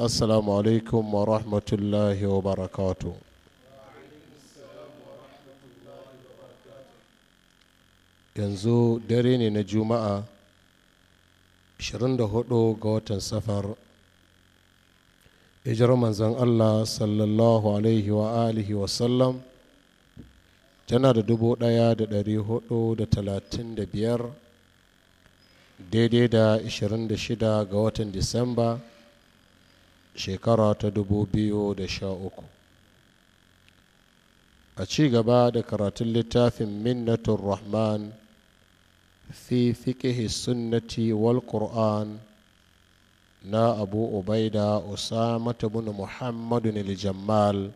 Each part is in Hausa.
السلام عليكم ورحمة الله وبركاته yanzu dare ne na juma'a 24 ga watan safar hijirar manzan allah sallallahu alaihi wa alihi wasallam tana da biyar daidai da 26 ga watan disamba shekara ta dubu biyu da sha uku. a ci gaba da karatun littafin minnatul rahman fi fiƙihi sunnati wal qur'an na abu ubaida usama bin muhammadun al-jammal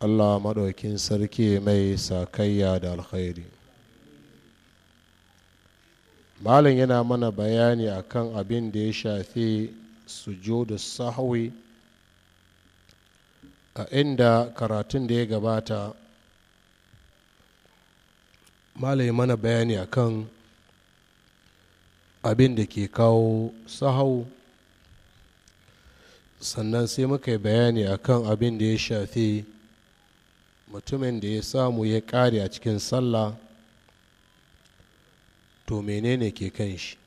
allah maɗaukin sarki mai sakayya da alkhairi malam yana mana bayani akan abin da ya shafi sujudu sahwi a inda karatun da ya gabata malai mana bayani akan abin da ke kawo sahau sannan sai muka yi bayani akan abin da ya shafi mutumin da ya samu ya kare a cikin sallah to menene ke kan shi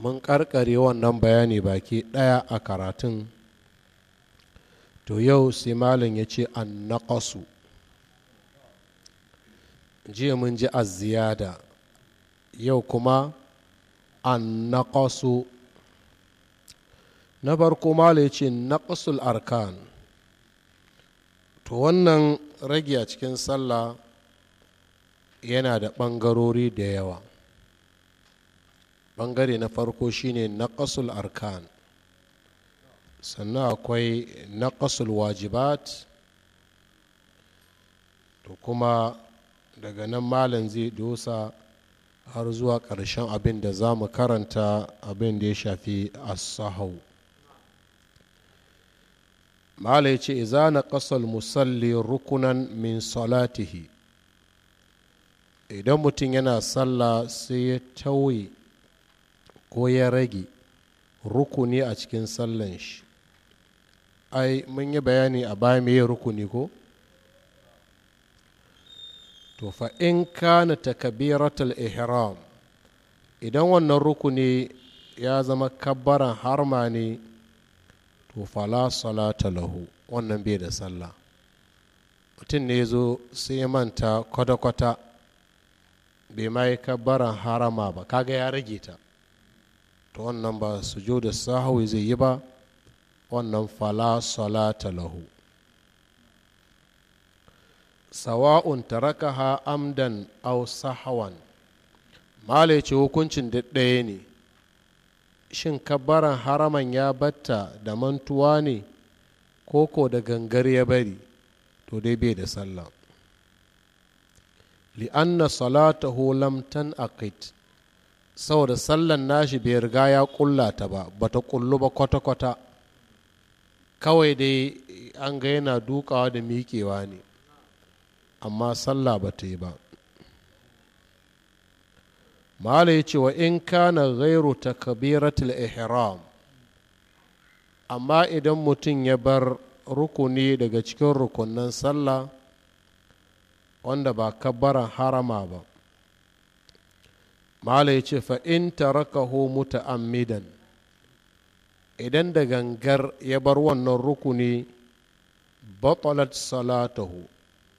mun karkare wannan bayani baki ɗaya a karatun to yau sai malin ya ce an naƙasu jiya mun ji a ziyada yau kuma an naƙasu na farko malin ya ce naƙasul arkan to wannan rage a cikin sallah yana da ɓangarori da yawa Bangare na farko shine ƙasul arkan sannan akwai ƙasul wajibat to kuma daga nan malam zai dosa har zuwa ƙarshen abin da za mu karanta abin da ya shafi asahau malai ce iza na ƙasar musalli rukunan min salatihi idan mutum yana sallah sai ya tauye ko ya rage rukuni a cikin sallan shi ai mun yi bayani a baya meye rukuni ko to fa in kana takabiratul ihram idan wannan rukuni ya zama kabbaran harma ne to fala salata lahu wannan bai da sallah mutum ne zo sai manta kwata-kwata bai ma yi kabbaran harama ba kaga ya rage ta to wannan ba su jo da sahwi zai yi ba wannan fala salata lahu sawa'un ha amdan au sahawan Male ce hukuncin da ɗaya ne shin kabbaran haraman ya batta da mantuwa ne koko da gangar ya bari to dai bai da sallah li'anna salatahu lam tan aqit saboda sallan nashi bai riga ya kulla ta ba bata kullu ba kwata-kwata kawai dai an ga yana dukawa da miƙewa ne amma sallah ba ta yi ba mala ya ce wa in kana gairu ta kabiratul ihram amma idan mutum ya bar rukuni daga cikin rukunan sallah wanda ba kabbaran harama ba malam ya ce fa'in tarakahu muta'ammidan idan da gangar ya bar wannan rukuni batolat salatahu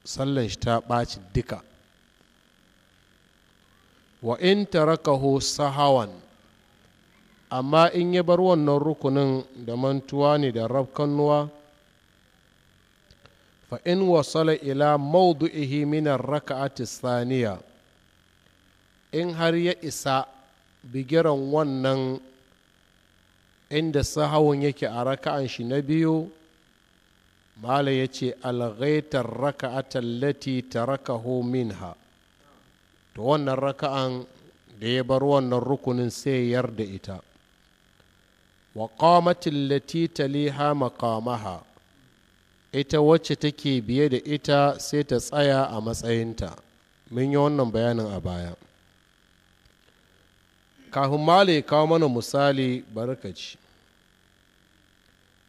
sallan shi ta ɓaci duka wa in tarakahu sahawan amma in ya bar wannan rukunin da mantuwa ne da rafkanuwa fa in wasala ila maudu'ihi minar raka'ati saniya in har ya isa bigiran wannan inda sahawun yake a raka'an shi na biyu mala ya ce alghaitar ta lati tarakahu minha to wannan raka'an da ya bar wannan rukunin sai da ita wa qamatin lati taliha maqamaha ita wacce take biye da ita sai ta tsaya a matsayinta mun yi wannan bayanin a baya kafin male kawo mana misali barkaci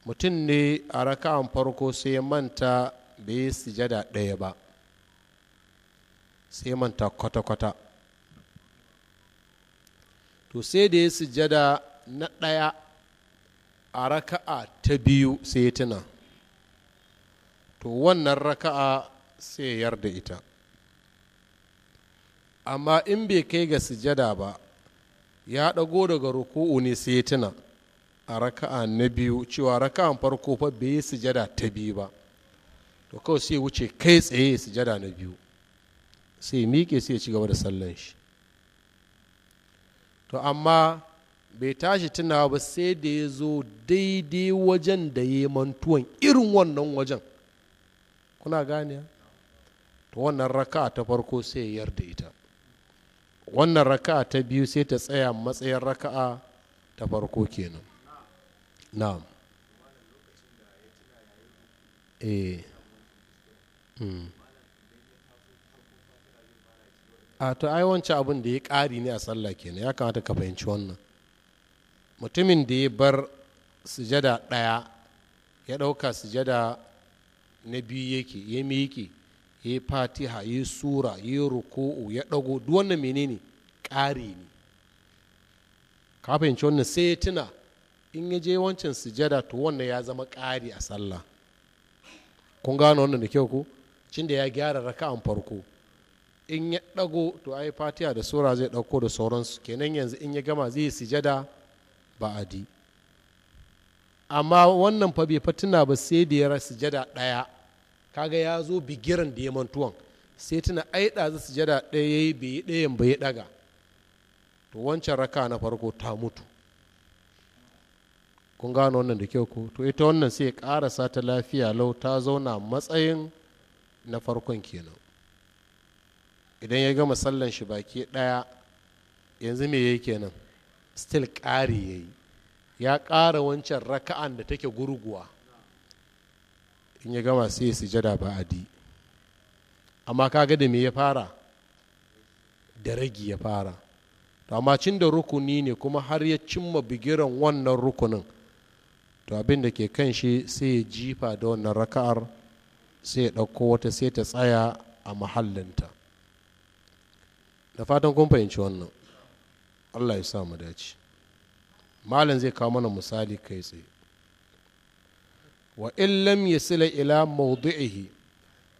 mutum ne a raka'an farko sai manta bai yi sujada ɗaya ba sai manta kwata-kwata to sai da ya sujada na ɗaya a raka'a ta biyu sai tuna to wannan raka'a sai yarda ita amma in bai kai ga sujada ba ya ɗago daga ruku'u ne sai tuna a raka'a na biyu cewa raka'an farko fa bai yi sujada ta biyu ba to kawai sai wuce kai tsaye sujada na biyu sai miƙe sai ya ci gaba da sallan shi to amma bai tashi tuna ba sai da ya zo daidai wajen da ya mantuwan irin wannan wajen kuna gane to wannan raka'a ta farko sai ya yarda ita wannan raka'a ta biyu sai ta tsaya matsayin raka'a ta farko kenan na'am eh. hmm. a to ai wancan abin da ya ƙari ne a sallah kenan ya kamata ka fahimci wannan mutumin da ya bar sujada ɗaya ya ɗauka sujada na biyu yake ya mi yake yi fatiha yi sura yi ruku'u ya ɗago duk wannan menene ƙari ne ka fahimci wannan sai ya tuna in ya je wancan sujada to wannan ya zama ƙari a sallah kun gano wannan da kyau ko cin da ya gyara raka'an farko in ya ɗago to ai fatiha da sura zai ɗauko da sauransu kenan yanzu in ya gama zai sujada ba di amma wannan fa bai fatina ba sai da ya sujada ɗaya kaga ya zo bigiran da ya mantuwan sai tuna ai zasu sujada ɗaya ya yi bai ɗayan bai ɗaga to wancan raka na farko ta mutu kun gano wannan da kyau ko to ita wannan sai ƙarasa ta lafiya lau ta zauna matsayin na farkon kenan idan ya gama sallan shi baki ɗaya yanzu me yayi kenan still ƙari yayi ya ƙara wancan raka'an da take gurguwa in ya gama sai ya sujada ba adi amma kaga da me ya fara da ragi ya fara to amma cin da rukuni ne kuma har ya cimma bigiran wannan rukunin to abin da ke kan shi sai ya jifa da wannan raka'ar sai ya ɗauko wata sai ta tsaya a mahallinta da fatan kun fahimci wannan allah ya sa mu dace malam zai kawo mana misali kai tsaye wa illam yasila ila mawdi'ihi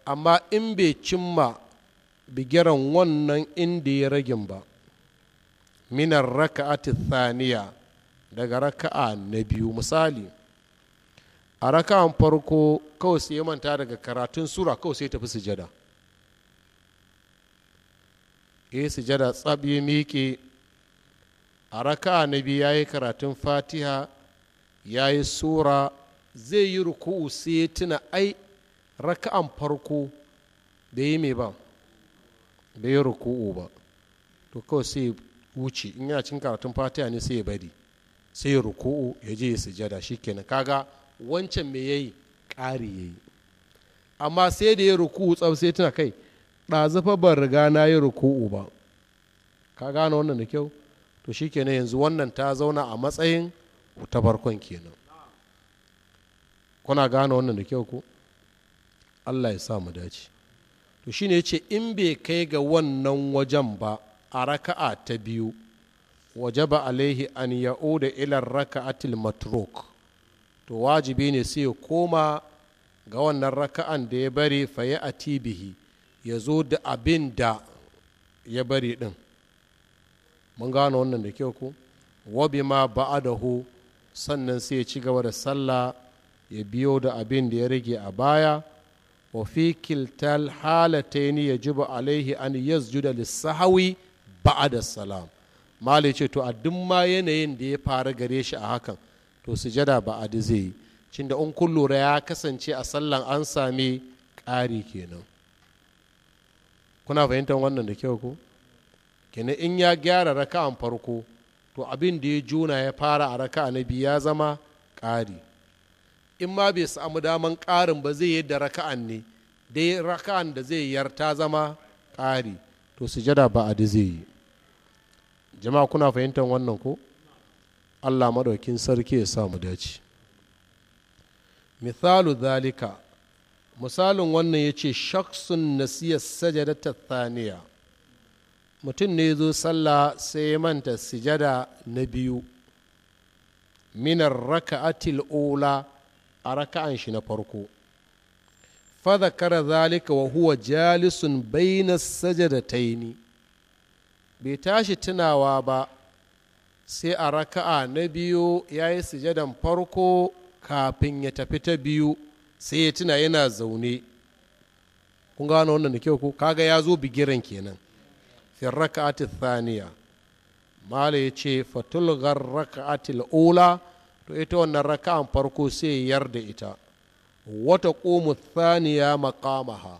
amma in bai cimma bigiran wannan inda ya ragin ba minar raka'ati thaniya daga raka'a na biyu misali a raka'an farko kawai sai ya manta daga karatun sura kawai sai tafi sujada ya sujada tsab ya miƙe a raka'a na biyu ya yi karatun fatiha ya yi sura zai yi ruku'u sai ya tuna ai raka'an farko da yi mai ba da yi ruku'u ba to kawai sai wuce in yana cin karatun fatiha ne sai ya bari sai ya ruku'u ya je ya sujada shikenan kaga wancan me yayi ƙari yayi amma sai da ya ruku'u tsaf sai tuna kai ɗazufa ban riga na yi ruku'u ba ka gane wannan da kyau to shikenan yanzu wannan ta zauna a matsayin ta farkon kenan kuna gane wannan da kyau ko allah ya sa mu dace to shine ya ce in bai kai ga wannan wajen ba a raka'a ta biyu wajaba alaihi an ya'uda ilar raka'atil matruk to wajibi ne sai ya koma ga wannan raka'an da ya bari faye a tibihi ya zo da abin da ya bari din mun gano wannan da kyau ku wabi ma ba'adahu sannan sai ya ci gaba da sallah ya biyo da abin da ya rage a baya wa fi kiltal halataini ya jiba alaihi an da lissahawi da salam mali ce to a duk ma yanayin da ya fara gare shi a hakan to sujada ba'adi zai yi cin da kun ya kasance a sallan an sami ƙari kenan kuna fahimtar wannan da kyau ko kenan in ya gyara raka'an farko to abin da ya juna ya fara a raka'a na biyu ya zama ƙari in ma bai samu daman ƙarin ba zai yi da raka'an ne dai raka'an da zai yar ta zama ƙari to sujada ba a zai yi jama'a kuna fahimtar wannan ko allah maɗaukin sarki ya samu dace misalu zalika misalin wannan ya ce shaksun nasiyar sajada ta thaniya mutum ne zo sallah sai ya manta sujada na biyu minar raka'atil ula a raka'an shi na farko fadakara zalika wa huwa jalisun baina taini bai tashi tunawa ba sai a raka'a na biyu ya yi sujadan farko kafin ya tafi ta biyu sai ya tuna yana zaune kun gano wannan da kyau ko kaga ya zo bigiran kenan fi raka'ati thaniya mala ya ce fatulgar raka'atil ula to ita wannan raka'an farko sai yar da ita wata ƙomu thaniya maƙamaha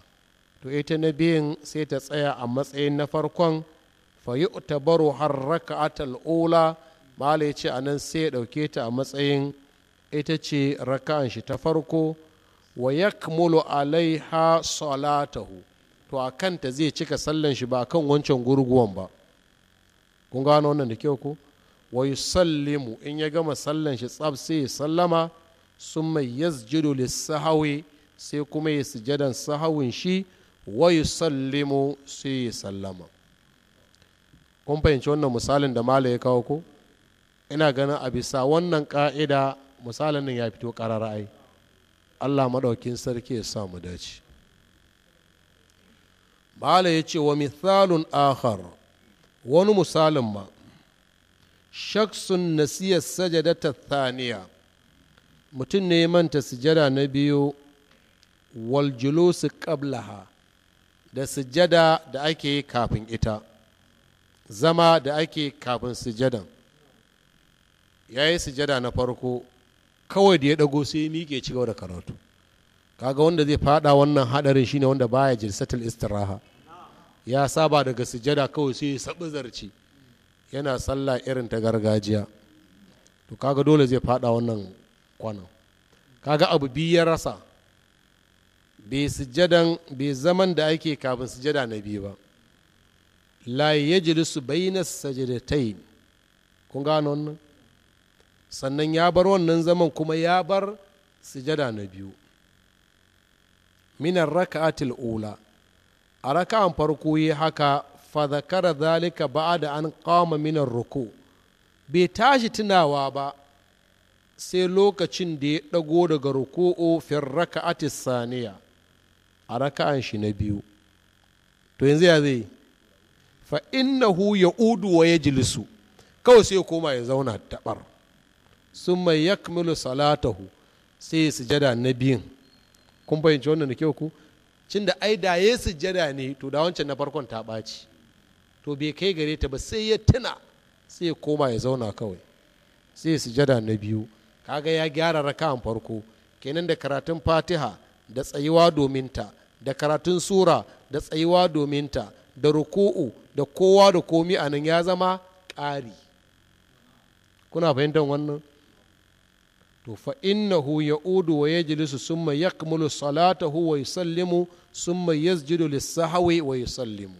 to ita na biyun sai ta tsaya a matsayin na farkon fayi tabaru har raka'atal ula mala ya ce a nan sai ya ɗauke ta a matsayin ita ce raka'an shi ta farko wa yakmulu alaiha salatahu to a kanta zai cika sallan shi ba kan wancan gurguwan ba kun gano wannan da kyau ko wa yusallimu in ya gama sallan shi tsab sai ya sallama sun mai yasjidu lissahawi sai kuma ya sujadan sahawin shi wa yusallimu sai ya sallama kun fahimci wannan misalin da mala ya kawo ko ina ganin a bisa wannan ka'ida misalin nan ya fito ƙarar ai Allah maɗaukin sarki ya sa dace mala ya ce wa misalin akhar wani misalin ma shaksun nasiyar sajadata thaniya mutum ne manta sujada na biyu wal kablaha da sujada da ake kafin ita zama da ake kafin sujadan ya yi sujada na farko kawai da ya dago sai miƙe ci gaba da karatu kaga wanda zai fada wannan hadarin shine wanda baya jirsatul istiraha ya saba daga sujada kawai sai ya sabu zarci yana sallah irin ta gargajiya to kaga dole zai fada wannan kwana kaga abu biyu ya rasa bai sujjadan bai zaman da ake kafin sujjada na biyu ba la yajlisu bayna sajdatayn kun gano wannan sannan ya bar wannan zaman kuma ya bar sujada na biyu minar raka'atil ula a raka'an farko yi haka fa zalika zalika da an kama min ruku bai tashi tunawa ba sai lokacin da ya ɗago daga ruku'u firraka atis saniya a raka'an shi na biyu to yanzu ya zai fa innahu ya udu wa ya jilisu kawai sai koma ya zauna taɓar sun mai yakmilu salatahu sai sujada na biyun kun fahimci wannan da kyau ku cin da ai da ya sujada ne to da wancan na farkon ta ɓaci to bai kai gare ta ba sai ya tuna sai ya koma ya zauna kawai sai sujada na biyu kaga ya gyara raka an farko kenan da karatun fatiha da tsayuwa domin ta da karatun sura da tsayuwa domin ta da ruku'u da kowa da komi a nan ya zama ƙari kuna fahimtar wannan to fa innahu ya'udu wa yajlisu summa yakmulu salatahu wa yusallimu summa yasjudu lis-sahwi wa yusallimu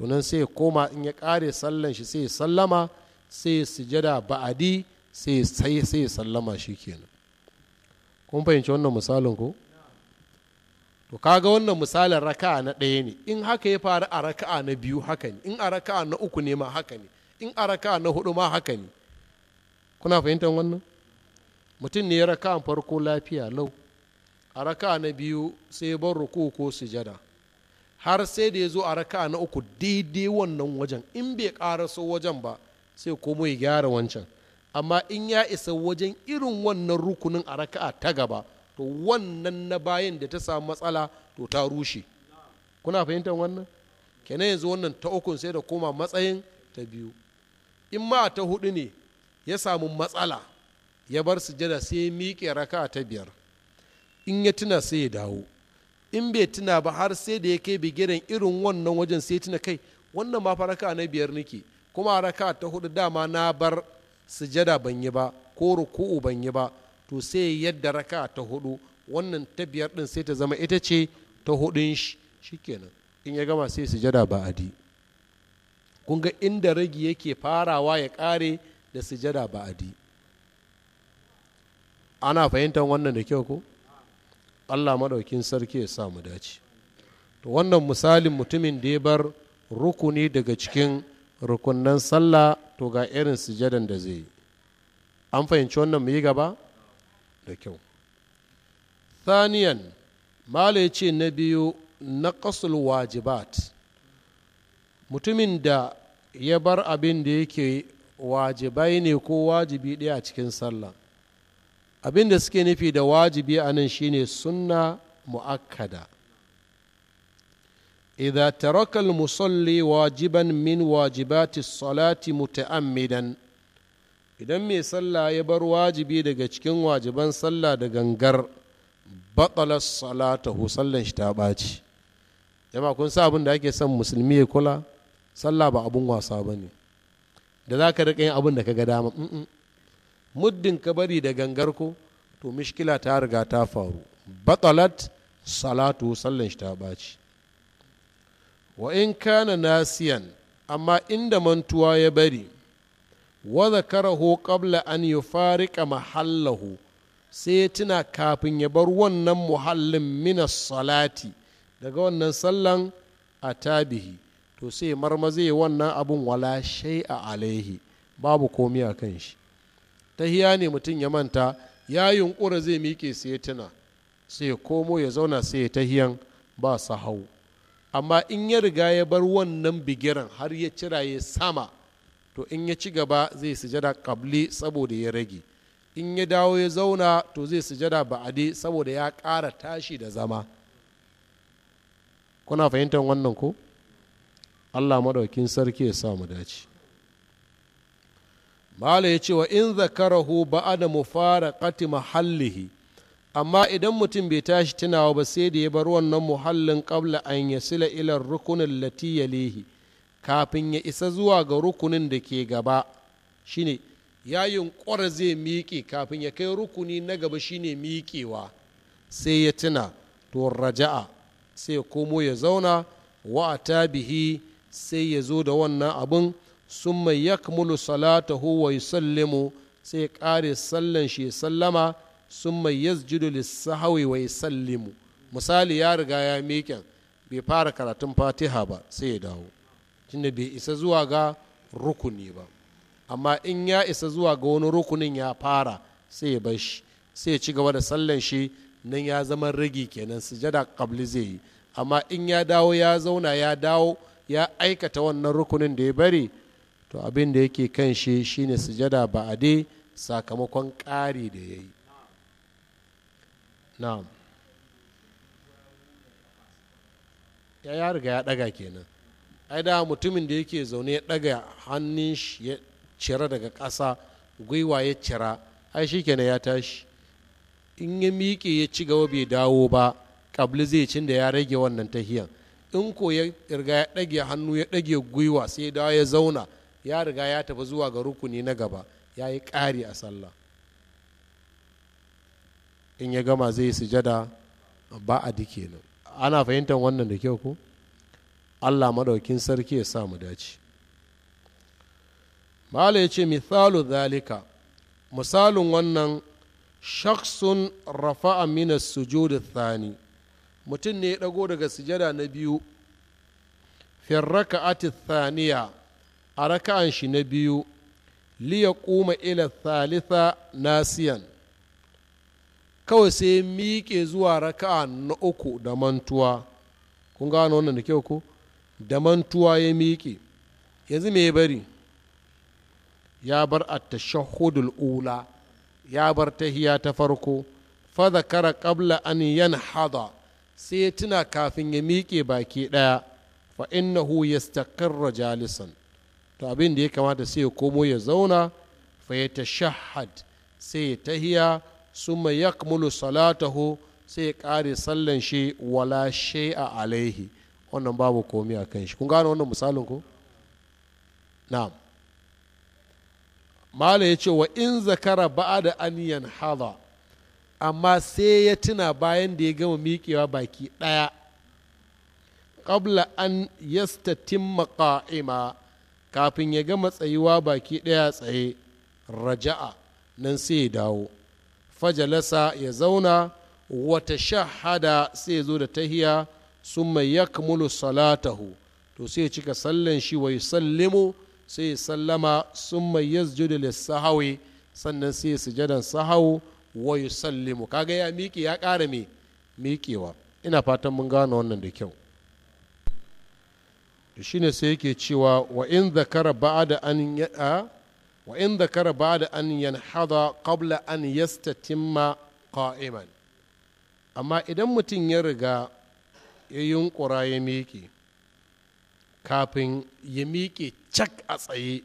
tunan sai ya koma in ya kare sallan shi sai ya sallama sai ya sujada ba'adi sai sai sai sallama shi kenan kun fahimci wannan misalin ko to kaga wannan misalin raka'a na ɗaya ne in haka ya faru a raka'a na biyu haka ne in a raka'a na uku ne ma haka ne in a raka'a na hudu ma haka ne kuna fahimtar wannan mutum ne ya raka'a farko lafiya lau a raka'a na biyu sai ban ruku ko sujada har sai da ya zo a raka na uku daidai wannan wajen in bai ƙaraso wajen ba sai komo ya gyara wancan amma in ya isa wajen irin wannan rukunin a raka'a ta gaba to wannan na bayan da ta samu matsala to ta rushe kuna fahimtar wannan kenan yanzu wannan ta ukun sai da koma matsayin ta biyu in ma ta hudu ne ya samu matsala ya bar sujada sai ya miƙe raka'a ta biyar in ya tuna sai ya dawo in bai tuna ba har sai da ya kai bigiren irin wannan wajen sai tuna kai wannan ma faraka na biyar nake kuma raka ta hudu dama na bar sujada ban yi ba ko ruku'u ban yi ba to sai yadda raka ta hudu wannan ta biyar din sai ta zama ita ce ta hudun shi shikenan in ya gama sai sujada ba adi kun ga inda ragi yake farawa ya kare da sujada ba adi ana fahimtar wannan da kyau ko allah maɗaukin sarki ya sa mu dace to wannan misalin mutumin da ya bar rukuni daga cikin rukunnan sallah to ga irin sujadan da zai yi an fahimci wannan mu yi gaba da kyau thaniyan mala ce na biyu na wajibat mutumin da ya bar abin da yake wajibai ne ko wajibi ɗaya a cikin sallah abin da suke nufi da wajibi a nan shine sunna mu'akkada idza tarakal al-musalli wajiban min wajibati salati muta'ammidan idan mai sallah ya bar wajibi daga cikin wajiban sallah da gangar salata hu sallan shi ta ɓaci yamma kun sa abin da ake son musulmi ya kula sallah ba abin wasa ba ne da za ka riƙa yin abin da ka ga dama muddin ka bari da gangar ko to mishkila ta riga ta faru batalat salatu sallan shi ta ɓaci wa in kana nasiyan amma inda mantuwa ya bari wa zakarahu qabla an yufariqa mahallahu sai ya tuna kafin ya bar wannan muhallin mina salati daga wannan sallan a tabihi to sai marmaze wannan abun wala shai a alaihi babu komai a kan shi tahiya ne mutum ya manta ya yunkura zai miƙe sai ya tuna sai ya komo ya zauna sai ya tahiyan ba su hau amma in ya riga ya bar wannan bigiran har ya cira ya sama to in ya ci gaba zai sujada kabli saboda ya rage in ya dawo ya zauna to zai sujada ba'adi saboda ya ƙara tashi da zama kuna fahimtar wannan ko allah maɗaukin sarki ya samu dace mala ya ce wa in zakarahu mufara ƙati mahallihi amma idan mutum bai tashi tunawa ba sai da ya bar wannan muhallin ƙabla an sila ilar rukunin lati yalihi kafin ya isa zuwa ga rukunin da ke gaba shine ya yunƙura zai miƙe kafin ya kai rukuni na gaba shine miƙewa sai ya tuna to raja'a sai ya komo ya zauna wa bihi sai ya zo da wannan abun. summa yakmulu salatahu wa yusallimu sai kare sallan shi sallama summa yasjudu lis-sahwi wa yusallimu misali ya riga ya miƙen bai fara karatun fatiha ba sai ya dawo tunda bai isa zuwa ga rukuni ba amma in ya isa zuwa ga wani rukunin ya fara sai ya bar shi sai ya ci gaba da sallan shi nan ya zama ragi kenan sujada kabli zai yi amma in ya dawo ya zauna ya dawo ya aikata wannan rukunin da ya bari to abin da yake kan shi shine sujada ba a dai sakamakon ƙari da ya yi na'am ya ya riga ya ɗaga kenan ai da mutumin da yake zaune ya ɗaga hannun shi ya cira daga ƙasa gwiwa ya cira ai shi kenan ya tashi in ya miƙe ya ci gaba bai dawo ba ƙabli zai cin da ya rage wannan tahiyan in ko ya riga ya ɗage hannu ya ɗage gwiwa sai ya dawo ya zauna ya riga ya tafi zuwa ga rukuni na gaba ya yi ƙari a sallah in ya gama zai yi sujada ba a dike nan ana fahimtar wannan da kyau ko allah maɗaukin sarki ya sa mu dace mala yace ce zalika misalin wannan shaksun rafa'a amina sujudi thani mutum ne ya ɗago daga sujada na biyu firraka ati thaniya a raka'an shi na biyu liya kuma ila thalitha nasiyan kawai sai miƙe zuwa raka'a na uku da mantuwa kun gano wannan da kyau ko da mantuwa ya miƙe yanzu me bari ya bar a tashahudul ula ya bar tahiya ta farko fa kara qabla an yanhada sai ya tuna kafin ya miƙe baki ɗaya fa innahu yastaqirra jalisan to abin da ya kamata sai ya komo ya zauna fa ya tashahhad sai ya tahiya summa yakmulu salatahu sai ya kare sallan shi wala shay'a alaihi wannan babu komi a kan shi kun gane wannan misalin ko na'am mala ya ce wa in zakara da an hada amma sai ya tuna bayan da ya gama miƙewa baki ɗaya ƙabla an yastatimma qa'ima kafin ya gama tsayuwa baki ɗaya tsaye raja'a nan sai ya dawo fajalasa ya zauna wata shahada sai ya zo da tahiya sun mai kamulu salatahu to sai ya cika sallan shi wai sallimu sai ya sallama sun mai yasjudu lissahawi sannan sai ya sujadan sahawu wa sallimu kaga ya miƙe ya ƙara mai miƙewa ina fatan mun gane wannan da kyau shine sai yake cewa wa in zakara ba'da an ya'a wa in zakara ba'da an yanhada qabla an yastatimma qa'iman amma idan mutum ya riga ya yunkura ya miƙe kafin ya miƙe cak a tsaye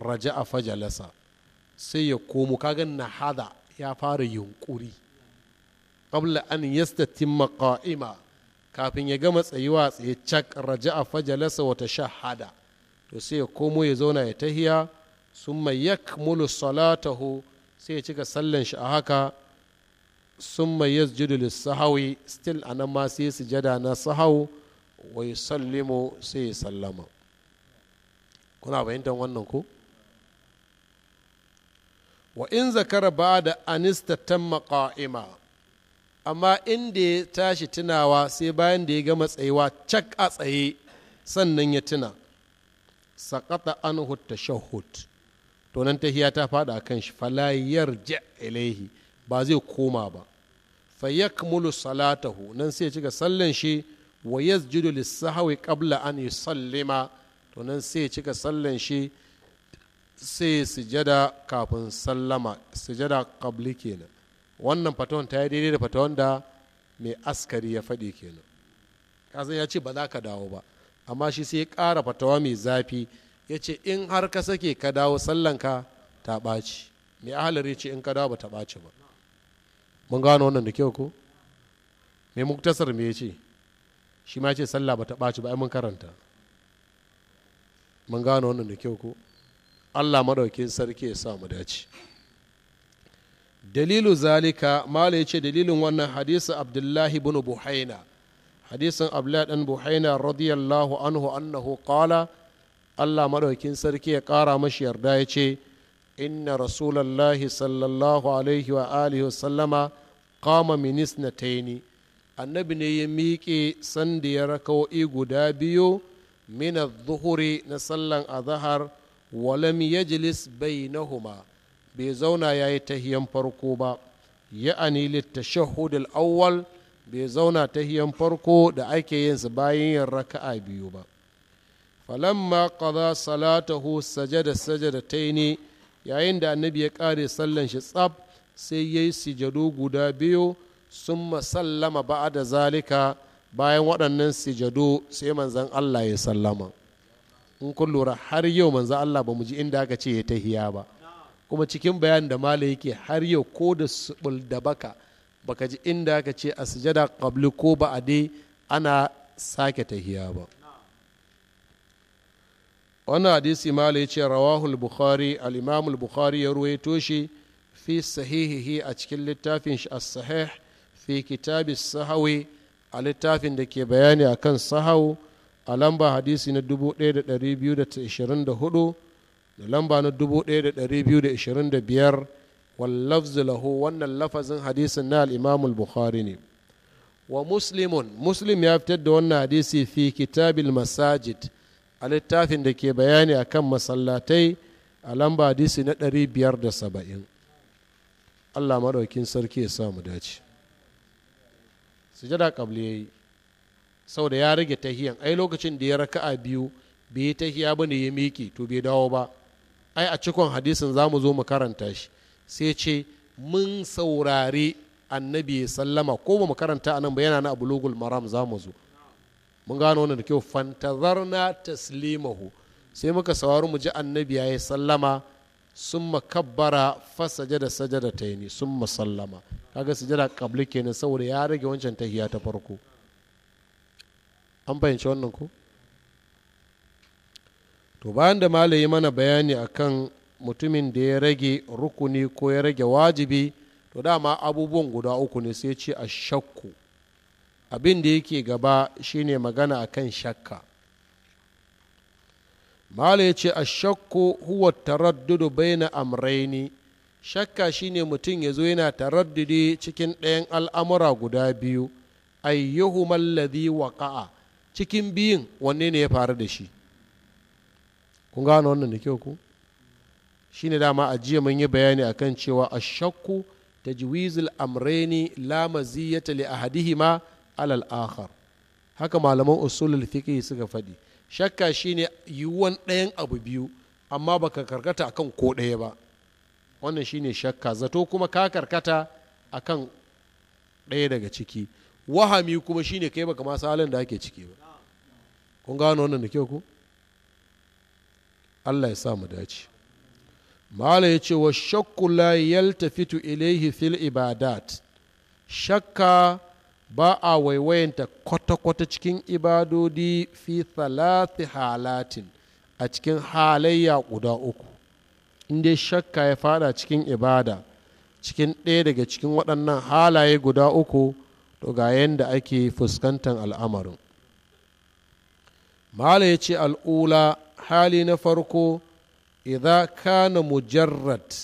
raja a fajalasa sai ya komo kagan nahada ya fara yunkuri qabla an yastatimma qa'ima kafin ya gama tsayuwa tsaye cak Raja raja'a fajalasa wata shahada to sai ya komo ya zauna ya tahiya summa yakmulu salatahu sai ya cika sallan shi a haka sun mai yasjudu lis-sahawi still a nan ma sai sujada na sahau wai yusallimu sai ya sallama kuna fahimtar wannan ko wa in zakara ba da anista tamma qa'ima amma inda ya tashi tunawa sai bayan da ya gama tsayewa cak a tsaye sannan ya tuna an anhu shahut to nan tahiya ta faɗa a kan shi falayar ja ilaihi ba zai koma ba fa yakmulu salatahu nan sai ya cika sallan shi wa yasjudu lis-sahwi qabla an yusallima to nan sai ya cika sallan shi sai sujada kafin sallama sujada qabli kenan wannan fatawan ta yi daidai da fatawan da mai askari ya faɗi kenan kasan ya ce ba za ka dawo ba amma shi sai ya ƙara fatawa mai zafi ya ce in har ka sake ka dawo sallanka ta ɓaci mai ya ce in ka dawo ba ta ɓaci ba mun gano wannan da kyau ko mai muktasar me ya ce shi ma ce sallah ba ta ɓaci ba ai mun karanta mun gano wannan da kyau ko allah maɗaukin sarki ya sa mu dace dalilu zalika mala yace dalilin wannan hadisi abdullahi bin buhaina hadisin abdullahi dan buhaina radiyallahu anhu annahu qala Allah maɗaukin sarki ya kara mashi yarda yace inna rasulallahi sallallahu alaihi wa alihi wa sallama qama min isnataini annabi ne ya miƙe sanda ya raka'o'i guda biyu min zuhuri na sallan azhar wa bai yajlis bainahuma bai zauna ya yi tahiyan farko ba ya'ani littashahudul awwal bai zauna tahiyan farko da ake yin su bayan yin raka'a biyu ba falamma qada salatahu sajada sajadataini yayin da annabi ya kare sallan shi tsab sai yayi sijadu guda biyu summa sallama ba'da zalika bayan waɗannan sijadu sai manzon Allah ya sallama in kun lura har yau manzon Allah ba mu ji inda aka ce ya tahiya ba kuma cikin bayan da mala yake har yau ko da subul da baka baka ji inda aka ce a sujada qabli ko ba a dai ana sake tahiya ba Wani hadisi mala ya ce rawahul bukhari al bukhari ya ruwaito shi fi sahihihi a cikin littafin shi as-sahih fi kitabi sahawi a littafin da ke bayani a akan sahau a lamba hadisi na 1224 da lamba na 1225 wallafzu lahu wannan lafazin hadisin na al'imamul bukhari ne wa muslimun muslim ya fitar da wannan hadisi fi kitabil masajid a littafin da ke bayani a kan masallatai a lamba hadisi na 570 allah maɗaukin sarki ya samu dace sujada kabli ya yi sau da ya rage tahiyan ai lokacin da ya raka'a biyu bai yi tahiya ba ne ya miki to bai dawo ba ai a cikon hadisin za mu zo mu karanta shi sai ce mun saurari annabi sallama ko ba mu karanta anan ba yana na Lugul maram za mu zo mun gano wannan da kyau fantazarna taslimahu sai muka saurari mu ji annabi ya yi sallama sun makabbara fasaje da sajada ta yi sun masallama kaga sujada kabli kenan saboda ya rage wancan tahiya ta farko an fahimci wannan ko to bayan da malayi mana bayani akan mutumin da ya rage rukuni ko ya rage wajibi to dama abubuwan guda uku ne sai ce a shakku abin da yake gaba shine magana akan shakka mala ya ce a shakku huwa taraddudu baina amraini shakka shine mutum ya zo yana taraddudi cikin ɗayan al'amura guda biyu ayyuhu mallazi waqa'a cikin biyun wanne ne ya faru da shi kun gano wannan da kyau ku shine dama ajiye mun yi bayani a kan cewa a ashakku tajwizul amraini la a li ahadihima alal akhar haka malaman usulul fiqh suka faɗi shakka shine yiwuwan ɗayan abu biyu amma ba ka karkata a kan ko ɗaya ba wannan shine shakka zato kuma ka karkata a kan ɗaya daga ciki wahami kuma shine kai baka masu halin da ake ciki ba kun gano wannan da kyau allah ya sa mu dace Malam ya ce wa shakku yalta yaltafitu ilaihi fil ibadat shakka ba a waiwayanta kwata-kwata cikin ibadodi fi thalathi halatin a cikin halayya guda uku inda shakka ya fada cikin ibada cikin ɗaya daga cikin waɗannan halaye guda uku to ga yadda ake fuskantar al'amarin mala ya ce al'ula hali na farko idza kana mujarrad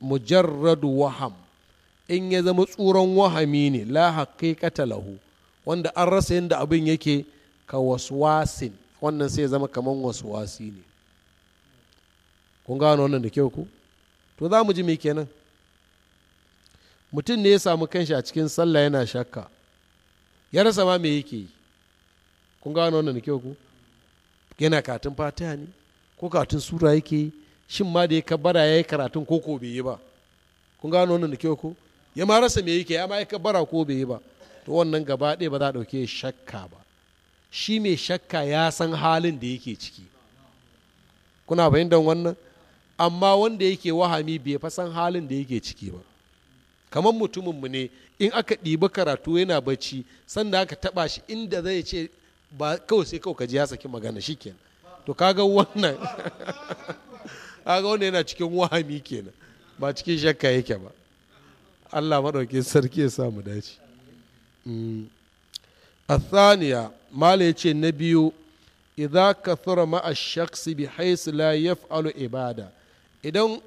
mujarrad waham in ya zama tsuran wahami ne la haqiqata lahu wanda an rasa yadda abin yake ka waswasin wannan sai ya zama kaman waswasi ne kun gano wannan da kyau ku to za mu ji me kenan mutum ne ya samu kanshi a cikin sallah yana shakka ya rasa ma me yake kun gano wannan da kyau ku yana karatun fatiha ne ko katin sura yake yi shin ma da ya kabbara ya yi karatun ko ko bai yi ba kun gano wannan da kyau ko ya ma rasa me yake ya ma ya kabbara ko bai yi ba to wannan gaba ɗaya ba za a ɗauke shakka ba shi mai shakka ya san halin da yake ciki kuna fahimtar wannan amma wanda yake wahami bai fa san halin da yake ciki ba kamar mu ne in aka ɗibi karatu yana bacci sanda aka taɓa shi inda zai ce ba kawai sai kawai kaji ya saki magana shikenan to kaga wannan kaga wannan yana cikin wahami kenan ba cikin shakka yake ba Allah maɗauki sarki ya samu dace الثانية ما ليتشي نبيو إذا كثر مع الشخص بحيث لا يفعل ibada idan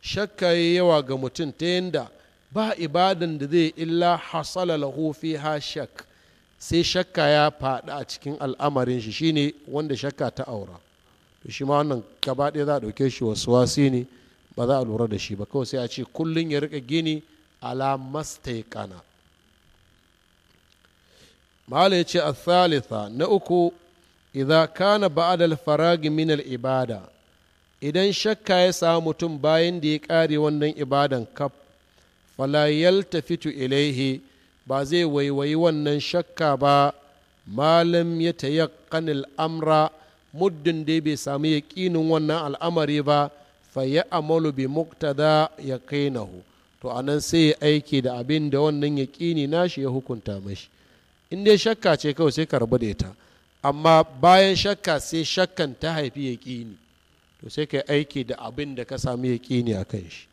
shakka yawa ga mutum ta yadda ba ibadan da zai illa hasala lahu ha shak sai shakka ya faɗi a cikin al'amarin shi shine wanda shakka ta aura to shi ma wannan gaba ɗaya za a ɗauke shi wasu wasi ne ba za a lura da shi ba kawai sai a ce kullum ya rika gini ala kana mahala ya ce a thalitha na uku idan kana ba'adal faragi min ibada idan shakka ya samu mutum bayan da ya kare wannan ibadan kaf fala yaltafitu ilaihi ba zai waiwayi wannan shakka ba malam ya tayakkan amra muddin dai bai samu yaƙinin wannan al'amari ba fa ya amalu bi muktada ya kainahu to nan sai ya aiki da abin da wannan yaƙini nashi ya hukunta mashi in dai shakka ce kawai sai ka rabu da ita amma bayan shakka sai shakkan ta haifi yaƙini to sai ka aiki da abin da ka sami yaƙini a kan shi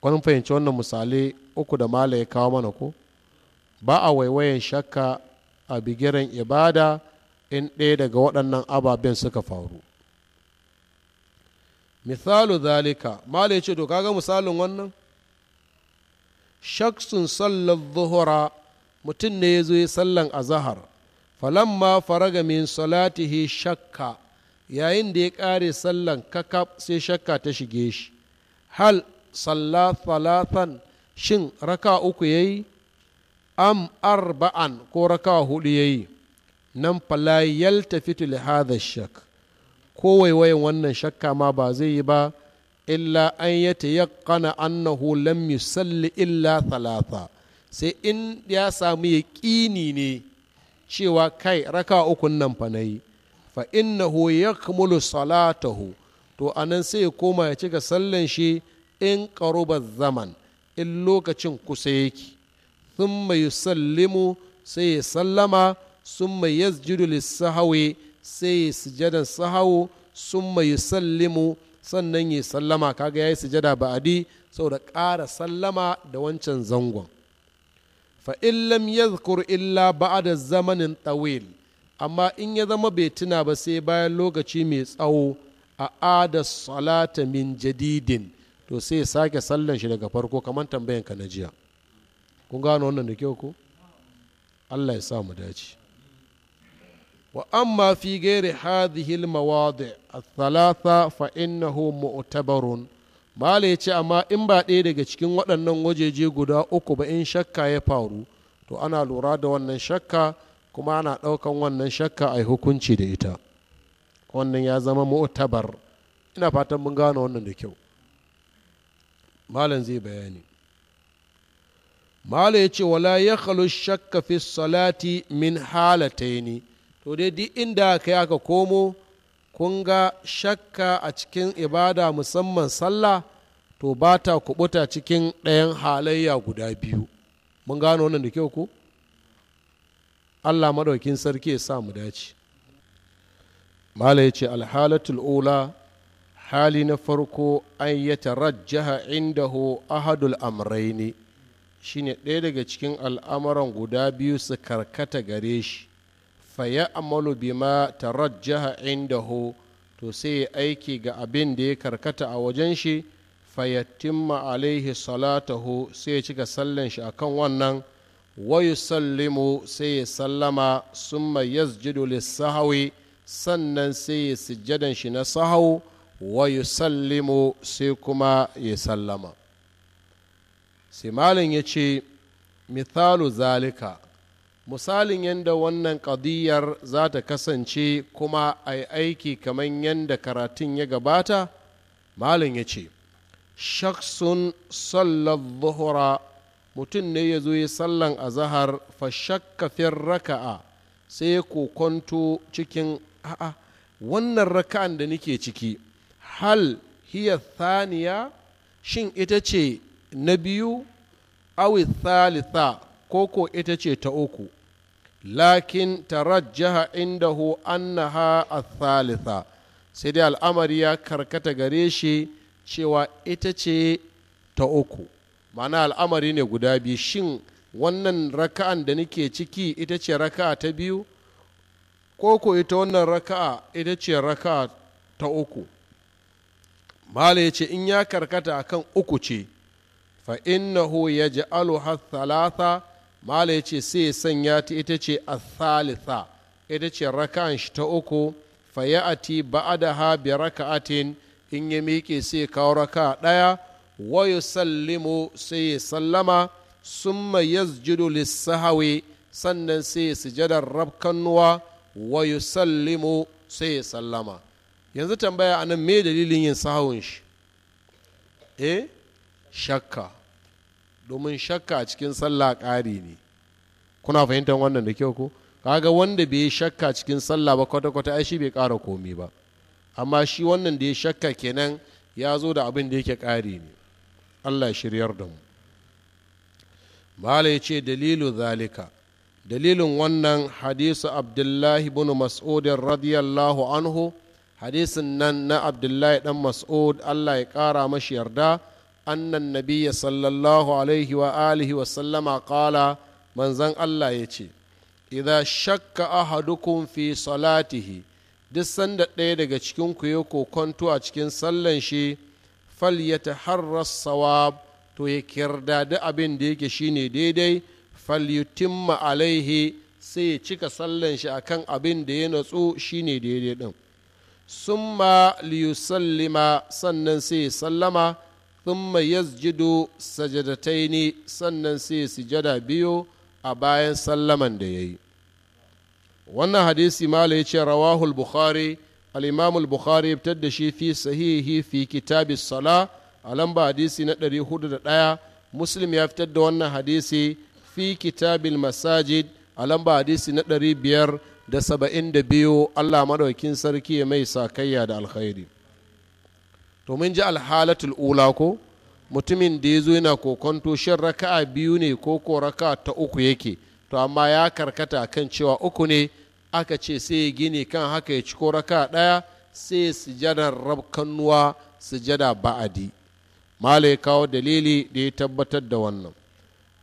kun fahimci wannan misali. uku da mala ya kawo mana ko ba a waiwayen shakka a bigiran ibada in ɗaya daga waɗannan ababen suka faru misalu zalika mala ya ce to kaga misalin wannan shaksun sallar zuhura mutum ne ya zo ya sallan azahar falamma faraga min salatihi shakka yayin da ya ƙare sallan kakaf sai shakka ta shige shi hal salla shin raka uku ya yi am arba'an ko raka hudu ya yi nan fala yalta li hadha shak ko waiwayin wannan shakka ma ba zai yi ba illa an ya tayaqqana annahu lam yusalli illa thalatha sai in ya samu yaƙini ne cewa kai raka ukun nan fa nayi fa innahu yakmulu salatahu to anan sai ya koma ya cika sallan shi in qaruba zaman in lokacin kusa yake sun mai sallimu sai ya sallama sun mai yasjudu lissahawe sai ya sujadan sahawo sun mai sallimu sannan ya sallama kaga ya yi sujada sau da ƙara sallama da wancan zangon fa'in lam yadhkur illa ba'ada zamanin tawil amma in ya zama bai tuna ba sai bayan lokaci mai tsawo a ada salata min jadidin to sai ya sake sallan shi daga farko kamar tambayan ka na jiya kun gano wannan da kyau ko Allah ya sa mu dace wa amma fi gairi hadhihi almawadi athalatha fa innahu mu'tabarun mala ya ce amma in ba ɗaya daga cikin waɗannan wajeje guda uku ba in shakka ya faru to ana lura da wannan shakka kuma ana ɗaukan wannan shakka a hukunci da ita wannan ya zama mu'tabar ina fatan mun gano wannan da kyau malam zai bayani malam ya ce wala ya halu shakka fi salati min halataini to dai duk inda kai aka komo kun ga shakka a cikin ibada musamman sallah to ba ta kubuta cikin ɗayan halayya guda biyu mun gano wannan da kyau ko allah maɗaukin sarki ya sa mu dace malam ya ce alhalatul ula hali na farko an ya tarajjaha indahu ahadul amraini shine ɗaya daga cikin al'amuran guda biyu su karkata gare shi faya amalu bima tarajjaha indahu to sai ya aiki ga abin da ya karkata a wajen shi fayatimma alaihi salatahu sai ya cika sallan shi akan wannan wayu sallimu sai ya sallama summa yasjudu lissahawi sannan sai ya sujjadan shi na sahawu wa yusallimu sai kuma ya sallama sai malam ya ce mithalu zalika misalin yadda wannan ƙadiyar za ta kasance kuma a aiki kamar yadda karatun ya gabata malin ya ce shaksun sallar zuhura mutum ne ya zo yi sallan a zahar fashakkafin raka'a sai kokonto cikin a'a wannan raka'an da nake ciki hal hiya thaniya shin ita ce na biyu awi thalitha koko ita ce ta uku lakin tarajjaha indahu annaha athalitha sai dai al'amari ya karkata gare shi cewa ita ce ta uku ma'ana al'amari ne guda biyu shin wannan raka'an da nake ciki ita ce raka'a ta biyu ko ita wannan raka'a ita ce raka'a ta uku mala ya ce in ya karkata kan uku ce fa innahu ya ji thalatha mala ya ce sai ya sanya ta ita ce a thalitha ita ce raka'an shi ta uku fa ya ati ba'adaha bi raka'atin in ya miƙe sai kawo raka ɗaya wa yusallimu sai ya sallama summa yasjudu lissahawi sannan sai ya sujadar rabkanuwa wa yusallimu sai ya sallama yanzu tambaya a nan me dalilin yin sahawun shi eh shakka domin shakka a cikin sallah ƙari ne kuna fahimtar wannan da kyau ko kaga wanda bai shakka cikin sallah ba kwata-kwata ai shi bai ƙara komi ba amma shi wannan da ya shakka kenan ya zo da abin da yake ƙari ne allah shiryar da mu bala ya ce dalilu zalika dalilin wannan hadisu abdullahi bin mas'udin radiyallahu anhu hadisin nan na abdullahi dan mas'ud allah ya kara mashi yarda annan nabiya sallallahu alaihi wa alihi wa sallama kala manzan allah ya ce idan shakka ahadukum fi salatihi duk sanda ɗaya daga ku ya kokonto a cikin sallan shi fal ya taharras sawab to ya kirdadi abin da yake shine daidai fal yutimma alaihi sai ya cika sallan shi akan abin da ya natsu shine daidai din summa liyusallima sannan sai sallama thumma yasjudu sajadataini sannan sai sujada biyu a bayan sallaman da yayi wannan hadisi mala ya ce rawahul bukhari al-imam al-bukhari fitar da shi fi sahihi fi kitabi sala a lamba hadisi na 401 muslim ya fitar da wannan hadisi fi kitabil masajid a lamba hadisi na 500 da saba'in da biyu allah maɗaukin sarki ya mai sakayya da alkhairi to mun ji alhalatul ula ko mutumin da ya zo yana kokonto shin raka'a biyu ne ko ko raka'a ta uku yake to amma ya karkata kan cewa uku ne aka ce sai ya gini kan haka ya ci ko raka'a ɗaya sai sujadar rabkannuwa sujada ba'adi malai ya kawo dalili da ya tabbatar da wannan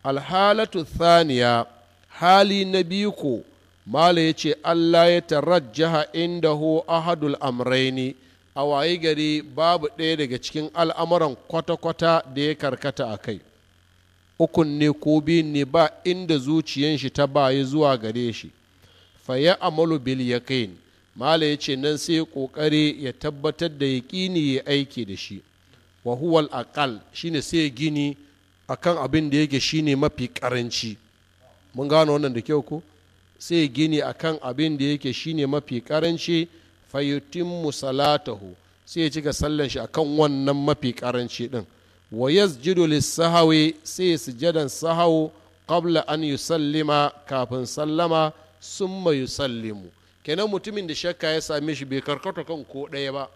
alhalatu thaniya hali na biyu ko mala ya ce allah ya tarajjaha hu ahadul amraini a waye gari babu ɗaya daga cikin al'amuran kwata-kwata da ya karkata a kai ukun ne ko biyun ne ba inda zuciyan shi ta baye zuwa gare shi fa ya amalu bil yaqin mala ya ce nan sai ƙoƙari ya tabbatar da yaƙini ya aiki da shi wa huwal aqal shine sai gini akan abin da yake shine mafi ƙaranci mun gano wannan da kyau ko sai gini a kan abin da yake shine mafi karanci fayyutimmu musalatahu sai ya cika sallan shi a kan wannan mafi karanci din wa yasjudu lis sai sujadan sahawu qabla an yusallima kafin sallama summa yusallimu kenan mutumin da shakka ya same shi bai karkata kan ko ɗaya ba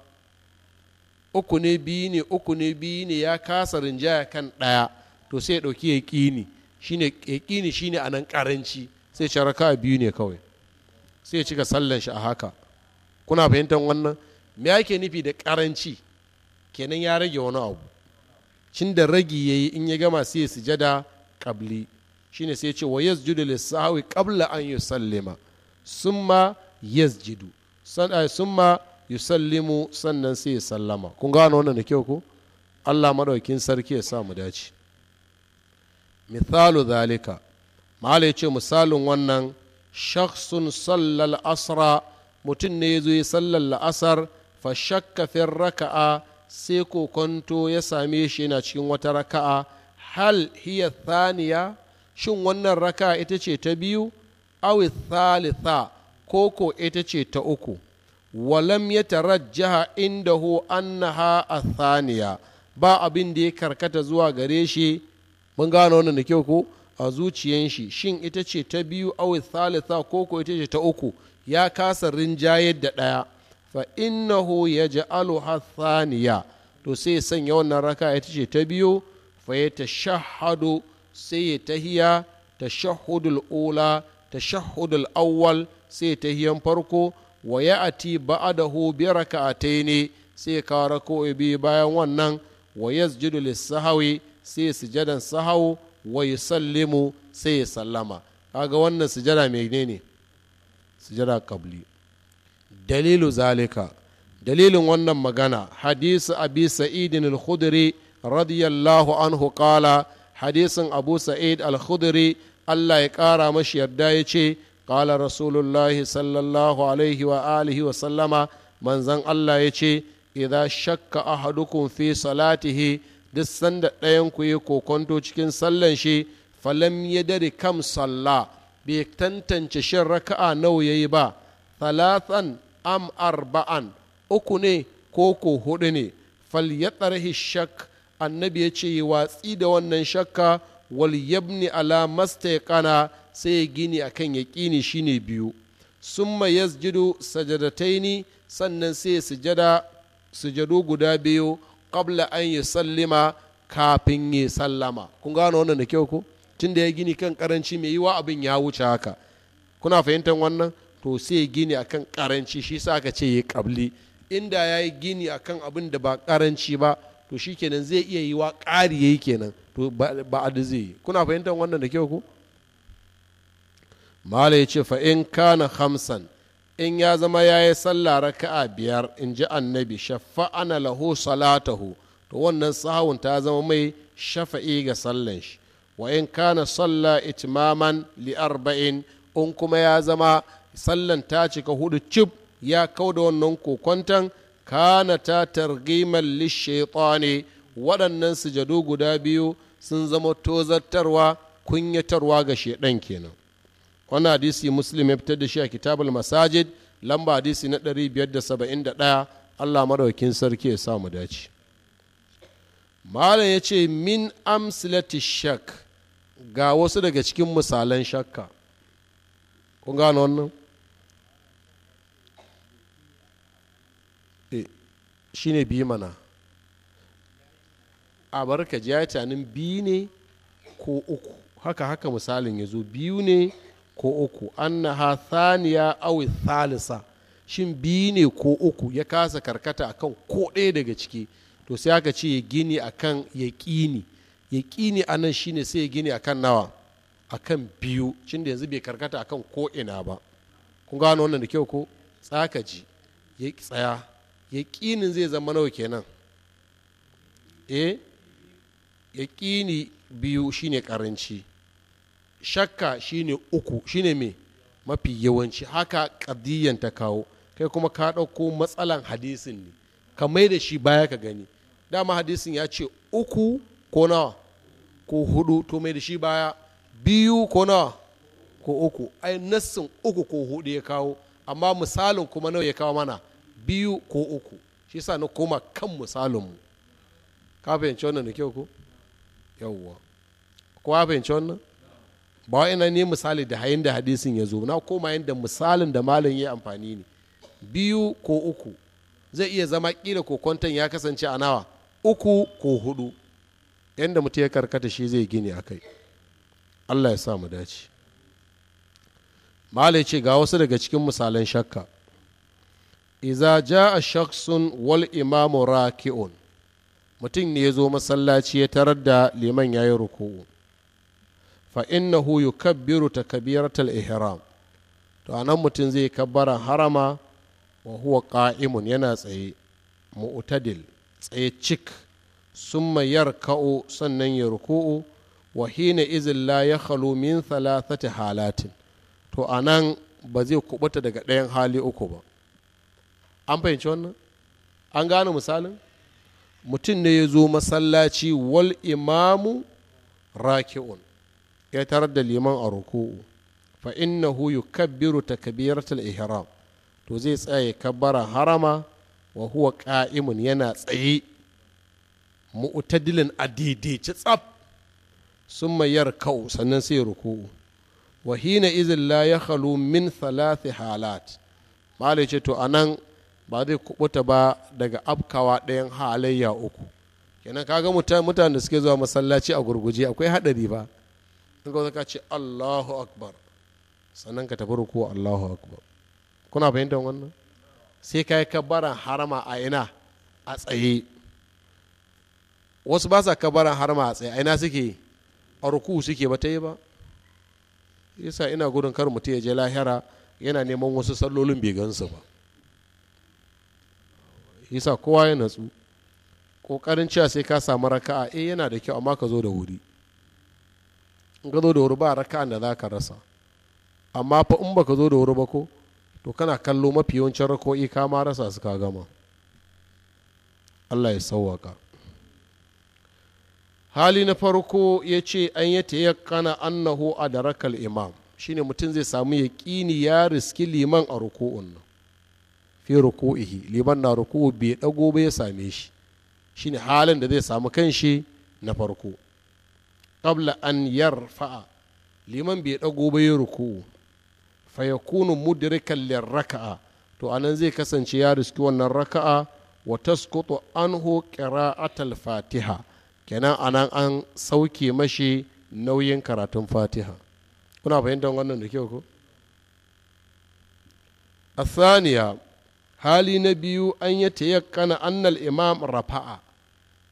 uku ne biyu ne uku ne biyu ne ya kasa rinjaya kan ɗaya to sai ya ɗauki yaƙini shine yaƙini shine anan karanci. sai ce raka biyu ne kawai sai ya cika sallan shi a haka kuna fahimtar wannan me yake nufi da karanci kenan ya rage wani abu cin da ragi ya yi in ya gama sai ya sujada kabli shine sai ya ce wa yasjudu lisahwi qabla an yusallima summa yasjudu eh, summa yusallimu sannan sai ya sallama kun gano wannan da kyau ko Allah maɗaukin sarki ya sa mu dace misalu zalika mahala ya ce misalin wannan shaksun sallal asra mutum ne ya zo ya sallar la'asar fa shakka fin raka'a sai kokonto ya same shi yana cikin wata raka'a hal hiya thaniya shin wannan raka'a ita ce ta biyu awi thalitha ko ita ce ta uku walam ya tarajjaha indahu annaha a thaniya ba abin da ya karkata zuwa gare shi mun gano wannan da kyau ko a zuciyan shi shin ita ce ta biyu awi thalitha ko ko ita ce ta uku ya kasa rinjayar da ɗaya fa innahu yaj'aluha thaniya to sai sanya wannan raka ita ce ta biyu fa ya tashahhadu sai ya tahiya tashahhudul ula tashahhudul awwal sai tahiyan farko wa ati ba'dahu bi raka'ataini sai ka rako bi bayan wannan wa yasjudu lis-sahwi sai sujadan sahawu wa sallimu sai ya sallama kaga wannan sujada menene sujada kabli dalilu zalika dalilin wannan magana hadisu abi sa'idin al-khudri radiyallahu anhu kala hadisin abu sa'id al-khudri Allah ya ƙara mashi yarda ya ce ƙala rasulullahi sallallahu alaihi wa alihi wa sallama manzan Allah ya ce idan shakka ahadukum fi salatihi duk sanda ɗayan ku yi kokonto cikin sallan shi falam ya dare kam salla bai tantance shin raka'a nawa yayi ba talatan am arba'an uku ne ko ko hudu ne fal ya shak annabi ya ce yi watsi da wannan shakka wal yabni ala kana sai ya gini akan shi ne biyu sun yasjudu sajadataini sannan sai sujada sujadu guda biyu qabla an sallima kafin yi sallama kun gano wannan da kyau ko tun da ya gini kan karanci mai yiwa abin ya wuce haka kuna fahimtar wannan to sai gini akan karanci shi sa aka ce ya kabli inda ya yi gini akan abin da ba karanci ba to shi kenan zai iya yiwa ƙari ya yi kenan to ba a da zai yi kuna fahimtar wannan da kyau ko mala ya ce fa in kana hamsan in ya zama ya yi sallah raka'a biyar in ji annabi ana lahu salatahu to wannan sahun ta zama mai shafa'i ga sallan shi wa in kana sallah itimaman li arba'in in kuma ya zama sallan ta cika hudu cib ya kau da wannan kokonton kana ta targiman li waɗannan sujadu guda biyu sun zama tozartarwa kunyatarwa ga shaidan kenan wannan hadisi muslim ya fitar da shi a kitabul masajid lamba hadisi na 571 allah maraukin sarki ya samu dace malam ya ce min amsilati shak ga wasu daga cikin misalan shakka kun gano wannan eh, shi ne biyu mana a barka jiya ya canin biyu ne ko uku haka haka misalin ya zo biyu ne ko uku annaha thaniya aw thalisa shin biyu ne ko uku ya kasa karkata akan ko ɗaya daga ciki to sai aka ce ya gini akan yaƙini yaƙini a nan shine sai ya gini akan nawa akan biyu shin da yanzu bai karkata akan ko ina ba kun gano wannan da kyau ko tsaka ji ya tsaya yaƙinin zai zama nawa kenan eh yaƙini biyu shine karanci shakka shine uku shine me mafi yawanci haka kadiyyan ta kawo kai kuma ka ɗauko matsalan hadisin ne ka mai da shi baya ka gani dama hadisin ya ce uku ko nawa ko hudu to mai da shi baya biyu ko nawa ko uku ai nassin uku ko hudu ya kawo amma misalin kuma nawa ya kawo mana biyu ko uku shi sa na koma kan misalinmu ka fahimci wannan da kyau ko yawwa ko ka fahimci wannan ba ina ne misali da hayin da hadisin ya zo na koma yadda misalin da malam ya amfani ne biyu ko uku zai iya zama kila ko kwantan ya kasance a nawa uku ko hudu yadda mutum ya karkata shi zai gini a kai allah ya sa mu dace malai ce ga wasu daga cikin misalin shakka iza ja a shaksun wal imamu raki'un mutum ne ya zo masallaci ya tarar da liman ya yi ruku'u fa ta kabiyar tal ihram to anan mutum zai kabbara harama wa huwa qa'imun yana tsaye mu'tadil tsaye cik summa yarka'u sannan ya ruku'u wa hina izin la yakhlu min thalathati halatin to anan ba zai kubuta daga ɗayan hali uku ba an fahimci wannan an gane misalin mutum ne ya zo masallaci wal imamu raki'un ya tarar da liman a ruku'u fa innahu yukabbiru takbiratul ihram to zai tsaya kabbara harama wa huwa qa'imun yana tsaye mu'tadilin adidaici tsaf sun mayar kau sannan sai ruku'u wa hina izin la ya halu min thalathi halat malai ce to anan ba zai kubuta ba daga afkawa ɗayan halayya uku kenan kaga mutane da suke zuwa masallaci a gurguje akwai haɗari ba daga ka ce allahu akbar sannan ka tafi ruku allahu akbar kuna fahimtar wannan sai ka yi kabaran harama a ina a tsaye wasu ba sa kabaran harama a tsaye a ina suke a ruku suke ba ta yi ba yasa ina gudun kar mutum ya je lahira yana neman wasu sallolin bai gansu ba yasa kowa ya natsu ƙoƙarin cewa sai ka samu raka'a eh yana da kyau amma ka zo da wuri ka zo da wuri ba raka'an da za ka rasa amma fa in baka zo da wuri ba ko to kana kallo mafi yawancin rako'i ka ma rasa su ka gama allah ya sauwaka hali na farko ya ce an yi kana annahu a darakal imam shine mutum zai samu ya ƙini ya riski liman a ruku'un nan fi ruku'ihi liman na ruku'u bai ɗago ba ya same shi shine halin da zai samu kanshi na farko qabla an yarfa'a liman bai dago ba ya ruku fa yakunu mudrikan lirraka'a to anan zai kasance ya riski wannan raka'a wa tasqutu anhu qira'atul fatiha kenan anan an sauke mashi nauyin karatun fatiha kuna fahimtar wannan da kyau ko الثانية hali na biyu an yi tayakkana annal imam rafa'a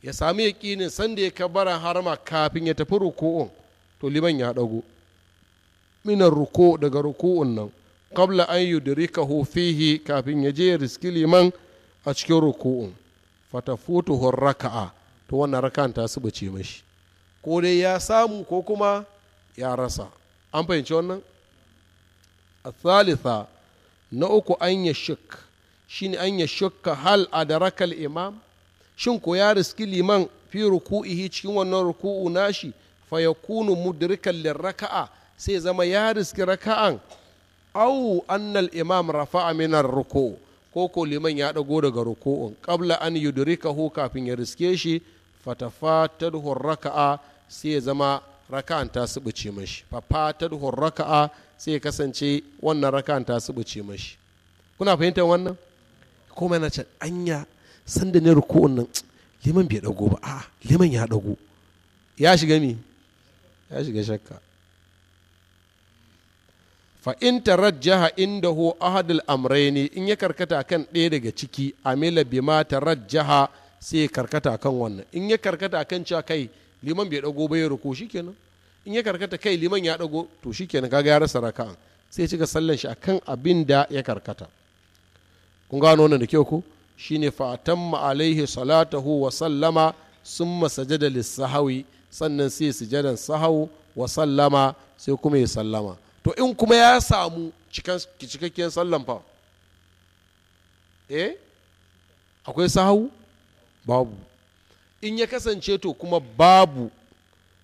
ya sami yaƙinin sanda ya kabara harama kafin ya tafi ruku'un to liman ya ɗago minan ruku daga ruku'un nan qabla an yudrikahu fihi kafin ya je ya riski liman a cikin ruku'un fatafutuhu raka'a to wannan rakan ta su bace mashi ko dai ya samu ko kuma ya rasa an fahimci wannan الثالثة na uku an ya shuk shine an ya shukka hal a imam shin ko ya riski liman fi ruku'ihi cikin wannan ruku'u nashi fa yakunu mudrikan raka'a sai zama ya riski raka'an au annal imam rafa'a minar ruku ko ko liman ya dago daga ruku'un qabla an yudrikahu kafin ya riske shi fatafatadhu raka'a sai zama raka'an ta subuce mashi fafatadhu raka'a sai kasance wannan raka'an ta subuce mashi kuna fahimtar wannan kuma na can anya sanda ne ruku'un nan liman bai dago ba a liman ya dago ya shiga mi ya shiga shakka fa in tarajjaha indahu al amrayni in ya karkata kan ɗaya daga ciki amila bima tarajjaha sai ya karkata kan wannan in ya karkata kan cewa kai liman bai dago ba ya ruku shikenan in ya karkata kai liman ya dago to shikenan kaga ya rasa raka'a sai ya cika sallan shi akan abin da ya karkata kun gano wannan da kyau ko shine fatamma alaihi salatahu wa sallama masaje da lissahawi sannan sai sujadan sahau wa sallama sai kuma ya sallama to in kuma ya samu cikakken sallan fa eh akwai sahau babu in ya kasance to kuma babu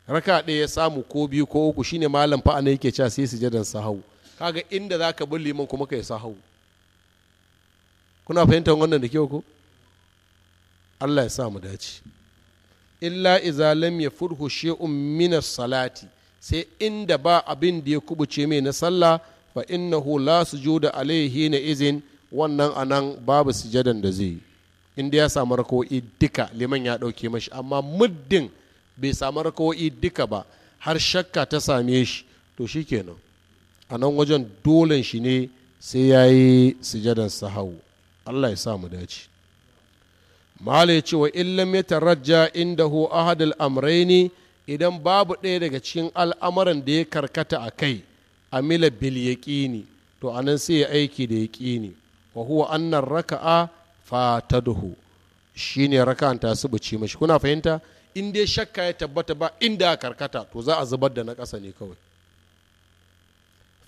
raka ɗaya ya samu ko biyu ko uku shine malam fa ana yake cewa sai sujadan sahau kaga inda za ka bi liman kuma kai sahau kuna fahimtar wannan da kyau ko allah ya sa mu dace illa iza ya furhu she'un mina salati sai inda ba abin da ya kubuce mai na sallah fa innahu la sujuda alaihi na izin wannan anan babu sujadan da zai inda ya samu rakawo'i duka liman ya ɗauke mashi amma muddin bai samu rako'i duka ba har shakka ta same shi to shi kenan a nan wajen dolen shi ne sai ya yi sujadan sahau Allah ya sa mu dace malai ya ce wa illam ya tarajja indahu ahadul amraini idan babu ɗaya daga cikin al'amuran da ya karkata a kai amila bil ya ƙini to a nan sai ya aiki da ya ƙini wa huwa annan raka'a fatadhu shine raka'an ta subuci mashi kuna fahimta in dai shakka ya tabbata ba inda karkata to za a zubar da na ƙasa ne kawai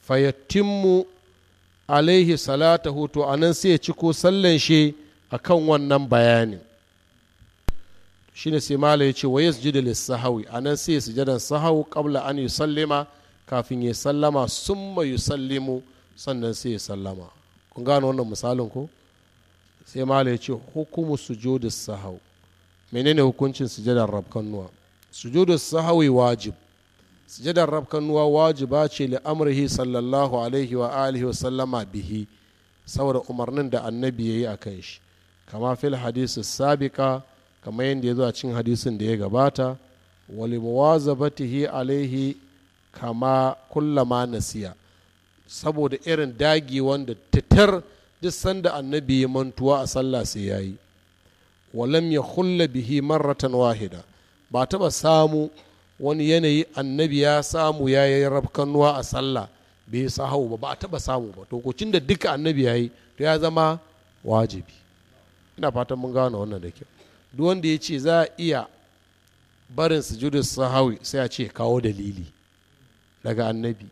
fayatimmu alaihi hoto a nan sai ya ciko sallan shi a kan wannan bayanin ne sai mala ya ce wa yasjudu lis-sahawi nan sai ya sujadan sahawu kabla an yi sallima kafin ya sallama sun yi sallimu sannan sai ya sallama kun gano wannan misalin ko sai mala ya ce hukumu su sahaw menene hukuncin sujadan rabkannuwa sujudus sahawi wajib sujadar nuwa wajiba ce li amrihi sallallahu alaihi wa alihi wa sallama bihi saboda umarnin da annabi ya yi a kan shi kama fil hadisi sabika kamar yadda ya zo a cin hadisin da ya gabata wali muwazabatihi alaihi kama kullama nasiya saboda irin dagi wanda titar duk sanda annabi ya mantuwa a sallah sai ya yi walam ya hulla bihi marratan wahida ba taba samu wani yanayi annabi ya samu ya yi rafkannuwa a sallah bai sahau ba ba a taba samu ba to kocin da duka annabi ya yi to ya zama wajibi ina fatan mun gano wannan da kyau duk wanda ya ce za a iya barin sujudu sahawi sai a ce kawo dalili daga annabi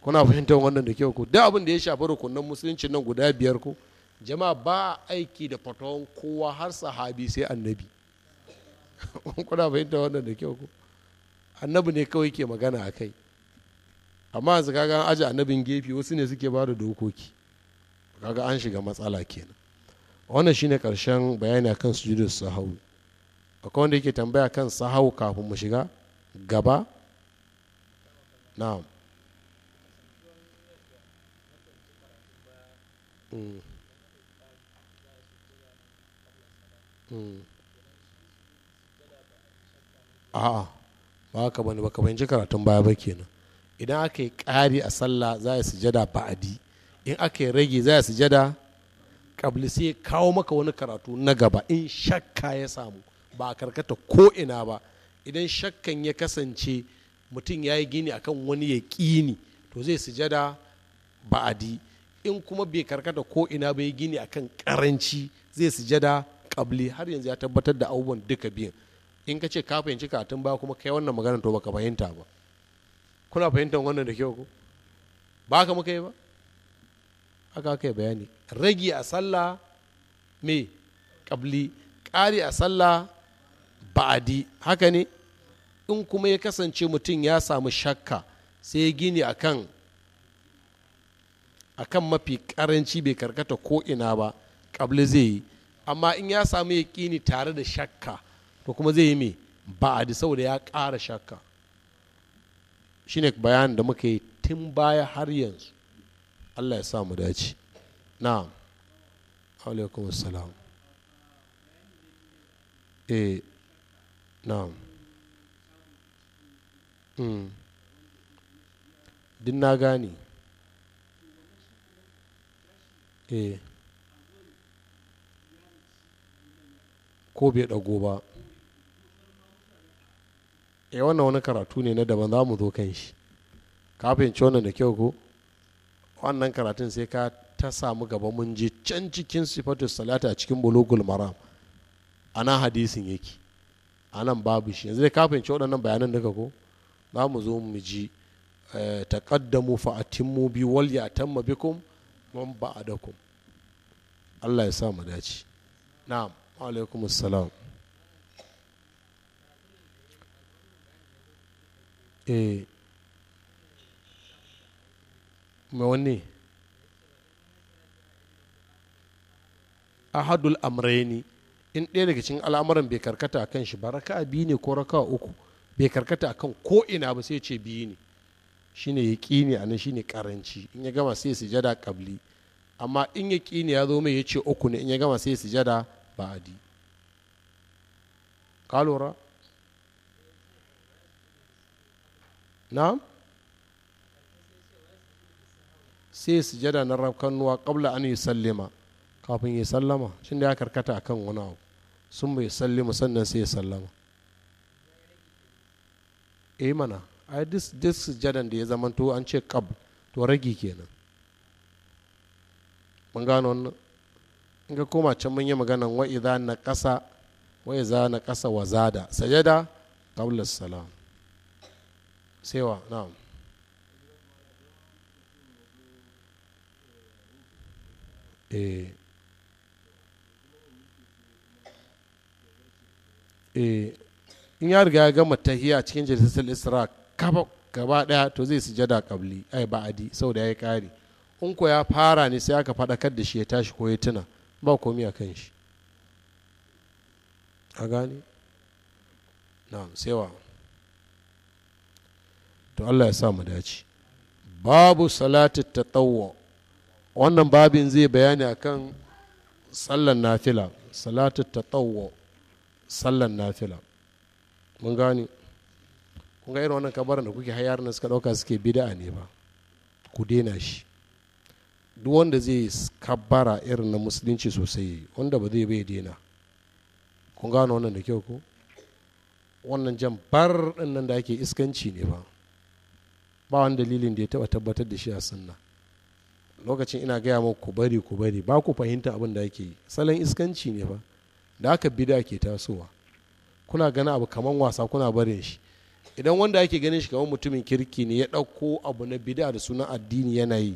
kuna fahimtar wannan da kyau ko duk abin da ya shafi rukunan musulunci nan guda biyar ko jama'a ba aiki da fatawan kowa har sahabi sai annabi kuna fahimtar wannan da kyau ko annabi ne kawai ke magana a kai amma yanzu kaga an aji annabin gefe wasu ne suke ba da dokoki kaga an shiga matsala kenan wannan shine karshen bayani akan sujudu sahawi akwai wanda yake tambaya kan hau kafin mu shiga gaba na'am mm. mm. a'a ba haka bane baka ji karatun baya ba kenan idan aka yi ƙari a sallah za a sujada ba'adi in aka yi rage za a sujada kabli sai kawo maka wani karatu na gaba in shakka ya samu ba a karkata ko ina ba idan shakkan ya kasance mutum ya yi gini akan wani ya ƙini to zai sujada ba'adi in kuma bai karkata ko ina bai gini akan karanci zai sujada kabli har yanzu ya tabbatar da abubuwan duka biyan in ka ce ka fahimci tun ba kuma kai wannan magana to baka fahimta ba kuna fahimtar wannan da kyau ko ba ka muka yi ba haka aka yi bayani ragi a sallah me kabli ƙari a sallah ba'adi haka ne in kuma ya kasance mutum ya samu shakka sai ya gini akan akan mafi karanci bai karkata ko ina ba kabli zai yi amma in ya samu yaƙini tare da shakka to kuma zai yi me ba'adi saboda ya ƙara shakka shine bayanin da muka yi tun baya har yanzu allah ya sa mu dace na alaikum salam eh na hmm. din na gane eh ko bai dago ba e wannan wani karatu ne na daban za mu zo kan shi kafin fahimci wannan da kyau ko wannan karatun sai ka ta samu gaba mun je can cikin sifatu salata a cikin bulugul maram ana hadisin yake anan babu shi yanzu dai ka fahimci waɗannan bayanan daga ko za mu zo mu ji eh, taqaddamu fa atimmu bi wal yatamma bikum man ba'adakum Allah ya sa mu dace na'am wa alaikumus salam eh mai wanne ahadul amraini in ɗaya daga cikin al'amuran bai karkata a kan shi ba raka biyu ne ko raka uku bai karkata a kan ko ina ba sai ce biyu ne shine ya ne a nan shine karanci in ya gama sai jada kabli amma in ya ne ya zo mai ya ce uku ne in ya gama sai jada ba'adi ka lura na sai sujada na rafkannuwa qabla an yi sallima kafin ya sallama shin da ya karkata akan wani abu sun bai sallima sannan sai ya sallama eh mana ai dis dis sujadan da ya zamanto an ce qab to ragi kenan mun gano wannan in ka koma can mun yi maganan wa idza na ƙasa wa na ƙasa wa zada sajada qabla salam sewa na'am eh, eh, in ya riga ya gama tahiya cikin jalsatul isra kaba gaba daya to zai sujada kabli ai ba'adi ya ya kare in ko ya fara ne sai aka kar da shi ya tashi ko ya tuna ba komi a kan shi a gane na sai wa to Allah ya sa mu dace babu salatu tatawwu wannan babin zai bayani akan sallan nafila salatu tatawwu sallan nafila mun gane kun ga irin wannan kabarin da kuke hayar na suka dauka suke bid'a ne ba ku daina shi duk wanda zai kabbara irin na musulunci sosai wanda ba zai bai daina kun gane wannan da kyau ko wannan jan bar nan da ake iskanci ne ba ba wani dalilin da ya taba tabbatar da shi a sunna lokacin ina gaya muku ku bari ku bari ba ku fahimta abin da ake yi salon iskanci ne fa da aka bida ke tasowa kuna gani abu kaman wasa kuna barin shi idan wanda ake ganin shi kamar mutumin kirki ne ya ɗauko abu na bida da sunan addini yana yi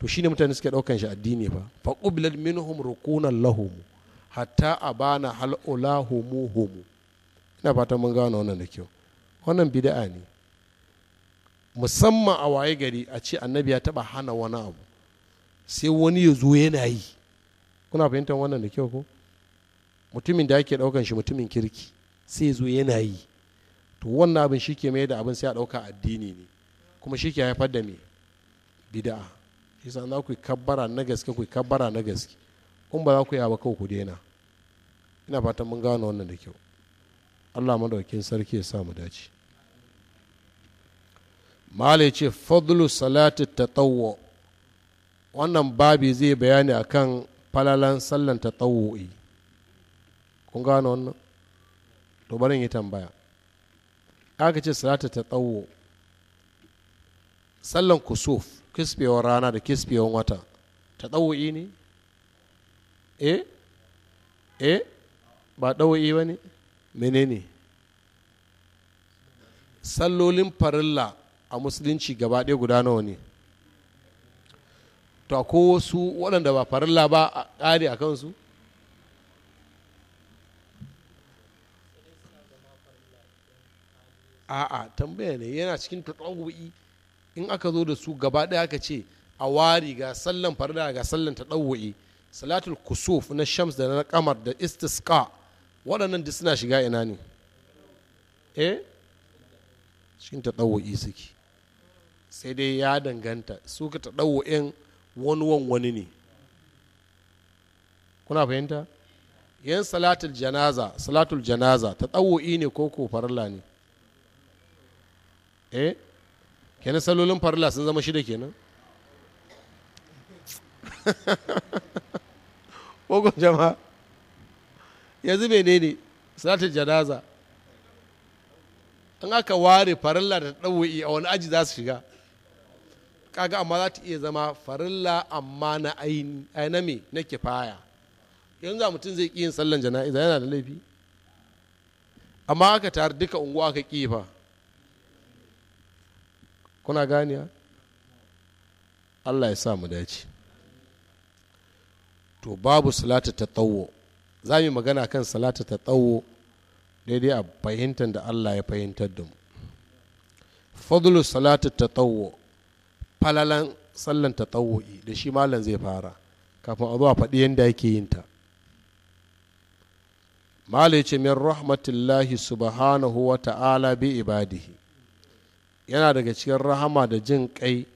to shine mutane suke ɗaukan shi addini fa fa qublat minhum rukunan lahum hatta abana hal ula homo homo ina fatan mun gano wannan da kyau wannan bid'a ne musamman a waye gari a ce annabi ya taba hana wani abu sai wani ya zo yana yi kuna fahimtar wannan da kyau ko mutumin da ake daukan shi mutumin kirki sai ya zo yana yi to wannan abin shi ke mai da abin sai a dauka addini ne kuma shi ke haifar da me bid'a shi sa za ku yi kabbara na gaske ku yi kabbara na gaske kun ba za ku yi abu kawai ku daina ina fatan mun gano wannan da kyau allah madaukin sarki ya sa mu dace malai ce fadlu salati tsawo wannan babi zai bayani akan falalan sallan yi kun gano wannan to barin yi tambaya aka ce salati tsawo sallan kusuf kisfewar rana da kisfewar wata yi ne eh eh ba ɗawa'i ba ne menene sallolin farilla a musulunci gaba ɗaya guda nawa ne to ko wasu waɗanda ba farilla ba a ƙari a kansu a'a tambaya ne yana cikin taɗawu'i in aka zo da su gaba ɗaya aka ce a wari ga sallan farilla ga sallan taɗawu'i salatul kusuf na shams da na kamar da istiska waɗannan duk suna shiga ina ne eh cikin taɗawu'i suke sai dai ya danganta su ka ta ɗau'in wani wani ne kuna fahimta yan salatul janaza salatul janaza ta ɗau'i ne ko ko farla ne eh kenan salolin farla sun zama shida kenan ƙogon jama'a yanzu ne salatul janaza an aka ware farla da ɗau'i a wani aji za su shiga kaga amma za ta iya zama farilla amma na aini na me na kifaya yanzu a mutum zai ƙi yin sallan jana'iza yana da laifi amma aka tare duka unguwa aka ƙi fa kuna ganiya allah ya sa mu dace to babu salata ta tsawo za mu magana kan salata ta tsawo daidai a fahimtar da allah ya fahimtar da mu fadlu salatu ta tsawo falalan sallan tatawu'i da shi malam zai fara kafin a zuwa faɗi yadda yake yin ta malai ce min rahmatillahi subhanahu wa ta'ala bi ibadihi yana daga cikin rahama da jin kai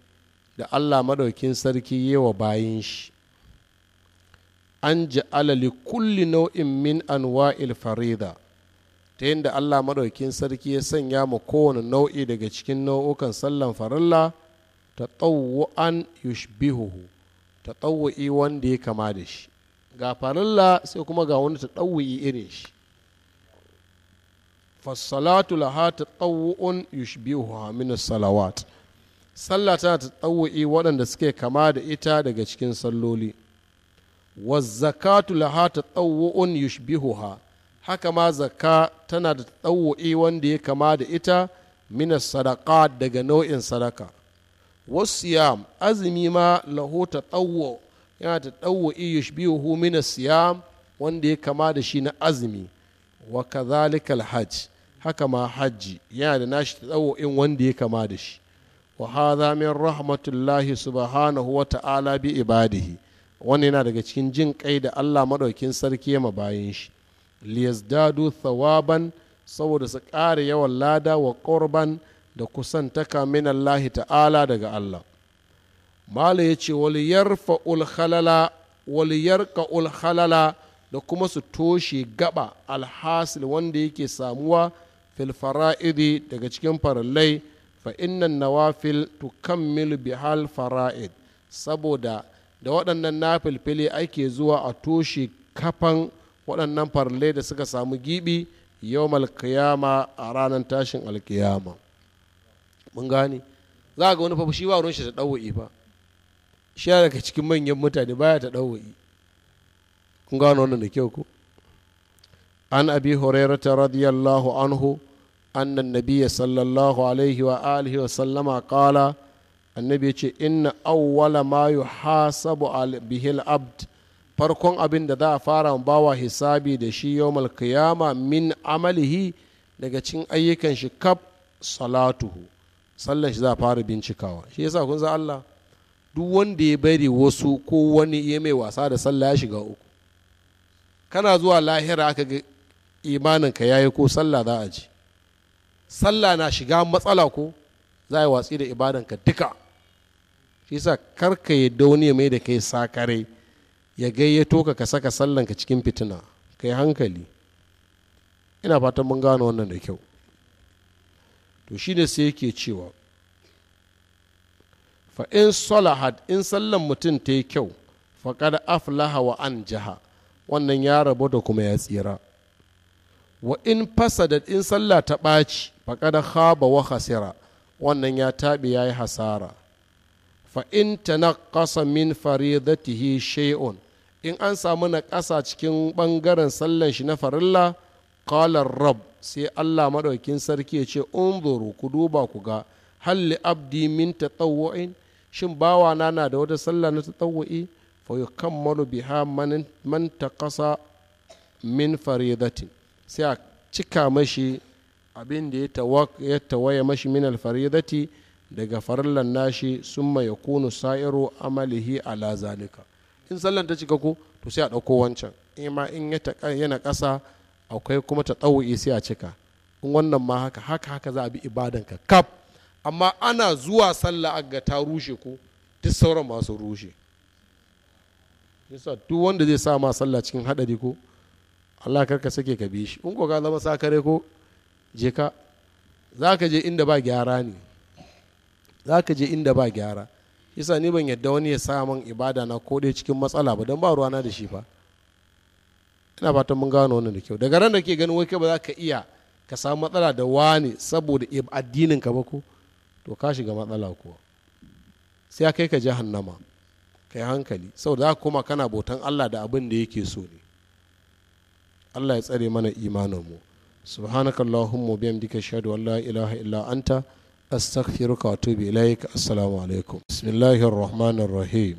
da allah maɗaukin sarki yi wa bayin shi an ji alali kulli nau'in min anwa'il farida ta yadda allah maɗaukin sarki ya sanya ma kowane nau'i daga cikin nau'ukan sallan farilla tatawu'an yushbihuhu tatawu'i wanda ya kama da shi ga farilla sai kuma ga wani tatawu'i irin shi fassalatu laha tatawu'un yushbihu min salawat sallah tana tatawu'i waɗanda suke kama da ita daga cikin salloli wazzakatu laha tatawu'un yushbihuha haka ma zakka tana da tatawu'i wanda ya kama da ita min sadaqat daga nau'in sadaka wasiyam azumi ma lahu tatawwu yana tatawwu yushbihu min as-siyam wanda ya kama da shi na azumi wa kadhalika hajj haka ma hajji yana da nashi tatawwu in wanda ya kama da shi wa rahmatullahi subhanahu wa ta'ala bi ibadihi wani yana daga cikin jin kai da Allah maɗaukin sarki ma bayan shi liyazdadu tsawaban saboda su ƙara yawan lada wa qurban da kusantaka min Allah ta'ala daga Allah mala ya ce waliyarfa ulhalala waliyarka ulhalala da kuma su toshe gaba alhasil wanda yake samuwa fil daga cikin farallai fa innan nawafil tukammilu bihal fara'id saboda da waɗannan na filfili ake zuwa a toshe kafan waɗannan farallai da suka samu gibi yawmal malkiyama a ranar tashin alkiyama mun gane za ga wani fa shi ba ruwan shi ta ɗawo'i ba shi ya daga cikin manyan mutane baya ta ɗawo'i kun gano wannan da kyau ko an abi hurairata radiyallahu anhu annan Nabiya sallallahu alaihi wa alihi wa sallama kala annabi ya ce inna awwala ma yuhasabu bihil abd farkon abin da za a fara bawa hisabi da shi yau malkiyama min amalihi daga cin ayyukan shi kaf salatuhu sallan shi za a fara bincikawa shi yasa kun san Allah duk wanda ya bari wasu ko wani ya mai wasa da sallah ya shiga uku kana zuwa lahira aka ga imaninka yayi ko sallah za a ji sallah na shiga matsala ko za a yi watsi da ka duka shi yasa ka yadda wani ya mai da kai sakare ya gayyato ka ka saka sallanka cikin fitina kai hankali ina fatan mun gano wannan da kyau to shi ne sai yake cewa fa in salahat in sallan mutum ta yi kyau faƙar aflaha wa an jaha wannan ya rabu da kuma ya tsira wa in da in salla ta ɓaci faƙar haba wa hasira wannan ya taɓi ya yi hasara fa in ƙasa min faridatihi shay'un in an samu na ƙasa cikin ɓangaren sallan shi na farilla ƙalar rabu. sai Allah maɗaukin sarki ya ce unzuru ku duba ku ga halli abdi min tatawwu'in shin bawa na na da wata sallah na tatawwu'i fa yukammalu biha man man taqasa min faridati sai a cika mashi abin da ya tawaye mashi min alfaridati daga farallan nashi summa yakunu sa'iru amalihi a zalika in sallan ta cika ku to sai a ɗauko wancan in ma in yana ƙasa akwai kuma ta tsawo'i sai a cika in wannan ma haka haka haka za a bi ibadanka kaf amma ana zuwa sallah ga ta rushe ko duk sauran masu rushe yasa duk wanda zai sa ma sallah cikin hadari ko Allah karka sake ka bi shi in ko ka zama sakare ko je ka za ka je inda ba gyara ne za ka je inda ba gyara yasa ni ban yadda wani ya sa man ibada na ko dai cikin matsala ba don ba ruwana da shi fa ina fatan mun gano wannan da kyau daga ran da ke ganin wai kai ba za ka iya ka samu matsala da wani saboda addinin ka ba ko to ka shiga matsala kuwa sai kai ka jahannama kai hankali saboda za ka koma kana bautan Allah da abin da yake so ne Allah ya tsare mana imanin mu subhanakallahumma bihamdika ashhadu an la ilaha illa anta astaghfiruka wa atubu ilaik assalamu alaikum bismillahir rahmanir rahim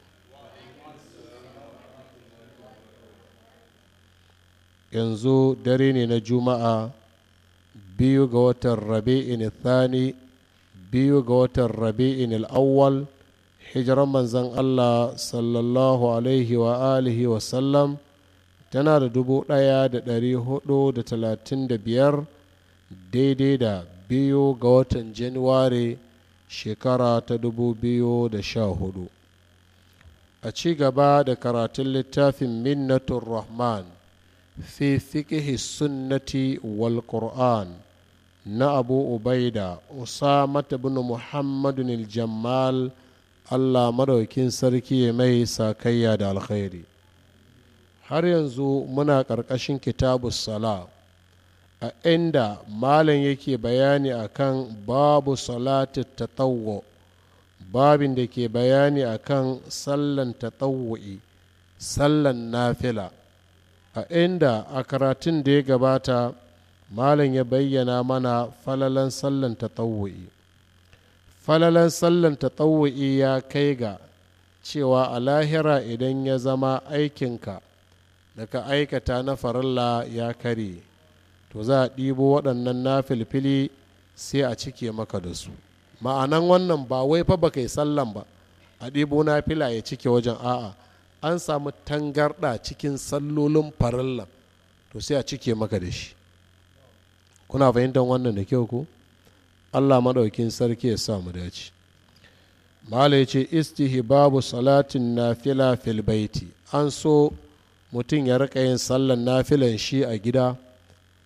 yanzu dare ne na juma'a biyu ga watan rabi'in thani biyu ga watan rabi'in al'awwal hijiran manzan allah sallallahu alaihi wa alihi wasallam tana da dubu daya da dari hudu da talatin da biyar daidai da biyu ga watan januwari shekara ta dubu biyu da sha hudu a ci gaba da karatun littafin minnatun rahman fi fikihi sunnati wal qur'an na abu ubaida usama bin muhammadun al-jammal allah madaukin sarki mai sakayya da alkhairi har yanzu muna ƙarƙashin kitabu sala a inda malam yake bayani akan babu salati tatawwa babin da ke bayani akan sallan tatawwa'i sallan nafila a inda a karatun da ya gabata malam ya bayyana mana falalan sallan tatawu'i falalan sallan tatawu'i ya kai ga cewa a lahira idan ya zama aikinka da ka aikata na farilla ya kare to za a ɗibo waɗannan na filfili sai a cike maka da su ma'anan wannan ba wai fa baka yi sallan ba a ɗibo na fila ya cike wajen a'a an samu tangarɗa cikin sallolin farallan to sai a cike maka da shi kuna fahimtar wannan da kyau ku. allah maɗaukin sarki ya samu dace mala ya ce babu salatin na fila baiti an so mutum ya rika yin sallan nafilan shi a gida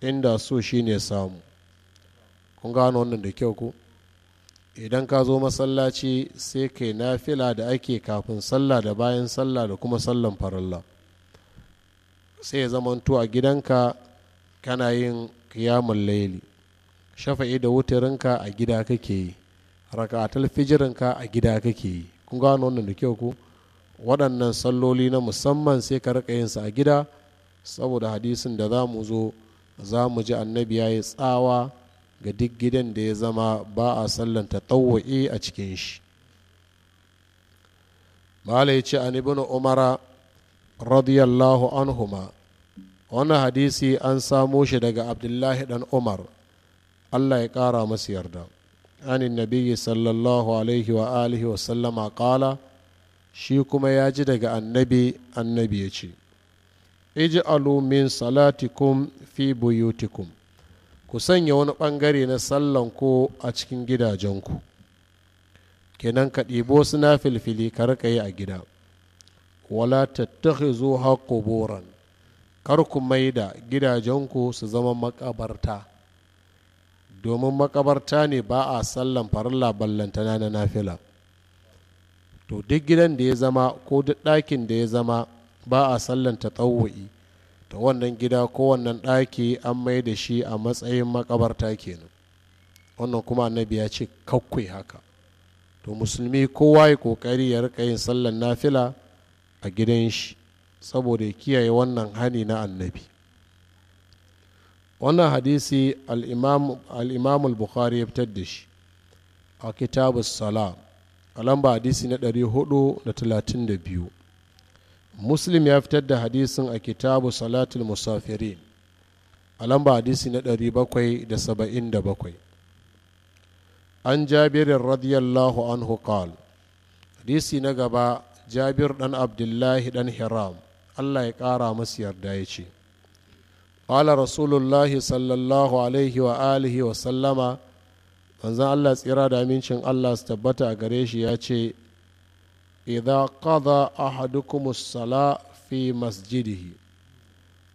inda so shi ne samu kun gano wannan da kyau ku. idan ka zo masallaci sai kai nafila da ake kafin sallah da bayan sallah da kuma sallan farilla sai ya zamanto a gidanka kana yin kiyamun laili shafa'i da wutarinka a gida kake yi raka'atul fijirinka a gida kake yi kun gano wannan da kyau ku waɗannan salloli na musamman sai ka rika yinsa a gida saboda hadisin da za mu zo za mu ji annabi ya yi tsawa ga duk gidan da ya zama ba a sallanta tsawo'i a cikin shi mala ya ce an ibn umara radiyallahu anhuma wannan hadisi an samo shi daga abdullahi dan umar allah ya kara masu yarda nabi sallallahu alaihi wa alihi wa sallama kala shi kuma ya ji daga annabi annabi ya ce iji min salatikum fi buyutikum ku sanya wani ɓangare na sallan ko a cikin gidajenku kenan ka ɗibo na filfili ka yi a gida wala tattaki zo haƙo boran kar ku mai da gidajenku su zama makabarta domin makabarta ne ba a sallan farilla ballantana na nafila to duk gidan da ya zama ko duk ɗakin da ya zama ba a sallan tsawo'i ta wannan gida ko wannan ɗaki an mai da shi a matsayin makabarta kenan wannan kuma annabi ya ce kakwai haka to musulmi kowa ya kokari ya rika yin sallan nafila a gidan shi saboda ya kiyaye wannan hani na annabi wannan hadisi al-imam al-bukhari ya fitar da shi a kitabu salam a lamba hadisi na 432 muslim ya fitar da hadisin a kitabu salatul musafirin a lamba hadisi na 777 an jabirin radiyallahu anhu hukal hadisi na gaba jabir dan abdullahi dan hiram allah ya kara masu yarda ya ce قال rasulullahi sallallahu alaihi wa alihi wa sallama manzan Allah tsira da amincin Allah su tabbata a gare shi ya ce idza qada ahadukum as-sala fi masjidihi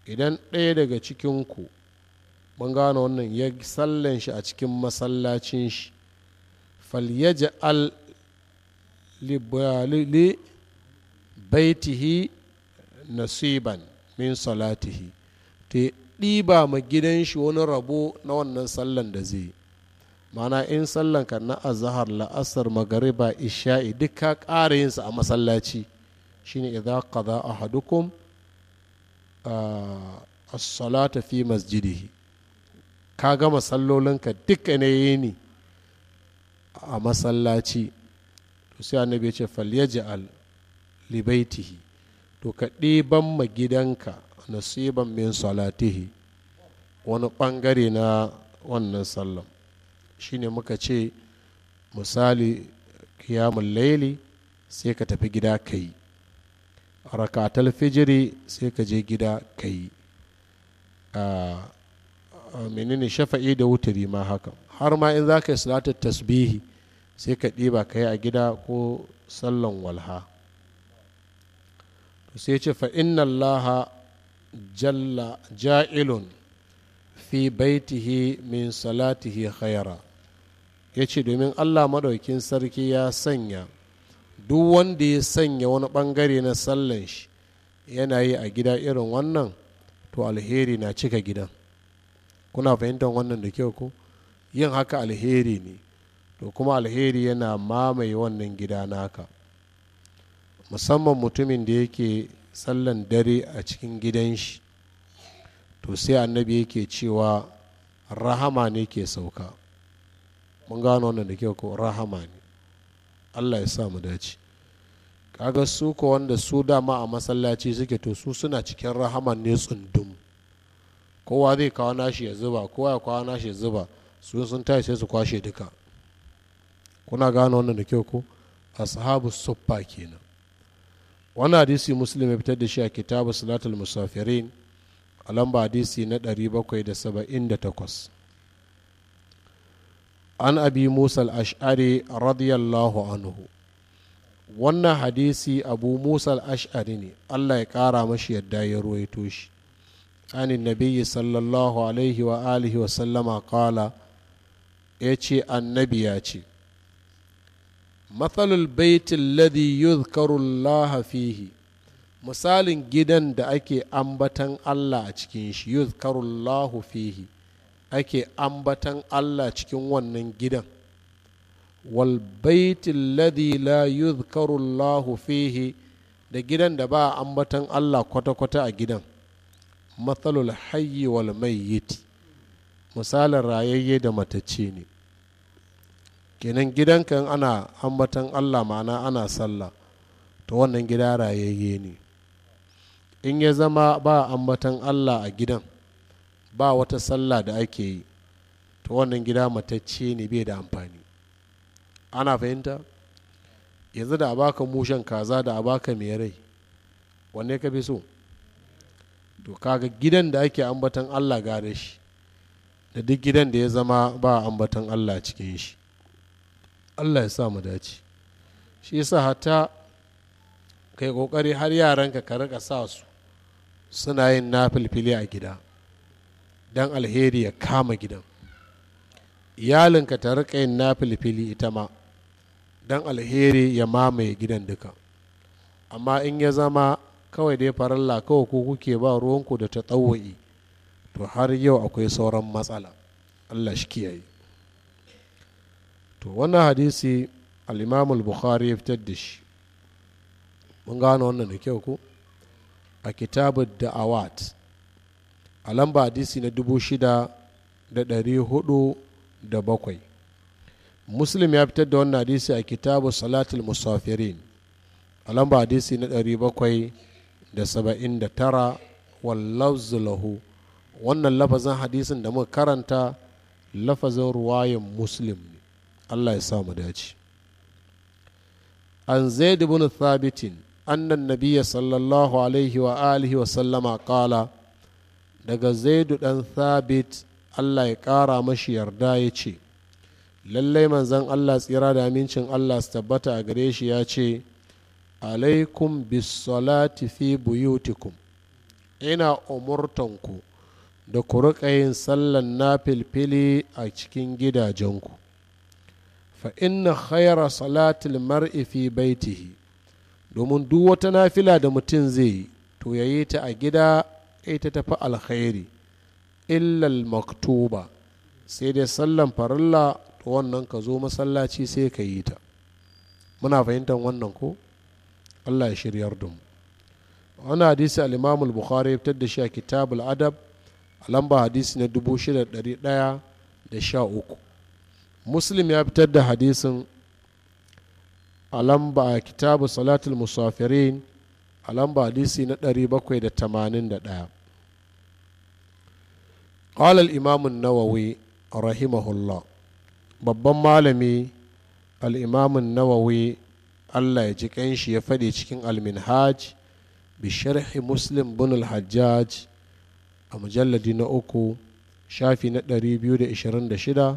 idan ɗaya daga cikin ku mun gane wannan ya sallan shi a cikin masallacin shi falyaj'al li baitihi nasiban min salatihi ta ɗiba ma gidan shi wani rabo na wannan sallan da zai mana in sallanka na azahar la'asar magariba isha'i duk ka ƙara yinsa a masallaci shine idza qada a as-salata fi masjidihi ka gama sallolinka duka ne yini a masallaci to sai annabi ya ce falyaj'al libaitihi to ka ɗiban ma gidanka nasiban min salatihi wani ɓangare na wannan sallan shine muka ce misali kiyamun laili sai ka tafi gida ka yi rakatar fijiri sai ka je gida ka yi menene shafa'i da wuturi ma haka har ma in za ka yi salatar tasbihi sai ka ɗiba ka yi a gida ko sallan walha sai ce fa inna jalla ja'ilun fi baitihi min salatihi khaira ya ce domin allah maɗaukin sarki ya sanya duk wanda ya sanya wani ɓangare na sallan shi yana yi a gida irin wannan to alheri na cika gidan kuna fahimtar wannan da kyau ko yin haka alheri ne to kuma alheri yana mamaye wannan gida naka musamman mutumin da yake sallan dare a cikin gidan shi to sai annabi yake cewa rahama ne ke sauka mun gano wannan da kyau ko rahama ne allah ya sa mu dace kaga su ko wanda su dama a masallaci suke to su suna cikin rahama ne tsundum kowa zai kawo nashi ya zuba kowa ya kawo nashi ya zuba su sun tashi sai su kwashe duka kuna gano wannan da kyau ko ashabu suffa kenan wani hadisi muslim ya fitar da shi a kitabu salatul musafirin a lamba hadisi na 778 an abi musa al-ash'ari radiyallahu anhu wannan hadisi abu musa ashari ne allah ya kara mashi yadda ya ruwaito shi an nabiyyi sallallahu alaihi wa alihi wa sallama kala ya ce annabi ya ce matsalul baitin ladhi yuzkaru fihi misalin gidan da ake ambatan allah a cikin shi yuzkaru fihi ake ambatan Allah cikin wannan gidan wal baitin ladhi la yuzkaru Allahu fihi da gidan da ba ambatan Allah kwata-kwata a gidan matsalul hayyi wal mayyiti misalin rayayye da matacce ne kenan gidanka ana ambatan Allah ma'ana ana sallah to wannan gida rayayye ne in ya zama ba ambatan Allah a gidan ba wata sallah da ake yi ta wannan gida matacce ne bai da amfani ana fahimta yanzu da a baka mushen kaza da a baka mai rai wanne ka fi so to kaga gidan da ake ambatan allah gare shi da duk gidan da ya zama ba ambatan allah cikin shi allah ya sa mu dace shi yasa hatta kai kokari har yaranka ka rika sa su suna yin na filfili a gida don alheri ya kama gidan iyalinka ta rika yin na filifili ita ma don alheri ya mamaye gidan duka amma in ya zama kawai dai faralla kawai ko kuke ba ruwanku da ta tsawo'i to har yau akwai sauran matsala allah shi kiyaye to wannan hadisi al'imamul bukhari ya fitar da shi mun gano wannan da kyau ku a kitabu da awat. a lamba hadisi na dubu shida da dari hudu da bakwai muslim ya fitar da wannan hadisi a kitabu salatul musafirin a lamba hadisi na ɗari bakwai da saba'in da tara wallafzu lahu wannan lafazin hadisin da muka karanta lafazin ruwayan muslim ne allah ya samu dace an zaid ibn thabitin annan nabiya sallallahu alaihi wa alihi wa sallama kala daga zaidu ɗan thabit allah ya ƙara mashi yarda ya ce lallai manzan allah tsira da amincin allah su tabbata a gare shi ya ce alaikum bisolati fi buyutikum ina umurtanku da ku riƙa yin sallan na filfili a cikin gidajenku fa inna khayra salatil mar'i fi baitihi domin duk wata nafila da mutum zai yi to yayi ta a gida ita tafi alkhairi illal maktuba sai dai sallan farilla to wannan ka zo masallaci sai ka yi ta muna fahimtar wannan ko allah ya shiryar da mu wani hadisi al-imam al-bukhari fitar da shi a kitab al-adab a lamba hadisi na 6113 muslim ya fitar da hadisin a lamba a kitabu salatul musafirin a lamba hadisi na 781 قال الإمام النووي رحمه الله babban malami al'imamin nawawi allah ya ji ƙanshi ya faɗi cikin alminhaj bi sharhi muslim bin al-hajjaj a mujalladi na uku shafi na 226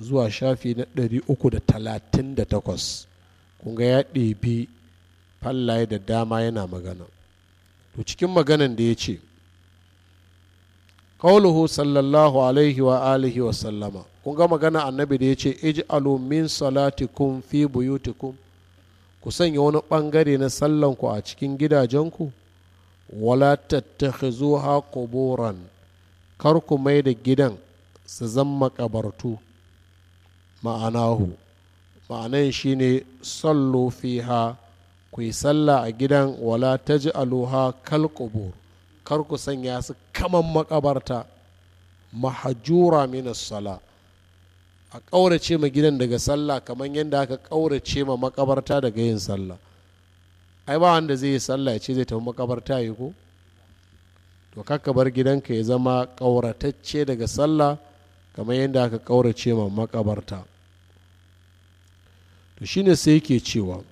zuwa shafi na 338 kunga ya ɗebi fallaye da dama yana magana to cikin maganan da ya ce ƙauluhu sallallahu alaihi wa alihi wa sallama kun ga magana annabi da ya ce ij'alu min salatikum fi buyutikum ku sanya wani ɓangare na sallanku a cikin gidajenku wala tattakhizuha quburan kar ku mai da gidan su zama kabartu ma'anahu ma'anan shine sallu fiha ku yi sallah a gidan wala ta ji aloha kalkubur kar ku sanya su kaman makabarta mahajura minas sala a ƙaurace ma gidan daga sallah kamar yadda aka ƙaurace ma makabarta daga yin sallah ai ba wanda zai yi sallah ya ce zai tafi makabarta ya ko to kakka bar gidanka ya zama ƙauratacce daga sallah kamar yadda aka ƙaurace ma makabarta to shine sai yake cewa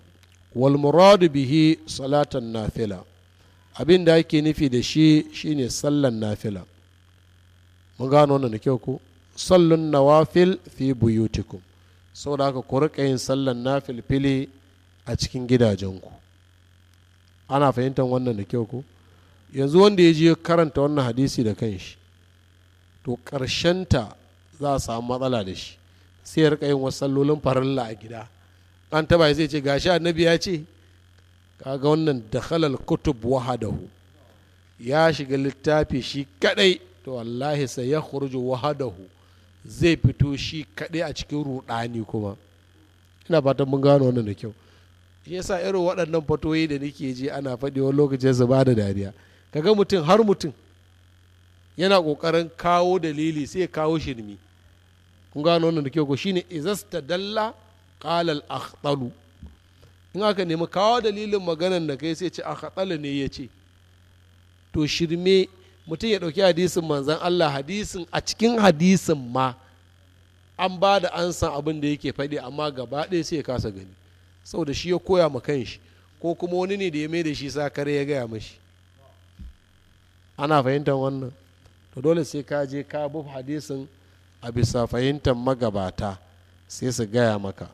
walmuradu bihi salatan nafila abin da ake nufi da shi shine sallan nafila mun gano wannan da kyau ku sallun nawafil fi buyutikum saboda haka ku riƙa yin sallan nafil fili a cikin gidajenku ana fahimtar wannan da kyau ku yanzu wanda ya je karanta wannan hadisi da kanshi to ta za a samu matsala da shi sai ya riƙa yin wasu sallolin farilla a gida an taba zai ce gashi annabi ya ce kaga wannan da halal kutub wahadahu ya shiga littafi shi kadai to wallahi sai ya khurju wahadahu zai fito shi kadai a cikin rudani kuma ina fatan mun gano wannan da kyau shi yasa irin waɗannan fatoyi da nake ji ana faɗi wani lokacin su ba da dariya kaga mutum har mutum yana ƙoƙarin kawo dalili sai kawo shirmi kun gano wannan da kyau ko shine izasta dalla ƙalal akhtalu in aka nemi kawo dalilin maganan da kai sai ce akhtalu ne ya ce to shirme mutum ya ɗauki hadisin manzan Allah hadisin a cikin hadisin ma an ba da an san abin da yake faɗi amma gaba ɗaya sai ya kasa gani saboda shi ya koya ma kanshi ko kuma wani ne da ya mai da shi sakar ya gaya mashi ana fahimtar wannan to dole sai ka je ka buf hadisin a bisa fahimtar magabata sai su gaya maka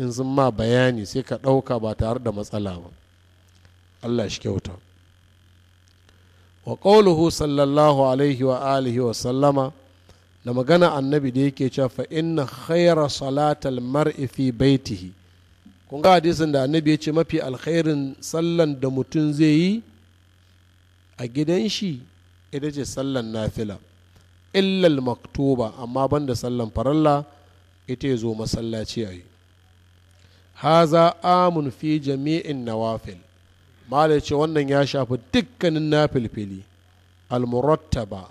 in sun ma bayani sai ka ɗauka ba tare da matsala ba allah shi kyauta wa ƙauluhu sallallahu alaihi wa alihi wa sallama da magana annabi da yake cewa fa inna khayra salatal mar'i fi baitihi kun ga hadisin da annabi ya ce mafi alkhairin sallan da mutum zai yi a gidan shi ita ce sallan nafila illal maktuba amma banda sallan faralla ita ya zo masallaci a yi haza amun fi jami'in nawafil mala ce wannan ya shafi dukkanin nafilfili almurattaba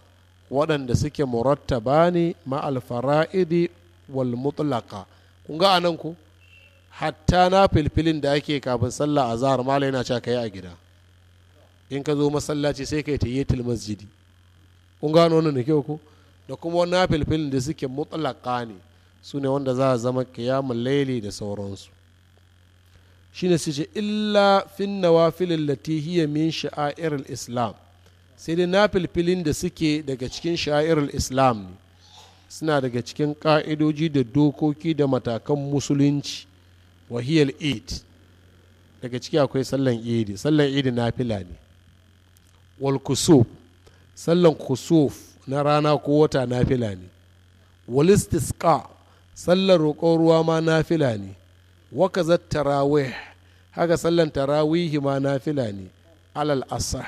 waɗanda suke murattaba ne ma alfara'idi wal mutlaka kun ga anan ku hatta nafilfilin da ake kafin sallah a zahar mala yana cewa kai a gida in ka zo masallaci sai ka yi ta yi masjidi kun gano wannan da kyau ku da kuma nafilfilin da suke mutlaka ne su ne wanda za a zama kiyamun laili da sauransu shine su ce illa fin nawafil allati hiya min sha'irar islam sai dai na filfilin da suke daga cikin sha'irar islam ne suna daga cikin ka'idoji da dokoki da matakan musulunci wahiyar eid daga ciki akwai sallan idi sallan idi na fila ne wal kusuf sallan kusuf na rana ko wata na fila ne wal istiska sallan roƙon ruwa ma na fila ne wakazar tarawih haka sallan tarawih ma fila ne alal asah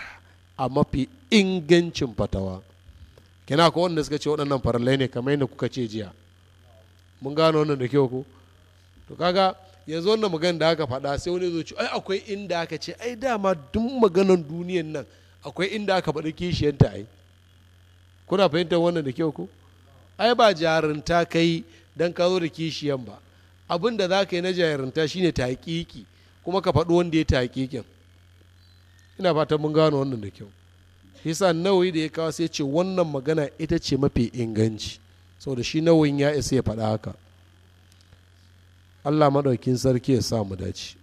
a mafi ingancin fatawa kina ko wanda suka ce waɗannan farallai ne kamar yadda kuka ce jiya mun gano wannan da kyau ko to kaga yanzu wannan magana da aka faɗa sai wani zuci ai akwai inda aka ce ai dama duk maganan duniyan nan akwai inda aka faɗi kishiyanta ai kuna fahimtar wannan da kyau ko ai ba jarinta kai dan ka zo da kishiyan ba abin da za ka yi na jayarinta shine taƙiƙi kuma ka faɗi wanda ya taƙiƙin ina fatan mun gano wannan da kyau hisa nawayi da ya kawo sai ce wannan magana ita ce mafi inganci da shi nawayin ya isa ya faɗa haka allah maɗaukin sarki ya sa mu dace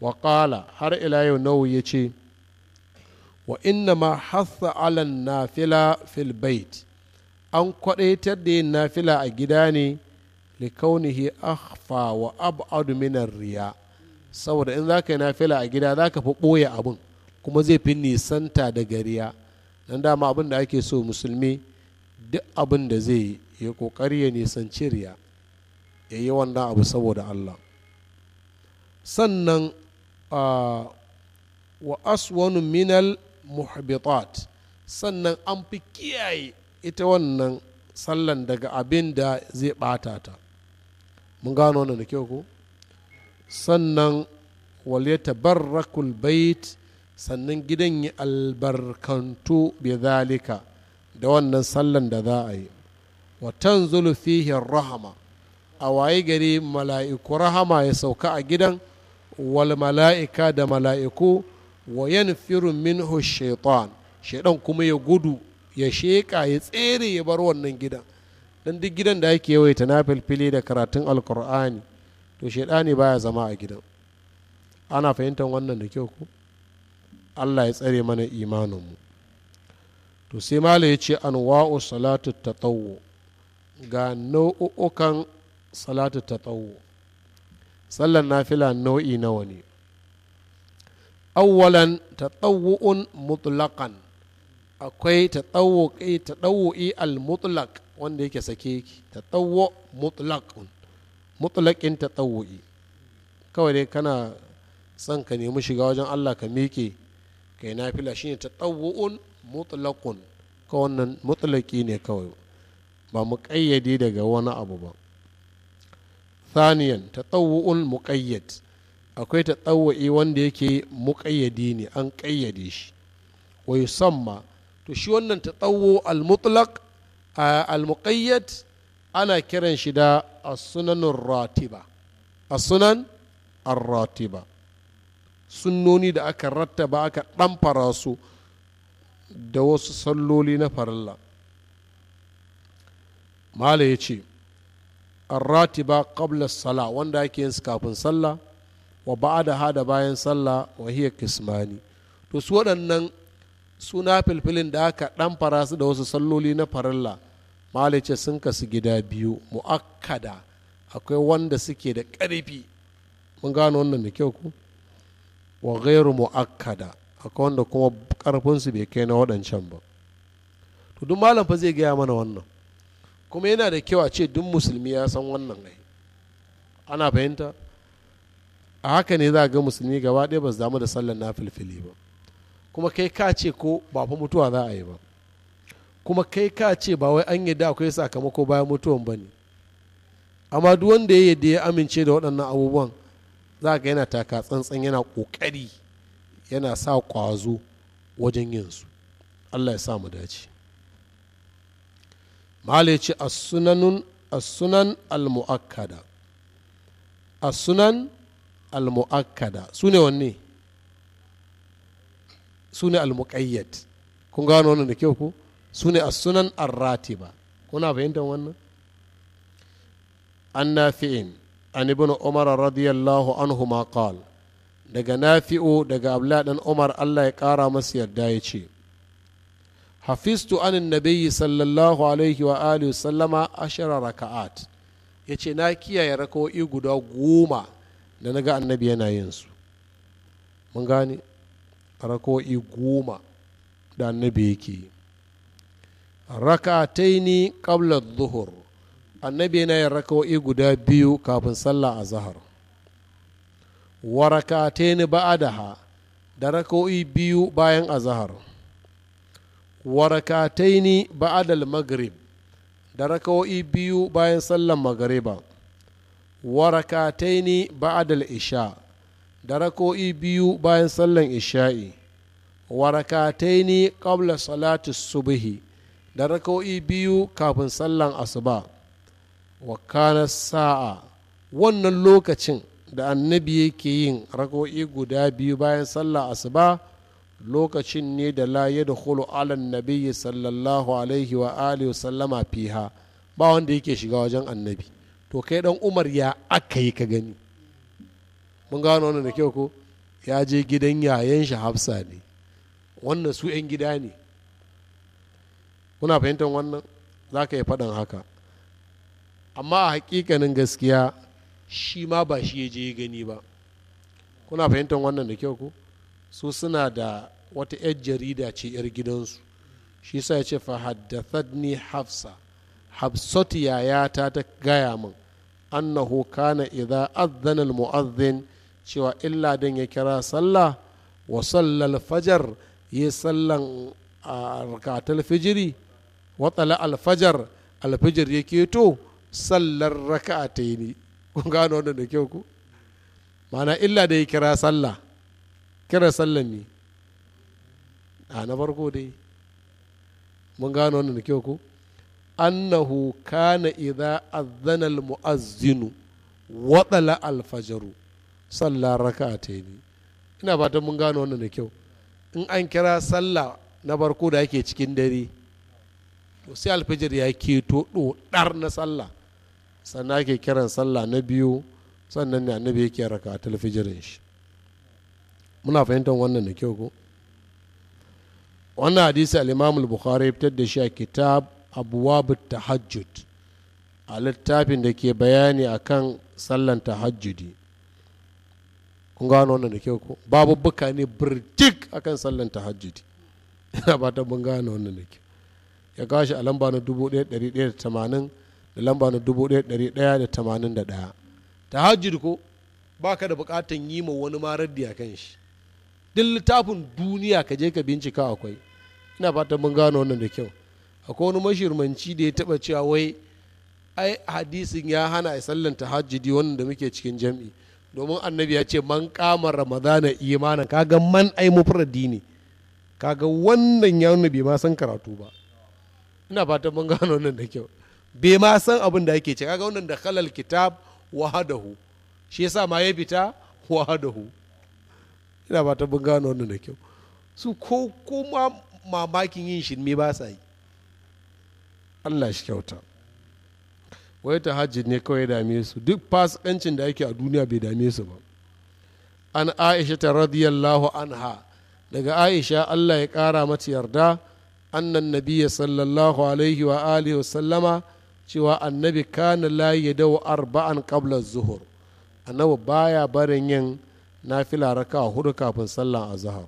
waƙala har ila yau nawayi ya ce wa inna ma hatha alan nafila fil bait an kwaɗaitar da yin nafila a gida ne likaunihi akhfa wa ab'adu minar riya saboda in zaka yi nafila a gida zaka fi ɓoye abin kuma zai fi nisanta daga riya dan dama abin da ake so musulmi duk abin da zai yi ya kokari ya nisanci riya ya yi wannan abu saboda Allah sannan wa aswanu minal muhbitat sannan an fi kiyaye ita wannan sallan daga abin da zai ɓata ta mun gano wannan da kyau ko sannan waliyata barrakul bait sannan gidan ya albarkantu bi zalika da wannan sallan da za a yi wa tanzulu fihi rahama a waye gari mala'iku rahama ya sauka a gidan wal mala'ika da mala'iku wa yanfiru minhu shaitan shaitan kuma ya gudu ya sheƙa ya tsere ya bar wannan gidan dan duk gidan da ake yawaita na filfili da karatun alkur'ani to shaidani baya zama a gidan ana fahimtar wannan da kyau ku allah ya tsare mana imaninmu to sai mala ya ce an wa'u salatu tsawo ga nau'ukan salatu tsawo sallan nafila nau'i nawa ne awwalan tatawu'un mutlaqan akwai tatawu'i tatawu'i al-mutlaq wanda yake sake ki ta tsawo mutlaƙin mutlaƙin ta tsawo'i kawai dai kana son ka nemi shiga wajen Allah ka miƙe kai shi ne ta tsawo'un mutlaƙin ka wannan ne kawai ba mu ƙayyade daga wani abu ba saniyan ta tsawo'un muƙayyad akwai ta tsawo'i wanda yake muƙayyadi ne an ƙayyade shi wai samma to shi wannan ta tsawo al mutlaƙ a muqayyad ana kiran shi da as-sunanur ratiba sunan ar-ratiba sunnoni da aka rattaba aka ɗamfara su da wasu salloli na farilla mala ya ce arratiba qabla sala wanda ake yin kafin sallah wa ba'ada hada bayan sallah wa hiya kismani to su waɗannan suna filfilin da aka ɗan fara su da wasu salloli na farilla malice sun kasu gida biyu mu'akkada akwai wanda suke da ƙarfi mun gano wannan da kyau ku wa ghairu mu'akkada akwai wanda kuma ƙarfinsu bai kai na waɗancan ba to duk malam fa zai gaya mana wannan kuma yana da kyau a ce duk musulmi ya san wannan ne ana fahimta a haka ne za a ga musulmi gaba ɗaya ba su damu da sallar na filfili ba kuma kai ka ce ko ba fa mutuwa za a yi ba kuma kai ka ce ba wai an yadda akwai sakamako bayan mutuwan ba ne amma duk wanda ya yadda ya amince da waɗannan abubuwan za ka yana taka tsantsan yana ƙoƙari yana sa ƙwazo wajen yin su allah ya sa mu dace malaci as-sunan al-mu'akkada sunan al-mu'akkada su ne wanne su ne almuƙayyad kun gano wannan da kyau ku su ne sunan arratiba kuna fahimtar wannan an nafi'in an ibn umar radiyallahu anhu ma qal daga nafi'u daga abla dan umar allah ya kara masa yarda ya ce hafistu anin nabiyyi sallallahu alaihi wa alihi sallama ashara raka'at ya ce na kiyaye rakawo'i guda goma da naga annabi yana yin su mun gane raka'o'i goma da annabi yake rakataini qabla zuhur annabi yana yin rakoi guda biyu kafin sallah a zahar wa rakataini ba'adaha da rakoi biyu bayan azahar wa ba'da ba'adal maghrib da raka'o'i biyu bayan sallan magariba wa ba'da ba'adal isha' da rako'i biyu bayan sallan isha'i warakatai ne ƙabla salatu subhi da rako'i biyu kafin sallan asuba wa kana sa'a wannan lokacin da annabi yake yin rako'i guda biyu bayan sallan asuba lokacin ne da la ya da alan nabiyyi sallallahu alaihi wa alihi sallama fiha ba wanda yake shiga wajen annabi to kai dan umar ya aka yi ka gani mun gano wani da kyau ko ya je gidan yayan shi hafsa ne wannan su 'yan gida ne kuna fahimtar wannan za ka yi faɗin haka amma a hakikanin gaskiya shi ma ba shi ya je gani ba kuna fahimtar wannan da kyau ko su suna da wata 'yar jarida ce 'yar gidansu shi sa ya ce ni hafsa hafsatu yayata ta gaya min annahu kana idza adhana al-mu'adhdhin cewa illa dan ya kira sallah wa sallal fajar ya sallan rakatul fijiri wa tala alfajar alfijir ya keto sallar raka'atai ne kun gano wannan da kyau ku mana illa da ya kira sallah kira sallan ne a na farko dai mun gano wannan da kyau ku annahu kana idza azzana almuazzinu wa tala alfajaru sallah raka'a ta yi ina fatan mun gano wannan da kyau in an kira sallah na barko da ake cikin dare to sai alfijir ya keto ɗar na sallah sannan ake kiran sallah na biyu sannan ne annabi yake raka talfijirin shi muna fahimtar wannan da kyau ko wannan hadisi al-imam al-bukhari fitar da shi a kitab abwab tahajjud a littafin da ke bayani akan sallan tahajjudi kun gano wannan da kyau ko babu buka ne birtik akan sallan tahajjudi ina ba ta mun gano wannan da kyau ya gashi a lamba na 1180 da lamba na 1181 tahajjud ko baka da bukatan yi ma wani ma raddi a kan shi duk littafin duniya ka je ka bincika akwai ina fatan mun gano wannan da kyau akwai wani mashirmanci da ya taba cewa wai ai hadisin ya hana a sallan tahajjudi wannan da muke cikin jam'i domin annabi ya ce man kama ramadana imanan kaga man ai mufradi ne kaga wannan ya nuna bai ma san karatu ba ina fatan mun gano nan da kyau bai ma san abin da ake ce kaga wannan da khalal kitab wahadahu shi yasa ma ya fita wahadahu ina fatan mun gano wannan da kyau su ko kuma mamakin yin me ba sa yi Allah shi kyauta wai ta hajji ne kawai dame su duk fasikancin da ake a duniya bai dame su ba an aisha ta radiyallahu anha daga aisha allah ya kara mata yarda annan nabiya sallallahu alaihi wa alihi sallama cewa annabi kana layi ya dawo arba'an qabla zuhur annabi baya barin yin nafila raka hudu kafin sallan azhar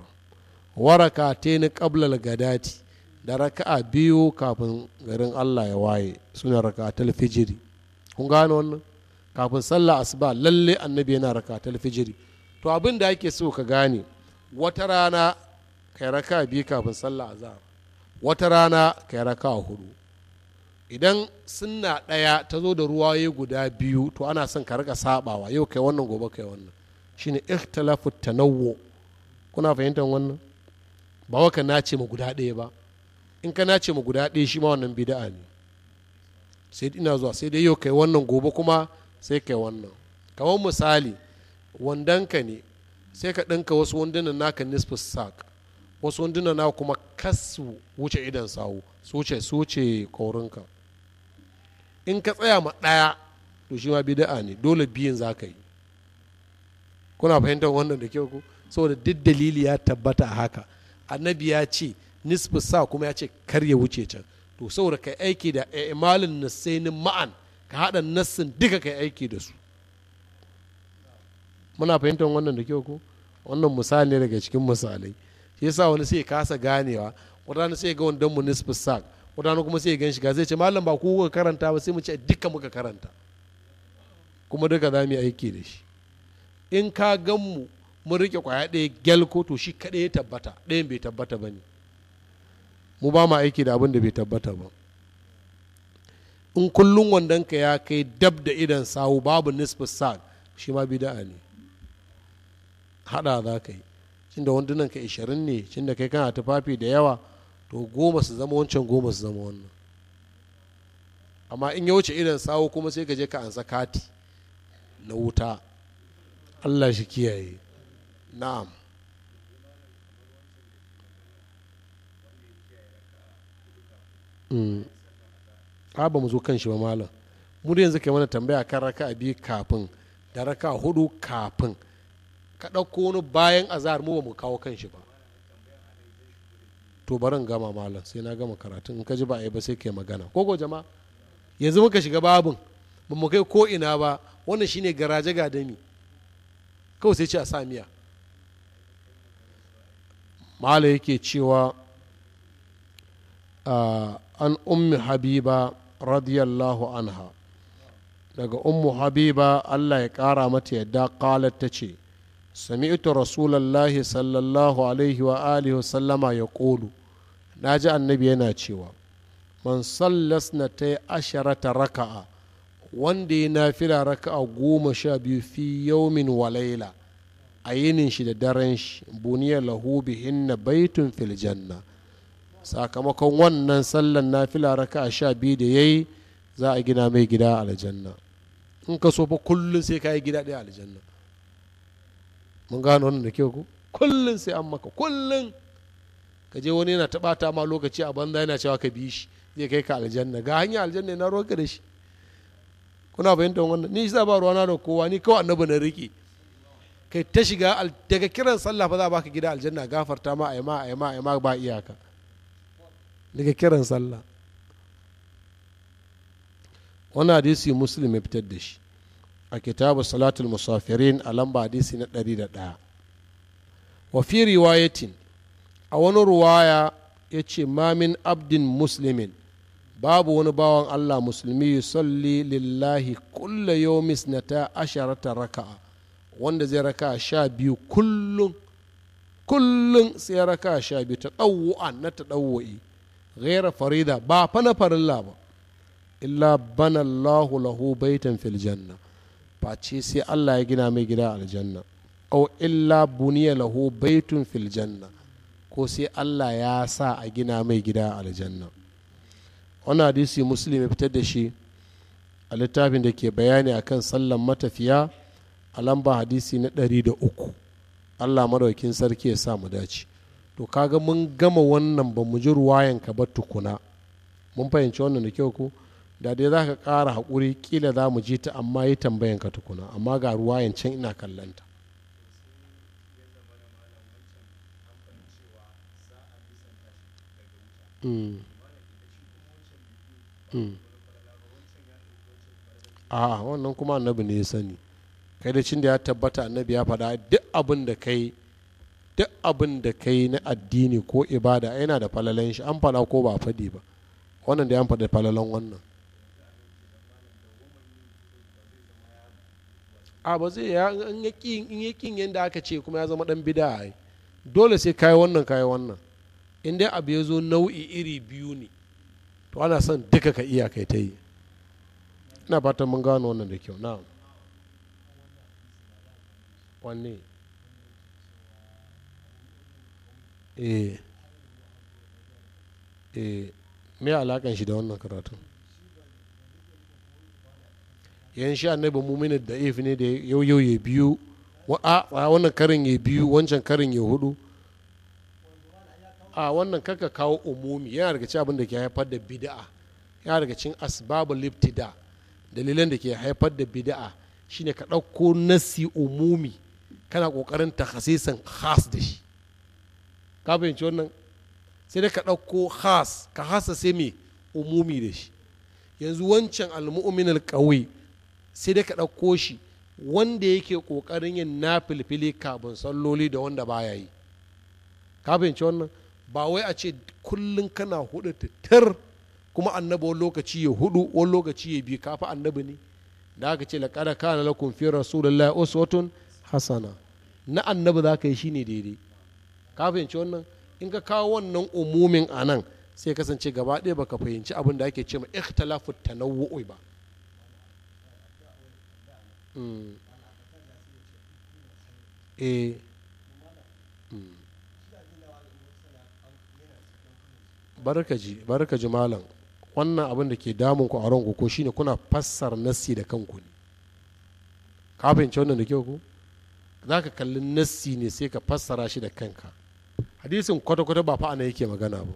waraka ni qabla gadati da raka'a biyu kafin garin allah ya waye suna raka'a fijiri kun gano wannan kafin sallah asuba lalle annabi yana raka alfijiri to abin da ake so ka gane wata rana yi raka biyu kafin sallah zaa wata rana yi raka hudu idan sunna ɗaya ta zo da ruwaye guda biyu to ana son ka rika sabawa yau kai wannan gobe kai wannan shine ikhtilafu tanawwu kuna fahimtar wannan ba waka nace mu guda ɗaya ba in ka nace mu guda ɗaya shi ma wannan bid'a ne sai ina zuwa sai dai yau kai wannan gobe kuma sai kai wannan kamar misali wandonka ne sai ka ɗinka wasu wandunan naka nisfi sak wasu wandunan na kuma kasu wuce idan sawu su wuce kaurinka in ka tsaya ma ɗaya to shi ma bida'a ne dole biyun za ka yi kuna fahimtar wannan da kyau ku saboda duk dalili ya tabbata haka annabi ya ce nisfi sa kuma ya ce kar ya wuce can to saboda kai aiki da imalin nassainin ma'an ka haɗa nassin duka kai aiki da su muna fahimtar wannan da kyau ko wannan misali ne daga cikin misalai shi yasa wani sai kasa ganewa wadana sai ga wanda dan munisfis sak wadana kuma sai gan shiga zai ce malam ba ku kuka karanta ba sai mu ce duka muka karanta kuma duka za mu yi aiki da shi in ka ganmu mun rike kwaya ɗaya gyalko to shi kaɗai ya tabbata ɗayan bai tabbata ba ne mu ba ma aiki da abin da bai tabbata ba in kullum wandonka ya kai dab da idan sawu babu nisfi sa'ad shi ma bida'a ne hada za ka yi cin da wandunan ka 20 ne cin da kai kana tufafi da yawa to goma su zama wancan goma su zama wannan amma in ya wuce idan sawu kuma sai ka je ka ansa kati na wuta allah shi kiyaye na'am Mm. a ah, ba mu zo kan shi ba malam mu da yanzu kai mana tambaya kan raka a biyu kafin da raka hudu kafin ka ɗauko wani bayan azahar mu ba mu kawo kan shi ba to barin gama malam sai na gama karatun in ka ji ba a yi ba sai kai magana ko ko jama'a yanzu muka shiga babin ba mu kai ko ina ba wannan shine garaje gadami kawai sai ce a sa miya malam yake cewa ah, an ummi habiba radiyallahu anha daga ummu habiba allah ya ƙara mata yadda kalar ta ce sami'tu rasulallahi sallallahu alaihi wa alihi sallama ya ƙolu na ji annabi yana cewa man sallas na ta asharata raka'a wanda ya fila raka'a goma sha biyu fi yaumin walaila a yinin shi da daren shi buniya lahu bihinna baitun fil janna sakamakon wannan sallan fila raka a sha biyu da ya yi za a gina mai gida a aljanna in ka so fa kullum sai ka yi gida ɗaya a aljanna mun gano wannan da kyau ku kullum sai an maka kullum ka je wani yana taɓa ta ma lokaci a banza yana cewa ka bi shi zai kai ka aljanna ga hanyar aljanna na roƙa da shi kuna fahimtar wannan ni za ba na da kowa ni kawai annabi na riƙe kai ta shiga daga kiran sallah fa za a baka gida aljanna gafarta ma a yi ma a yi ma a yi ma ba iyaka daga kiran sallah wani hadisi muslim ya fitar da shi a kitabu salatul musafirin a lamba hadisi na 101 wa fi riwayatin a wani ruwaya ya ce mamin abdin muslimin babu wani bawan allah musulmi salli lillahi kulla yomis na ta asharata raka'a wanda zai raka sha biyu kullum kullum sai raka raka sha biyu ta ɗauwa na ta ɗauwa'i ghaira farida ba fala farilla ba illa bana Allahu lahu baitan fil face sai Allah ya gina mai gida aljanna au illa buniya lahu baitun ko sai Allah ya sa a gina mai gida aljanna wannan hadisi muslim ya fitar da shi a littafin da ke bayani akan sallan matafiya a lamba hadisi na ɗari da uku Allah madaukin sarki ya sa mu dace to kaga mun gama wannan ba mu ji ruwayanka ba tukuna mun fahimci wannan da kyau ko da dai za ka ƙara haƙuri ƙila za mu ji ta amma yi tambayanka tukuna amma ga ruwayan can ina kallanta mm. mm. a wannan kuma annabi ne ya sani kai da cin da ya tabbata annabi ya faɗa duk abin da kai duk abin da ka yi na addini ko ibada yana da falalan shi an fala ko ba fadi ba wannan da ya fada falalan wannan a ba zai ya in ya kin yadda aka ce kuma ya zama ɗan bida a dole sai kayi wannan kayi wannan in dai abu ya zo nau'i iri biyu ne to ana son duka ka iya kai ta yi ina fatan mun gano wannan da kyau na wanne Eh. eh me alakan shi da wannan karatu yan shi annabi muminin da if ne da yau yau ya biyu a wannan karin ya biyu wancan karin ya hudu a wannan kaka kawo umumi yana daga cikin abin da ke haifar da bida'a yana daga cikin lifti da dalilan da ke haifar da bida'a shine ka ɗauko nasi umumi kana ƙoƙarin takhasisin khas da shi ka fahimci wannan sai dai ka ɗauko has ka hasa sai mai umumi da shi yanzu wancan almu'min alqawi sai dai ka ɗauko shi wanda yake ƙoƙarin yin na filfili kafin salloli da wanda baya yi ka fahimci wannan ba wai a ce kullum kana hudu tattar kuma annabi wani lokaci ya hudu wani lokaci ya biyu kafa annabi ne da aka ce laƙada kana lakum fi rasulillahi uswatun hasana na annabi za ka yi shine daidai ka fahimci wannan in ka kawo wannan umumin a nan sai kasance gaba ɗaya baka fahimci abin da ake ce ma ikhtilafu tanawwu'i ba hmm. eh. hmm. barkaji barkaji malam wannan abin da ke damun ku a ranku ko shine kuna fassar nassi da kanku ne ka fahimci wannan da kyau ku za ka kalli nassi ne sai ka fassara shi da kanka hadisin kwata-kwata ba fa'ana yake magana ba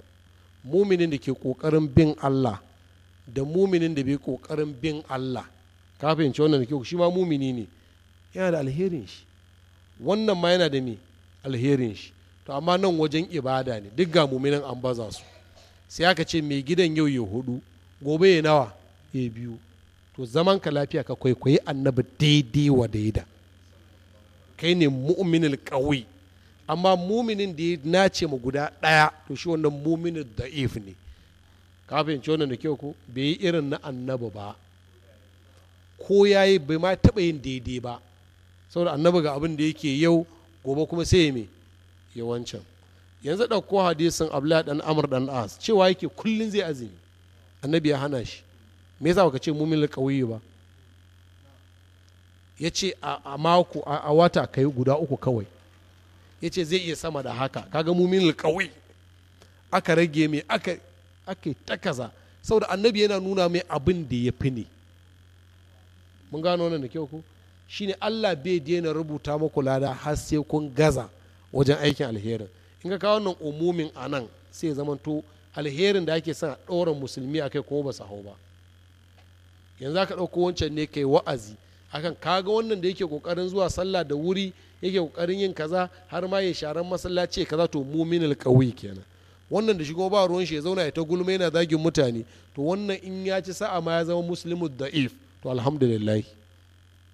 muminin da ke ƙoƙarin bin allah da muminin da bai ƙoƙarin bin allah kafin ce wannan da kyau shi ma mumini ne yana da alherin shi wannan ma yana da me alherin shi to amma nan wajen ibada ne duk ga muminan an baza su sai aka ce mai gidan yau ya hudu gobe ya nawa ya biyu to zaman ka lafiya ka kwaikwayi annabi daidai wa daida kai ne muminin ƙauye amma muminin da ya nace ma guda ɗaya to shi wannan muminin da'if ne kafin ci wannan da kyau ko bai yi irin na annabi ba ko ya yi bai ma taɓa yin daidai ba saboda annabi ga abin da yake yau gobe kuma sai me ya wancan yanzu ɗauko hadisin abla dan amur dan as cewa yake kullum zai azumi annabi ya hana shi me yasa baka ce mumin ƙauye ba ya ce a mako a wata kai guda uku kawai ya ce zai iya sama da haka kaga mumin alƙawai aka rage mai aka ake ta saboda annabi yana nuna mai abin da ya fi ne mun gano nan da kyau shi shine Allah bai daina rubuta muku lada har sai kun gaza wajen aikin alherin in ka kawo wannan umumin a nan sai ya zamanto alherin da ake son a ɗora musulmi a kai ko ba su hau ba yanzu aka ɗauko wancan ne kai wa'azi akan kaga wannan da yake ƙoƙarin zuwa sallah da wuri yake kokarin yin kaza har ma ya sharan masallaci ya kaza to muminul qawi kenan wannan da shigo ba ruwan shi ya zauna ya ta gulma yana zagin mutane to wannan in ya ci sa'a ma ya zama muslimu da'if to alhamdulillah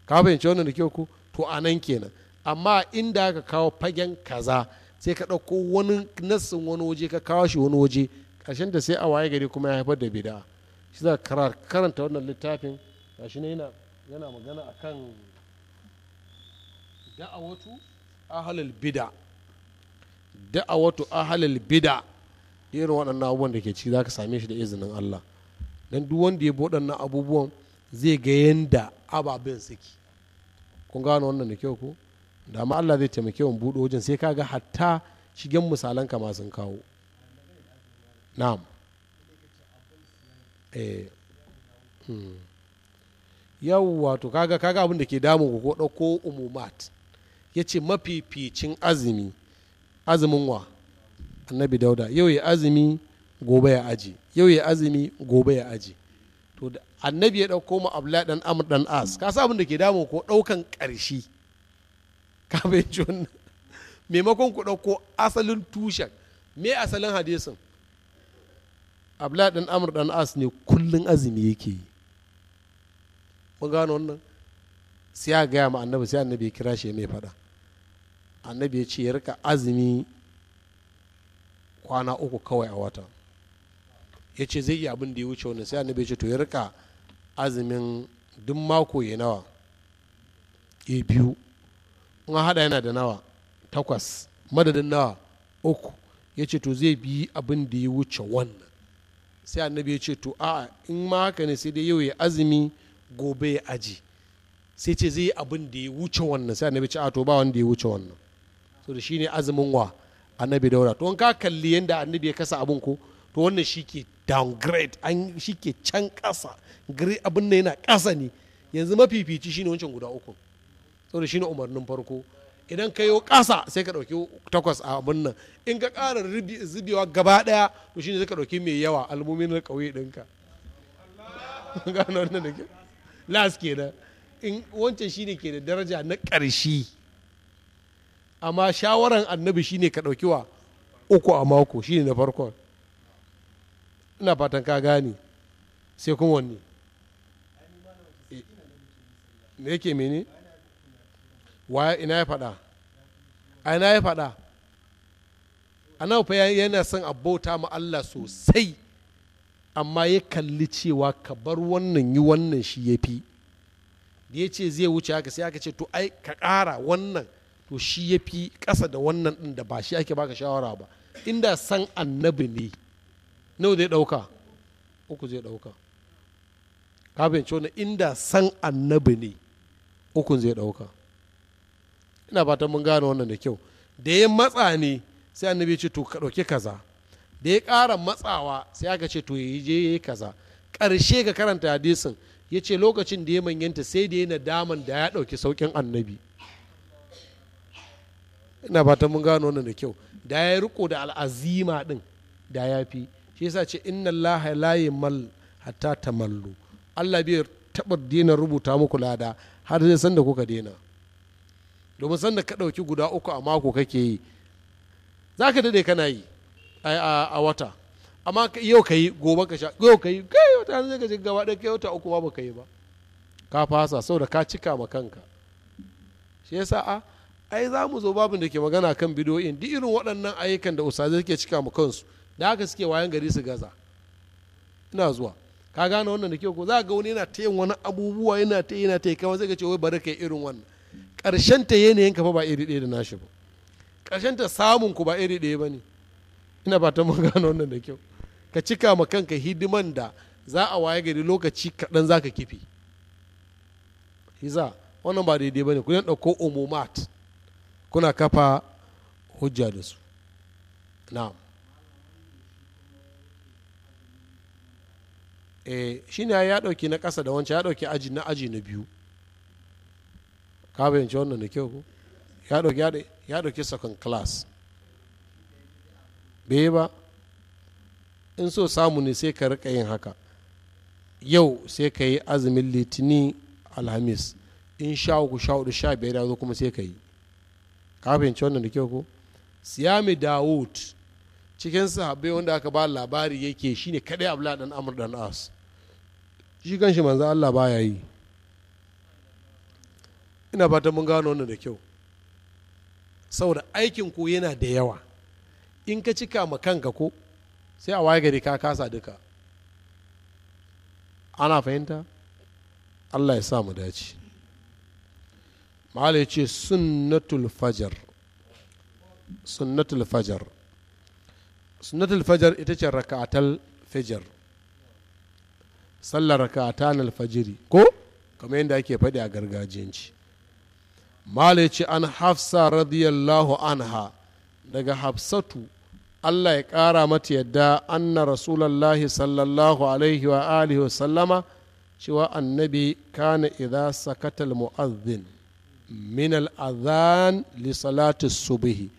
ka fahimci wannan da kyau ku to anan kenan amma inda aka kawo fagen kaza sai ka ɗauko wani nasin wani waje ka kawo shi wani waje ƙarshen da sai a waye gari kuma ya haifar da bida shi za karanta wannan littafin gashi ne yana magana akan da'awatu ahlul bid'a da'awatu ahlul bid'a irin waɗannan abubuwan da ke ciki ka same shi da izinin Allah dan duk wanda ya bi waɗannan abubuwan zai ga yanda ababen suke kun gano wannan da kyau ko da ma Allah zai taimake mu buɗe wajen sai kaga hatta shigen misalan ma sun kawo na'am eh hmm. yawwa to kaga kaga abin da ke damu ko ɗauko umumat ya ce mafificin azumi azumin wa annabi dauda yau ya azumi gobe ya aji yau ya azumi gobe ya aji to annabi ya dauko mu abla dan amr dan as ka sa abin da ke damu ko ɗaukan ƙarshe ka fahimci wannan maimakon ku dauko asalin tushen me asalin hadisin abla dan amr dan as ne kullun azumi yake yi mun gano wannan sai ya gaya ma annabi sai annabi ya kira shi mai faɗa annabi ya ce ya rika azumi kwana uku kawai a wata ya ce zai yi abin da ya wuce wani sai annabi ya ce to ya rika azumin duk mako ya nawa ya biyu in hada yana da nawa takwas madadin nawa uku ya ce to zai bi abin da ya wuce wannan sai annabi ya ce to a in ma haka ne sai dai yau ya azumi gobe ya aji sai ce zai yi abin da ya wuce wannan sai annabi ce a to ba wanda ya wuce wannan to da shine azumin wa annabi daura to in ka kalli yadda annabi ya kasa abin ko to wannan shi ke downgrade an shi ke can ƙasa abin na yana kasa ne yanzu mafifici shine wancan guda uku saboda shine umarnin farko idan ka yi ƙasa sai ka dauki takwas a abin nan in ka ƙara zubewa gaba ɗaya to shine zai ka dauki mai yawa almomin na ƙauye ɗinka gano wannan da ke las kenan in wancan shine ke da daraja na ƙarshe amma shawaran annabi shine ka ɗauki wa uku a mako shine na farkon ina fatan ka gane sai kun wanne eh, me yake mene waya ina ya faɗa a ina ya faɗa anan fa yana son abota ma Allah sosai amma ya kalli cewa ka bar wannan yi wannan shi ya fi da ya ce zai wuce haka sai aka ce to ai ka ƙara wannan to shi ya fi ƙasa da wannan ɗin da ba shi ake baka shawara ba inda san annabi ne nawa zai ɗauka uku zai ɗauka ka fahimci wani inda san annabi ne uku zai ɗauka ina fatan mun gane wannan da kyau da ya matsa ne sai annabi ce to ka ɗauki kaza da ya ƙara matsawa sai aka ce to ya je ya yi kaza ƙarshe ka karanta hadisin ya ce lokacin da ya manyanta sai da ya na daman da ya ɗauki sauƙin annabi ina ta mun gano wannan da kyau da ya riko da al'azima din da ya fi shi yasa ce inna Allah la yamal hatta tamallu Allah bai taba dina rubuta muku lada har sai san da kuka dina domin san da ka dauki guda uku a mako kake yi zaka dade kana yi a wata amma yau ka yi gobe ka sha yau ka yi kai wata zai ka ji gaba ɗaya kai wata uku ba ka yi ba ka fasa saboda ka cika ma kanka shi yasa a ai za mu zo babin da ke magana kan bidiyoyin duk irin waɗannan ayyukan da ustazai suke cika mu kansu da haka suke wayan gari su gaza ina zuwa ka gane wannan da ke ko za ga wani yana ta yin wani abubuwa yana ta yana ta kawai zai ga ce wai bari kai irin wannan karshen ta yanayin ka fa ba iri ɗaya da nashi ba karshen ta samun ku ba iri ɗaya ba ne ina fatan mun gane wannan da kyau ka cika ma kanka hidiman da za a waye gari lokaci kaɗan za ka kifi hiza wannan ba daidai ba ne ku ɗauko mat. kuna kafa hujja da su na'am eh shine ya dauki na kasa da wancan ya dauki aji na aji na biyu ka bayyance wannan da kyau ko ya dauki ya dauki second class bai ba in so samu ne sai ka rika yin haka yau sai ka yi azumin litini alhamis in sha uku sha hudu sha biyar ya zo kuma sai ka yi ka fahimci wannan da kyau ko siyami dawud cikin sahabbai wanda aka ba labari yake shine kadai abla dan amr dan as shi kanshi manzo Allah baya yi ina fata mun gano wannan da kyau saboda aikin ku yana da yawa in ka cika ma kanka ko sai a waye gari ka kasa duka ana fahimta Allah ya sa mu dace malai ce sunnatul fajar sunnatul fajar sunnatul fajar ita ce raka'atal fajar sallar raka'atan alfajiri ko kamar yadda ake faɗi a gargajiyanci malai ce an hafsa radiyallahu anha daga hafsatu Allah ya ƙara mata yadda anna rasulallahi sallallahu alaihi wa alihi wa sallama cewa annabi kana idza sakatal mu'azzin min al'adhan li salati subhi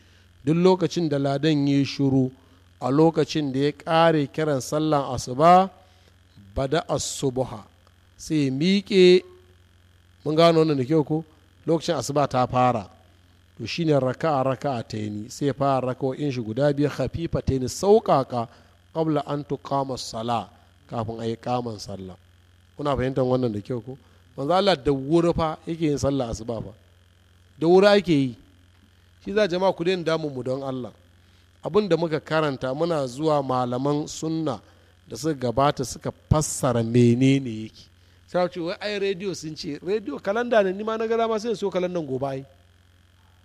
duk lokacin da ladan yi shuru a lokacin da ya ƙare kiran sallan asuba bada asubuha sai miƙe mun gano wannan da kyau ko lokacin asuba ta fara to shine raka'a raka'a ta yini sai fara in shi guda biyu khafifa ta yini sauƙaƙa qabla an tuqama sala kafin a yi kaman sallah kuna fahimtar wannan da kyau ko manzo Allah da wuri fa yake yin sallah asuba fa da wuri ake yi shi za jama'a ku daina damu mu don Allah abin da muka karanta muna zuwa malaman sunna da suka gabata suka fassara menene yake sai ce wai ai rediyo sun ce rediyo kalanda ne ni ma na ga dama sai so kalandan gobe ai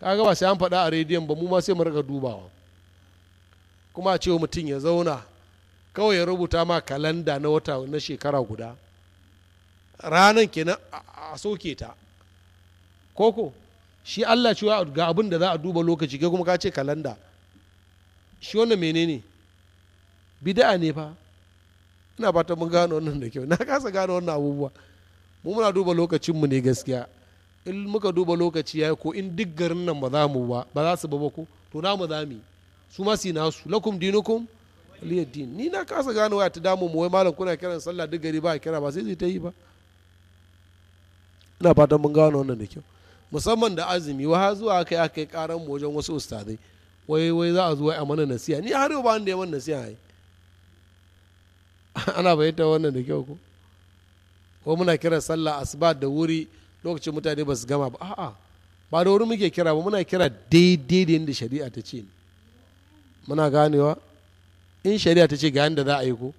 kaga ba sai an faɗa a rediyon ba mu ma sai mu rika dubawa kuma a ce mutum ya zauna kawai ya rubuta ma kalanda na wata na shekara guda ranan kenan a soke ta koko shi allah cewa ga abin da za a duba lokaci ga kuma ka ce kalanda shi wannan menene bida'a ne fa ina fata mun gano wannan da kyau na kasa gano wannan abubuwa mu muna duba lokacinmu ne gaskiya in muka duba lokaci ya ko in duk garin nan ba za mu ba ba za su ba ko to na mu za mu su ma su nasu lakum dinukum liyaddin ni na kasa gano waya ta damu mu wai malam kuna kiran sallah duk gari ba kira ba sai zai ta yi ba ina fatan mun gano wannan da kyau musamman da azumi wa zuwa kai aka karan mu wajen wasu ustazai wai wai za a zuwa a mana nasiha ni har yau ba da ya mana nasiha ai ana bayyana wannan da kyau ko ko muna kira sallah asuba da wuri lokacin mutane ba su gama ba a'a ba da wuri muke kira ba muna kira daidai da yadda shari'a ta ce muna ganewa in shari'a ta ce ga yadda za a yi ko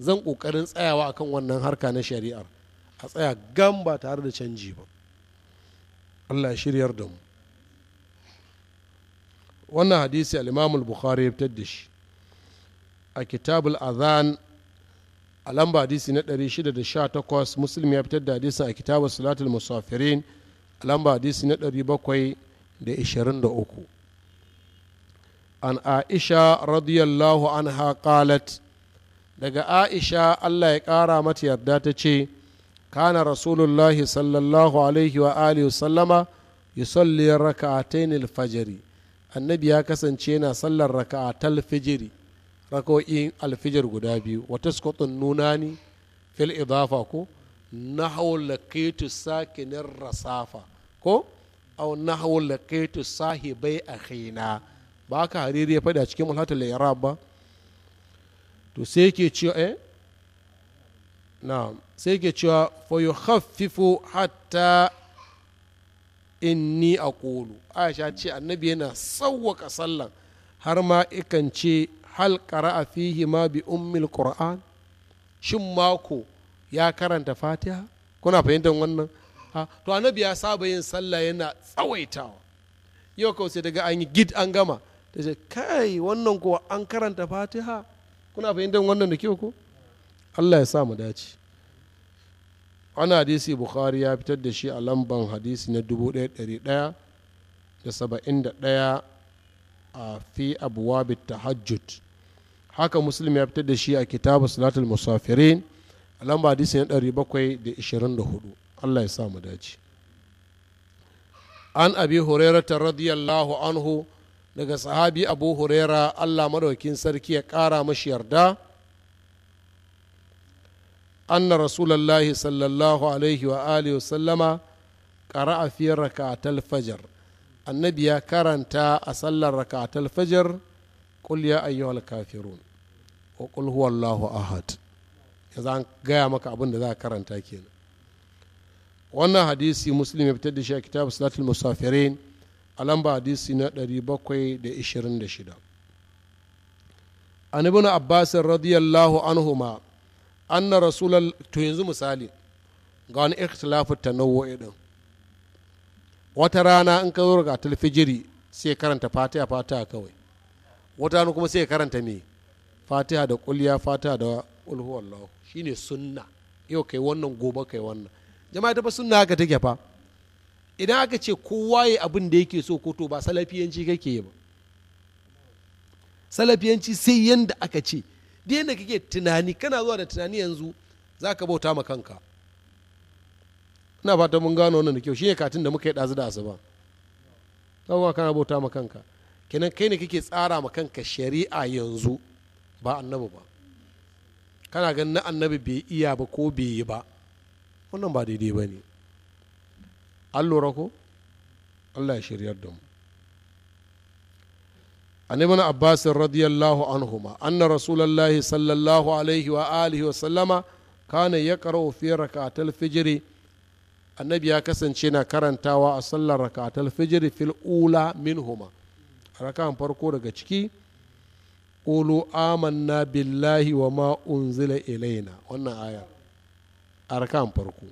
zan kokarin tsayawa akan wannan harka na shari'ar a tsaya gan ba tare da canji ba allah ya shiryar da mu wannan hadisi al-imam bukhari ya fitar da shi a kitabul azan a lamba hadisi na 618 muslim ya fitar da hadisin a kitabul salatul musafirin a lamba hadisi na 723 an aisha radiyallahu anha qalat daga aisha allah ya kara mata yarda ta ce kana rasulullahi sallallahu alaihi wa alihi sallama yusalli raka'atayn al-fajri annabi ya kasance yana sallar raka'atal fijiri raka'o'in alfijir guda biyu wa nuna ni fil idafa ko nahwu laqitu sakinin rasafa ko aw nahwu laqitu sahibai akhina ba ka hariri faɗi a cikin mulhatul i'rab ba to sai yake cewa na'am sai ke cewa fa yukhaffifu hatta inni aqulu aisha ce annabi yana sawwaka sallan har ma ikan ce hal qara'a fihi ma bi ummil qur'an shin mako ya karanta fatiha kuna fahimtar wannan ha to annabi ya saba yin sallah yana tsawaitawa yau kawai sai daga an yi gid an gama ta ce kai wannan kuwa an karanta fatiha kuna fahimtar wannan da kyau ko allah ya sa mu dace wani hadisi bukhari ya fitar da shi a lamban hadisi na 1171 a fi abuwabit tahajjud haka muslim ya fitar da shi a kitabu salatul musafirin a lamba hadisi na 724 allah ya sa mu dace an abi hurairata radiyallahu anhu daga sahabi abu huraira allah madaukin sarki ya kara mashi yarda anna rasulallahi sallallahu alaihi wa alihi sallama qara'a fi rak'atal fajr annabi ya karanta a sallar rak'atal fajr qul ya ayyuhal kafirun wa qul huwallahu ahad yanzu an gaya maka abin da za karanta kenan wannan hadisi muslim ya fitar da shi a kitab salatul musafirin a lamba hadisi na da 726 an ibn abbas radiyallahu anhuma anna rasulal to yanzu misali ga wani ikhtilafu tanawwu'i din wata rana in ka zo ga talfijiri sai karanta fatiha fatiha kawai wata rana kuma sai karanta me fatiha da kulliya fatiha da ulhu wallahu shine sunna yau kai wannan gobe kai wannan jama'a ta fa sunna haka take fa idan aka ce kowa yi abin da yake so ko to ba salafiyanci kake ba salafiyanci sai yanda aka ce duk yadda kake tunani kana zuwa da tunani yanzu za ka bauta ma kanka ina fata mun gano wannan da kyau shi ne katin da muka yi ɗazu da asuba tsawa kana bauta ma kanka kenan kai ne kake tsara ma kanka shari'a yanzu ba annabi ba kana ganin na annabi bai iya ba ko bai yi ba wannan ba daidai ba ne an lura ko allah ya shirya da mu an ibn abbas radiyallahu anhuma anna rasulullahi sallallahu alaihi wa alihi wa sallama kana yaqra'u fi rak'atil fijr annabi ya kasance na karantawa a sallar rak'atil fijr fil ula minhuma rakan farko daga ciki qulu amanna billahi wa ma unzila ilaina wannan ayar a rakan farko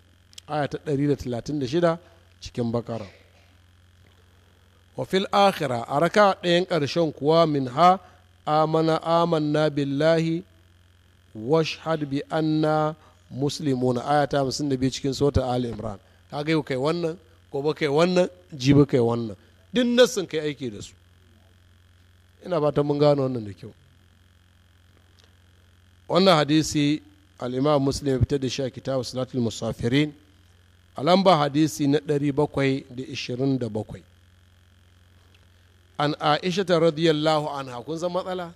aya ta 136 cikin bakara wa fil akhira a raka ɗayan ƙarshen kuwa min ha amana amanna billahi washhad bi anna muslimun musin da bi cikin sota al imran ka ga kai wannan gobe kai wannan jibi kai wannan duk nassin kai aiki da su ina fatan mun gano wannan da kyau wannan hadisi al-imam muslim fita da shi a kitabu salatul musafirin a lamba hadisi na 727 an aisha ta radiyallahu an kun zan matsala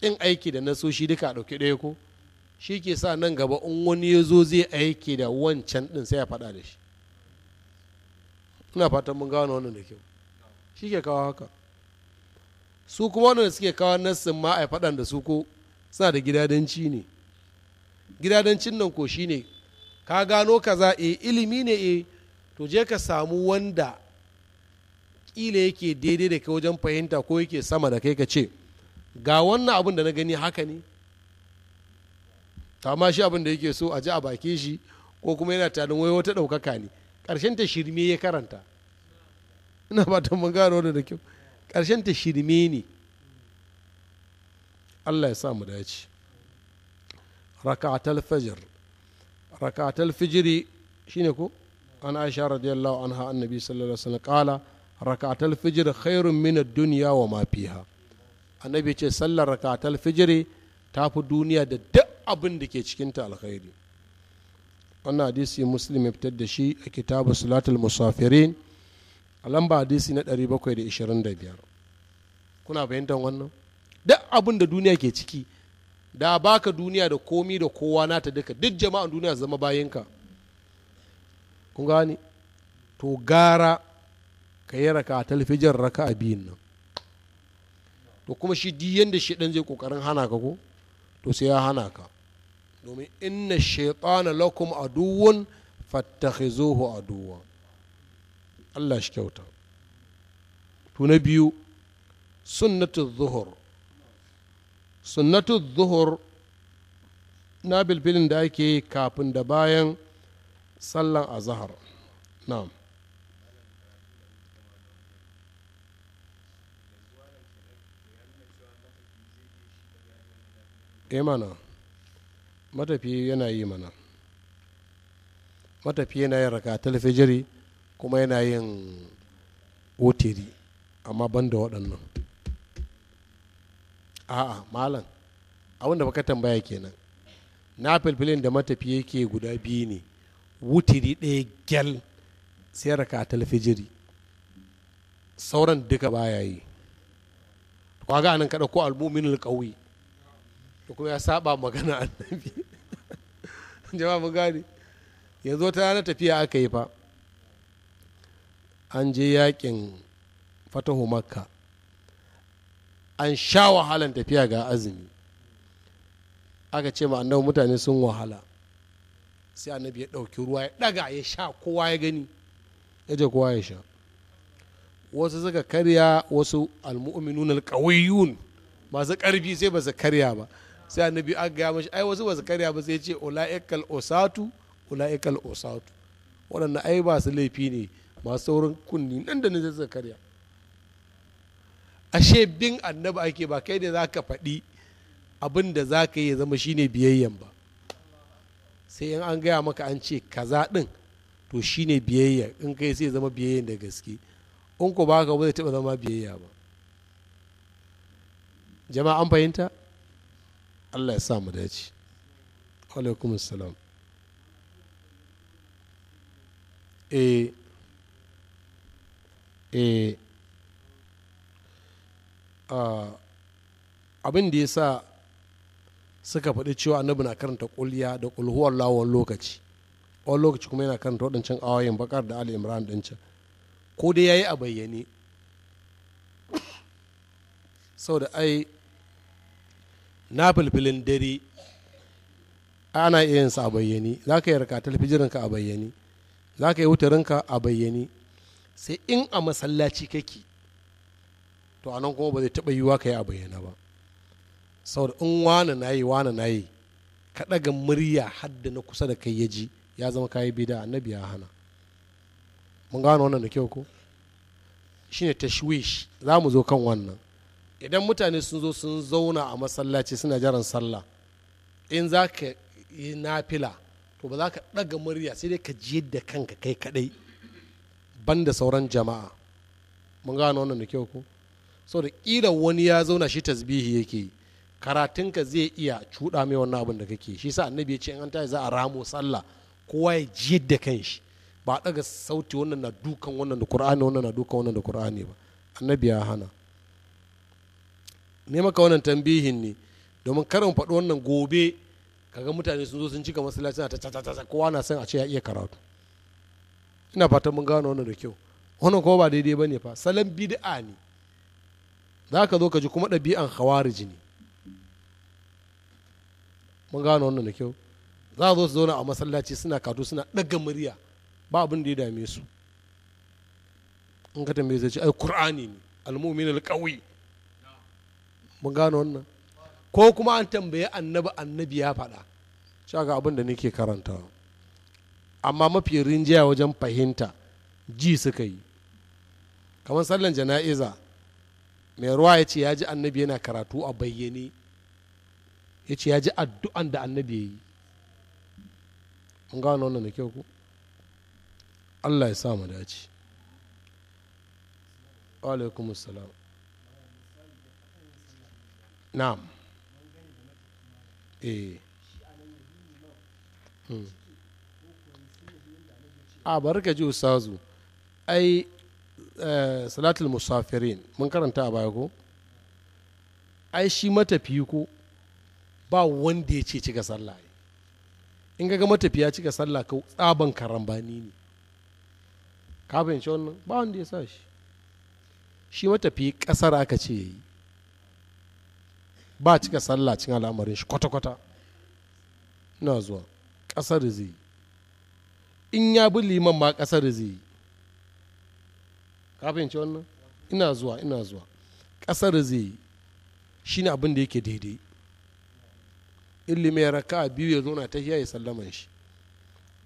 kin aiki da shi duka ɗauke ɗaya ko shi ke sa nan gaba in wani ya zo zai aiki da wancan ɗin sai ya faɗa da shi ina fatan mun gano wannan da kyau shi ke kawo haka su kuma wanda suke kawo nassin ma a yi faɗan da su ko suna da gidadanci ne gidadancin nan ko shi ne ka gano kaza e ilimi ne e to je ka samu wanda kila yake daidai da kai wajen fahimta ko yake sama da kai ka ce ga wannan abin da na gani haka ne amma shi abin da yake so a ji a bake shi ko kuma yana tanin wai wata ɗaukaka ne ƙarshen ta shirme ya karanta ina ba ta mun gano da kyau ƙarshen ta shirme ne Allah ya sa mu dace rakatal fajr rakatal fijiri shine ko an aisha radiyallahu anha annabi sallallahu alaihi wasallam qala rakatul fijir khairun min ad-dunya wa ma fiha annabi ce sallar rakatal fijir ta fi duniya da duk abin da ke cikin ta alkhairi wannan hadisi muslim ya fitar da shi a kitabu salatul musafirin a lamba hadisi na 725 kuna fahimtar wannan duk abin da duniya ke ciki da baka duniya da komi da kowa na ta duka duk jama'an duniya zama bayanka kun gani to gara ka yi raka talfijin raka a biyun nan to kuma shi di yadda shi ɗan zai ƙoƙarin hana ka ko to sai ya hana ka domin inna shaitana lakum aduwwun fattakhizuhu aduwwa Allah shi kyauta to na biyu sunnatu zuhur sunnatu zuhur na bilbilin da ake yi kafin da bayan sallan azahar na'am e mana matafiya yana yi mana matafiya yana yin raka talfijiri kuma yana yin otiri amma ban da waɗannan a'a malam abinda baka tambaya kenan na filfilin da matafiya ke guda biyu ne wutiri ɗaya gyal sai raka talfijiri sauran duka baya yi ga nan kaɗa ko albumin ƙauye. da kuma ya saba magana annabi jama'a mun gane yanzu wata rana tafiya aka yi fa an je yakin fatahu makka an sha wahalan tafiya ga azumi aka ce ma annabi mutane sun wahala sai annabi ya ɗauki ruwa ya ɗaga ya sha kowa ya gani ya je kowa ya sha wasu suka karya wasu almu'minun alqawiyun masu ƙarfi sai ba su karya ba sai annabi an gaya mashi ai wasu basu karya ba sai ce ula'ikal osatu ula'ikal osatu waɗannan ai ba su laifi ne masu saurin kunni nan da nan zai karya ashe bin annabi ake ba kai ne za ka faɗi abin da za ka yi ya zama shine biyayyen ba sai in an gaya maka an ce kaza ɗin to shine biyayya in kai sai zama biyayyen da gaske in ku ba ka zai taɓa zama biyayya ba jama'a fahimta allah ya sa mu dace alaikum salam eh eh abin da ya sa suka faɗi cewa annabi na karanta ƙulya da ƙulhuwar lawon lokaci wani lokaci kuma yana karanta waɗancan awayin bakar da ali imran ɗancan ko dai ya yi a bayyane sau da ai na filfilin dare ana iya yin a bayyane za ka yi raka fijirinka a bayyane za ka yi wutarinka a bayyane sai in a masallaci kake to anan kuma ba zai taɓa yiwuwa ka yi a bayyana ba saboda in wani na yi wani na yi ka ɗaga murya hadda na kusa da kai ya ji ya zama kayi bida annabi ya hana mun gano wannan da kyau ko shine tashwish za mu zo kan wannan idan mutane sun zo sun zauna a masallaci suna jiran sallah in za ka yi nafila to ba za ka ɗaga murya sai dai ka ji da kanka kai kaɗai ban da sauran jama'a mun gano wannan da kyau ko sau da ƙila wani ya zauna shi tasbihi yake yi karatunka zai iya cuɗa mai wannan abin da kake shi sa annabi ya ce in an ta za a ramo sallah kowa ya ji da kanshi ba a ɗaga sauti wannan na dukan wannan da qur'ani wannan na dukan wannan da qur'ani ba annabi ya hana ne maka wannan tambihin ne domin karin faɗi wannan gobe kaga mutane sun zo sun cika masallaci na ta kowa na san a ce ya iya karatu ina fatan mun gano wannan da kyau wannan kuma ba daidai bane fa salon bid'a ne za ka zo ka ji kuma ɗabi'an khawariji ne mun gano wannan da kyau za zo su zauna a masallaci suna kato suna ɗaga murya ba abin da ya dame su in ka tambaye zai ce ai qur'ani ne al muminul qawi mun gano wannan ko kuma an tambaye annabi annabi ya faɗa ga abin da nake karanta amma mafi rinjiya wajen fahimta ji suka yi kamar sallan jana'iza mai ruwa ya ce ya ji annabi yana karatu a bayyane ya ce ya ji addu'an da annabi ya yi mun gano wannan da kyau ku allah ya sa mu dace alaikum salam na'am eh hmm. a ah, bari ka ji usazu ai eh, salatul musafirin mun karanta a baya ko ai shi matafi ko ba wanda ya ce cika sallah in ga matafiya cika sallah ka tsaban karambani ne ka fahimci wannan ba wanda ya sa shi shi matafi kasar aka ce ya yi. ba cika sallah cin al'amarin shi kwata-kwata na zuwa ƙasar da zai in ya bi liman ma ƙasar da zai kafin ce wannan ina zuwa ina zuwa ƙasar da zai shi ne abin da yake daidai ilimi ya raka biyu ya zo na ta ya sallaman shi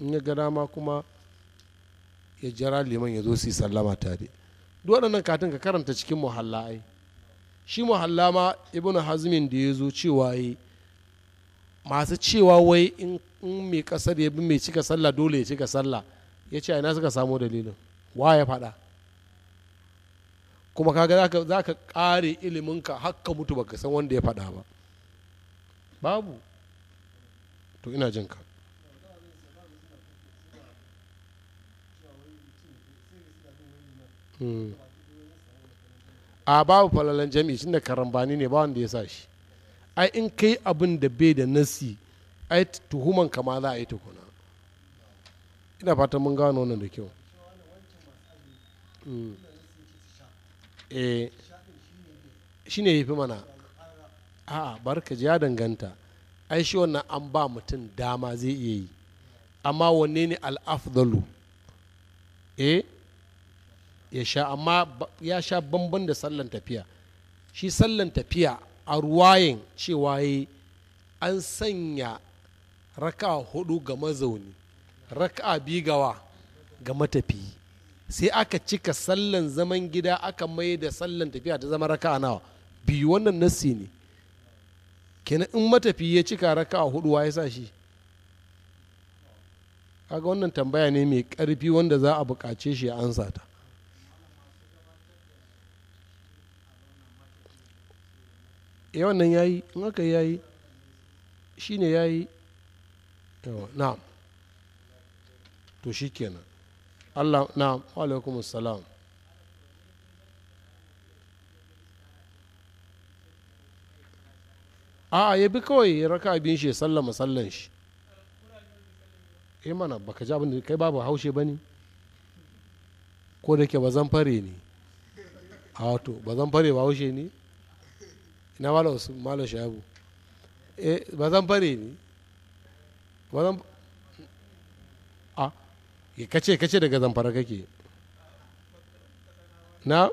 in ya gada ma kuma ya jira liman ya zo su yi sallama tare duk waɗannan katin ka karanta cikin muhalla ai shi muhallama ibn hazmin da ya zo cewa yi masu cewa wai in mai kasar ya bi mai cika sallah dole ya cika sallah ya ce ina suka samo dalilin wa ya faɗa kuma kaga za ka ƙare iliminka hakka mutu baka san wanda ya faɗa ba babu to ina jinka mm. a babu falalan jami'i shi da karambani ne ba wanda ya sa shi ai in kai abin da bai da nasi ai tuhuman kama za a yi tukuna ina fatan mun gano wannan da kyau hmm. eh, shi ne ya fi mana a barka ji ya danganta ai shi wannan an ba mutum dama zai iya yi amma wanne ne al'afdalu eh ya sha amma ya sha bamban da sallan tafiya shi sallan tafiya a ruwayin cewa yi an sanya raka hudu ga mazauni raka bi ga matafiyi sai aka cika sallan zaman gida aka mai da sallan tafiya ta zama raka nawa biyu wannan nassi ne kenan in matafiyi ya cika raka hudu wa ya sa shi kaga wannan tambaya ne mai karfi wanda za a buƙace shi ya ansa ta Eh, ya wannan yi in aka ne ya yi na'am to shi kenan Allah na'am alaikum salam a a ya bi kawai ya raka abin shi ya sallama sallan shi eh mana baka ja abin kai babu haushe bane ko da ke bazan fare ne a wato bazan fare ba haushe ne na malam su malam shabu eh ba zan fare ni ba zan a ah, kace kace daga zan fara kake na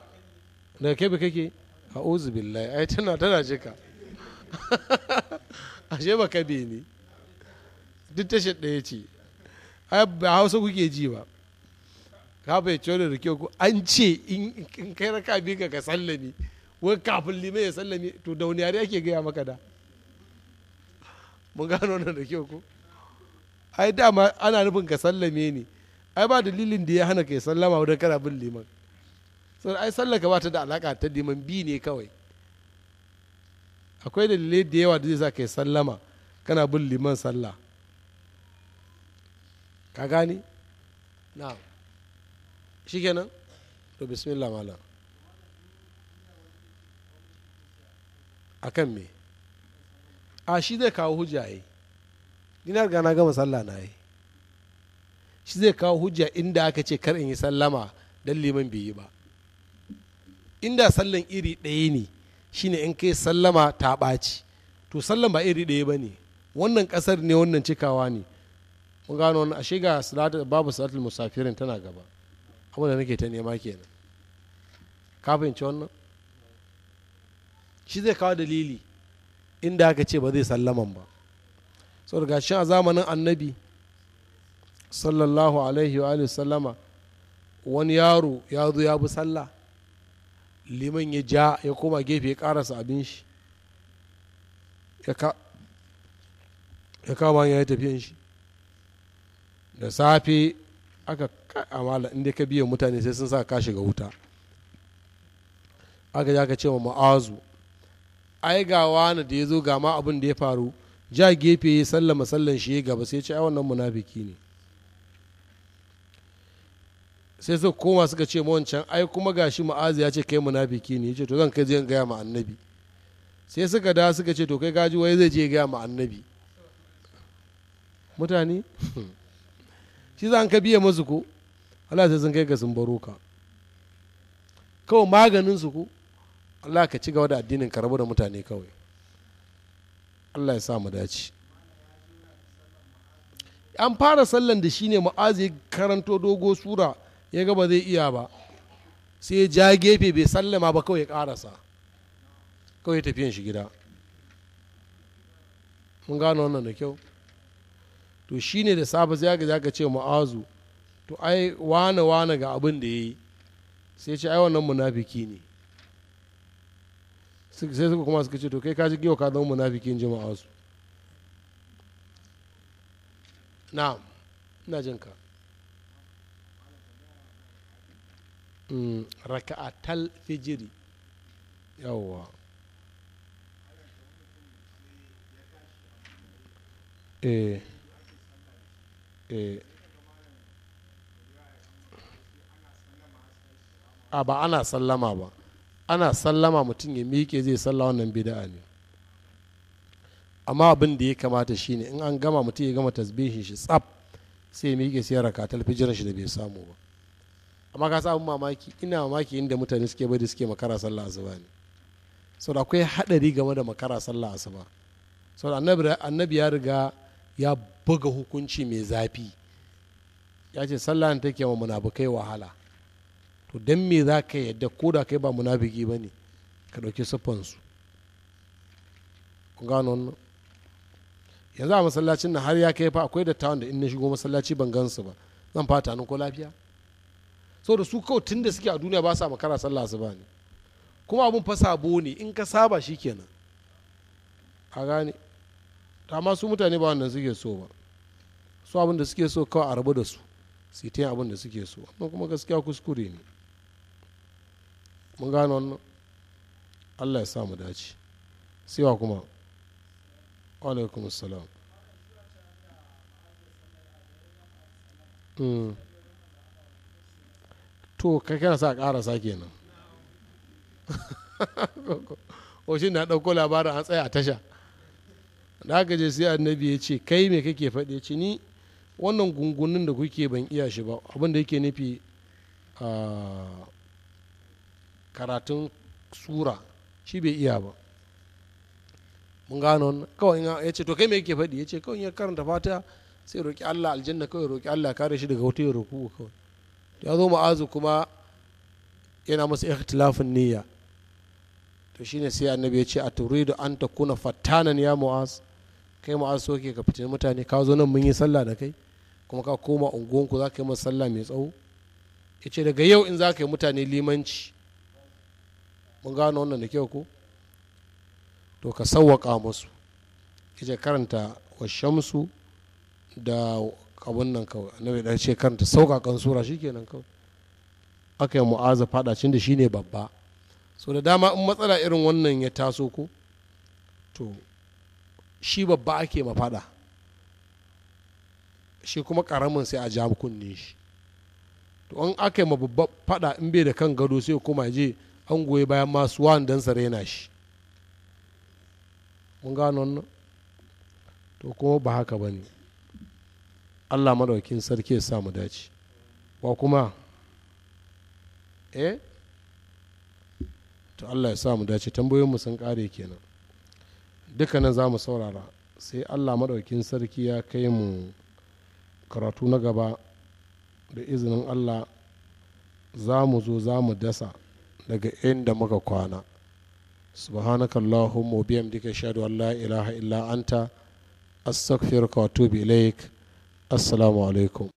daga ba kake a billahi ai tana tana jika ashe ba ka be ni duk tashi ɗaya ce ai ba hausa kuke ji ba ka bai ciwo da rike ku an ce in kai raka bi ka ka sallami wai kafin limai ya sallame to da wani yare ake gaya maka da mun gano nan da kyau ko ai dama ana nufin ka sallame ne ai ba dalilin da ya hana ka ya sallama wadda kana bin liman saboda ai sallar ba ta da alaka ta liman bi ne kawai akwai dalilai da yawa da zai sa ka yi sallama kana bin liman sallah ka gane na shikenan to bismillah malam a kan me a shi zai kawo hujja yi ni gana na gama sallah na yi shi zai kawo hujja inda aka ce kar in yi sallama dan liman bai yi ba inda sallan iri ɗaya ne shine in kai sallama ta ɓaci to sallan ba iri ɗaya ba ne wannan ƙasar ne wannan cikawa ne mun gano wannan ashe ga babu salatul musafirin tana gaba abin da nake ta nema kenan ka fahimci wannan shi zai kawo dalili inda aka ce ba zai sallaman ba sau daga shi a zamanin annabi sallallahu alaihi wa sallama wani yaro ya zo ya bi sallah liman ya ja ya koma gefe ya karasa abin shi ya kama ya tafiyan shi da safe aka amala ah, inda ka biya mutane sai sun sa ka shiga wuta aka ja ce wa ma'azu ai ga wani da ya zo ga ma abin da ya faru ja gefe ya sallama sallan shi ya gaba sai ce ai wannan munafiki ne sai su koma suka ce ma wancan ai kuma gashi ma'azi ya ce kai munafiki ne ya ce to zan kai zai gaya ma annabi sai suka da suka ce to kai gaji wai zai je gaya ma annabi mutane shi za ka biya masu ko Allah sai sun kai ka sun baro ka kawai maganin su ko Allah ka ci gaba da addinin ka rabu da mutane kawai Allah ya sa mu dace an fara sallan da shine mu'azi ya karanto dogo sura ya gaba zai iya ba sai ya ja gefe bai sallama ba kawai ya karasa kawai tafiyan shi gida mun gano wannan da kyau to shine da safe sai ga ka ce mu'azu to ai wane wane ga abin da yayi sai ce ai wannan munafiki ne sai suka kuma suka ce to kai ka ji ka zama munafikin jima'a su na jin ka mm, raka'atal fijiri yawwa eh. eh. a ah, ba ana sallama ba ana sallama mutum ya miƙe zai salla wannan bida'a ne amma abin da ya kamata shine in an gama mutum ya gama tasbihin shi tsaf sai ya miƙe sai ya raka shi da bai samu ba amma ka samu mamaki ina mamaki inda mutane suke bai da suke makara sallah asuba ne saboda akwai haɗari game da makara sallah asuba saboda annabi ya riga ya buga hukunci mai zafi ya ce sallah take wa munafukai wahala to don me za ka yadda ko da kai ba munafiki ba ne ka ɗauki siffansu gano wannan yanzu a masallacin nan har ya kai fa akwai dattawan da in na shigo masallaci ban gansu ba zan fata nan ko lafiya saboda su kawai tun da suke a duniya ba sa makara sallah su ba ne kuma abun fa sabo ne in ka saba shi kenan a gane amma su mutane ba wannan suke so ba su abin da suke so kawai a rabu da su su yi ta abin da suke so kuma gaskiya kuskure ne mun gano wannan allah ya sa mu dace siwa kuma alaikum salam hmm. to kai sa ƙarasa kenan o shi na ɗauko labarin an tsaya a tasha da aka je sai annabi ya ce kai me kake faɗi ya ce ni wannan gungunin da kuke ban iya shi ba abin yake nufi a ah, karatun sura shi bai iya ba mun gano kawai ya ce to kai mai yake faɗi ya ce kawai ya karanta fata sai roƙi allah aljanna kawai roƙi allah kare shi daga wata ya roƙu kawai ya zo ma'azu kuma yana masa ikhtilafin niyya to shine sai annabi ya ce a turidu an ta kuna fattanan ya mu'az kai mu'az so ke ka fitin mutane ka zo nan mun yi sallah da kai kuma ka koma unguwanku za ka yi masa sallah mai tsawo ya ce daga yau in za ka yi mutane limanci mun gano wannan da kyau ko to ka sawwaka musu kije karanta wa shamsu da abun nan kawai annabi dan ce karanta sauƙaƙan sura shikenan kawai aka yi mu'aza fadacin da shine babba so da dama in matsala irin wannan ya taso ko to shi babba ake ma fada shi kuma karamin sai a ja kunne shi to an aka yi ma babba fada in bai da kan gado sai kuma je an goyi bayan masu wa'andan sa raina shi mun gano wannan to kuma ba haka ba ne allah maɗaukin sarki ya samu dace wa kuma eh to allah ya samu dace tambayoyinmu sun kare kenan dukkanin za mu saurara sai allah maɗaukin sarki ya kai mu karatu na gaba da izinin allah za mu zo za mu dasa daga inda muka kwana subhanakallahumma biyamdika ashhadu an la ilaha illa anta astaghfiruka wa atubu ilaik assalamu alaikum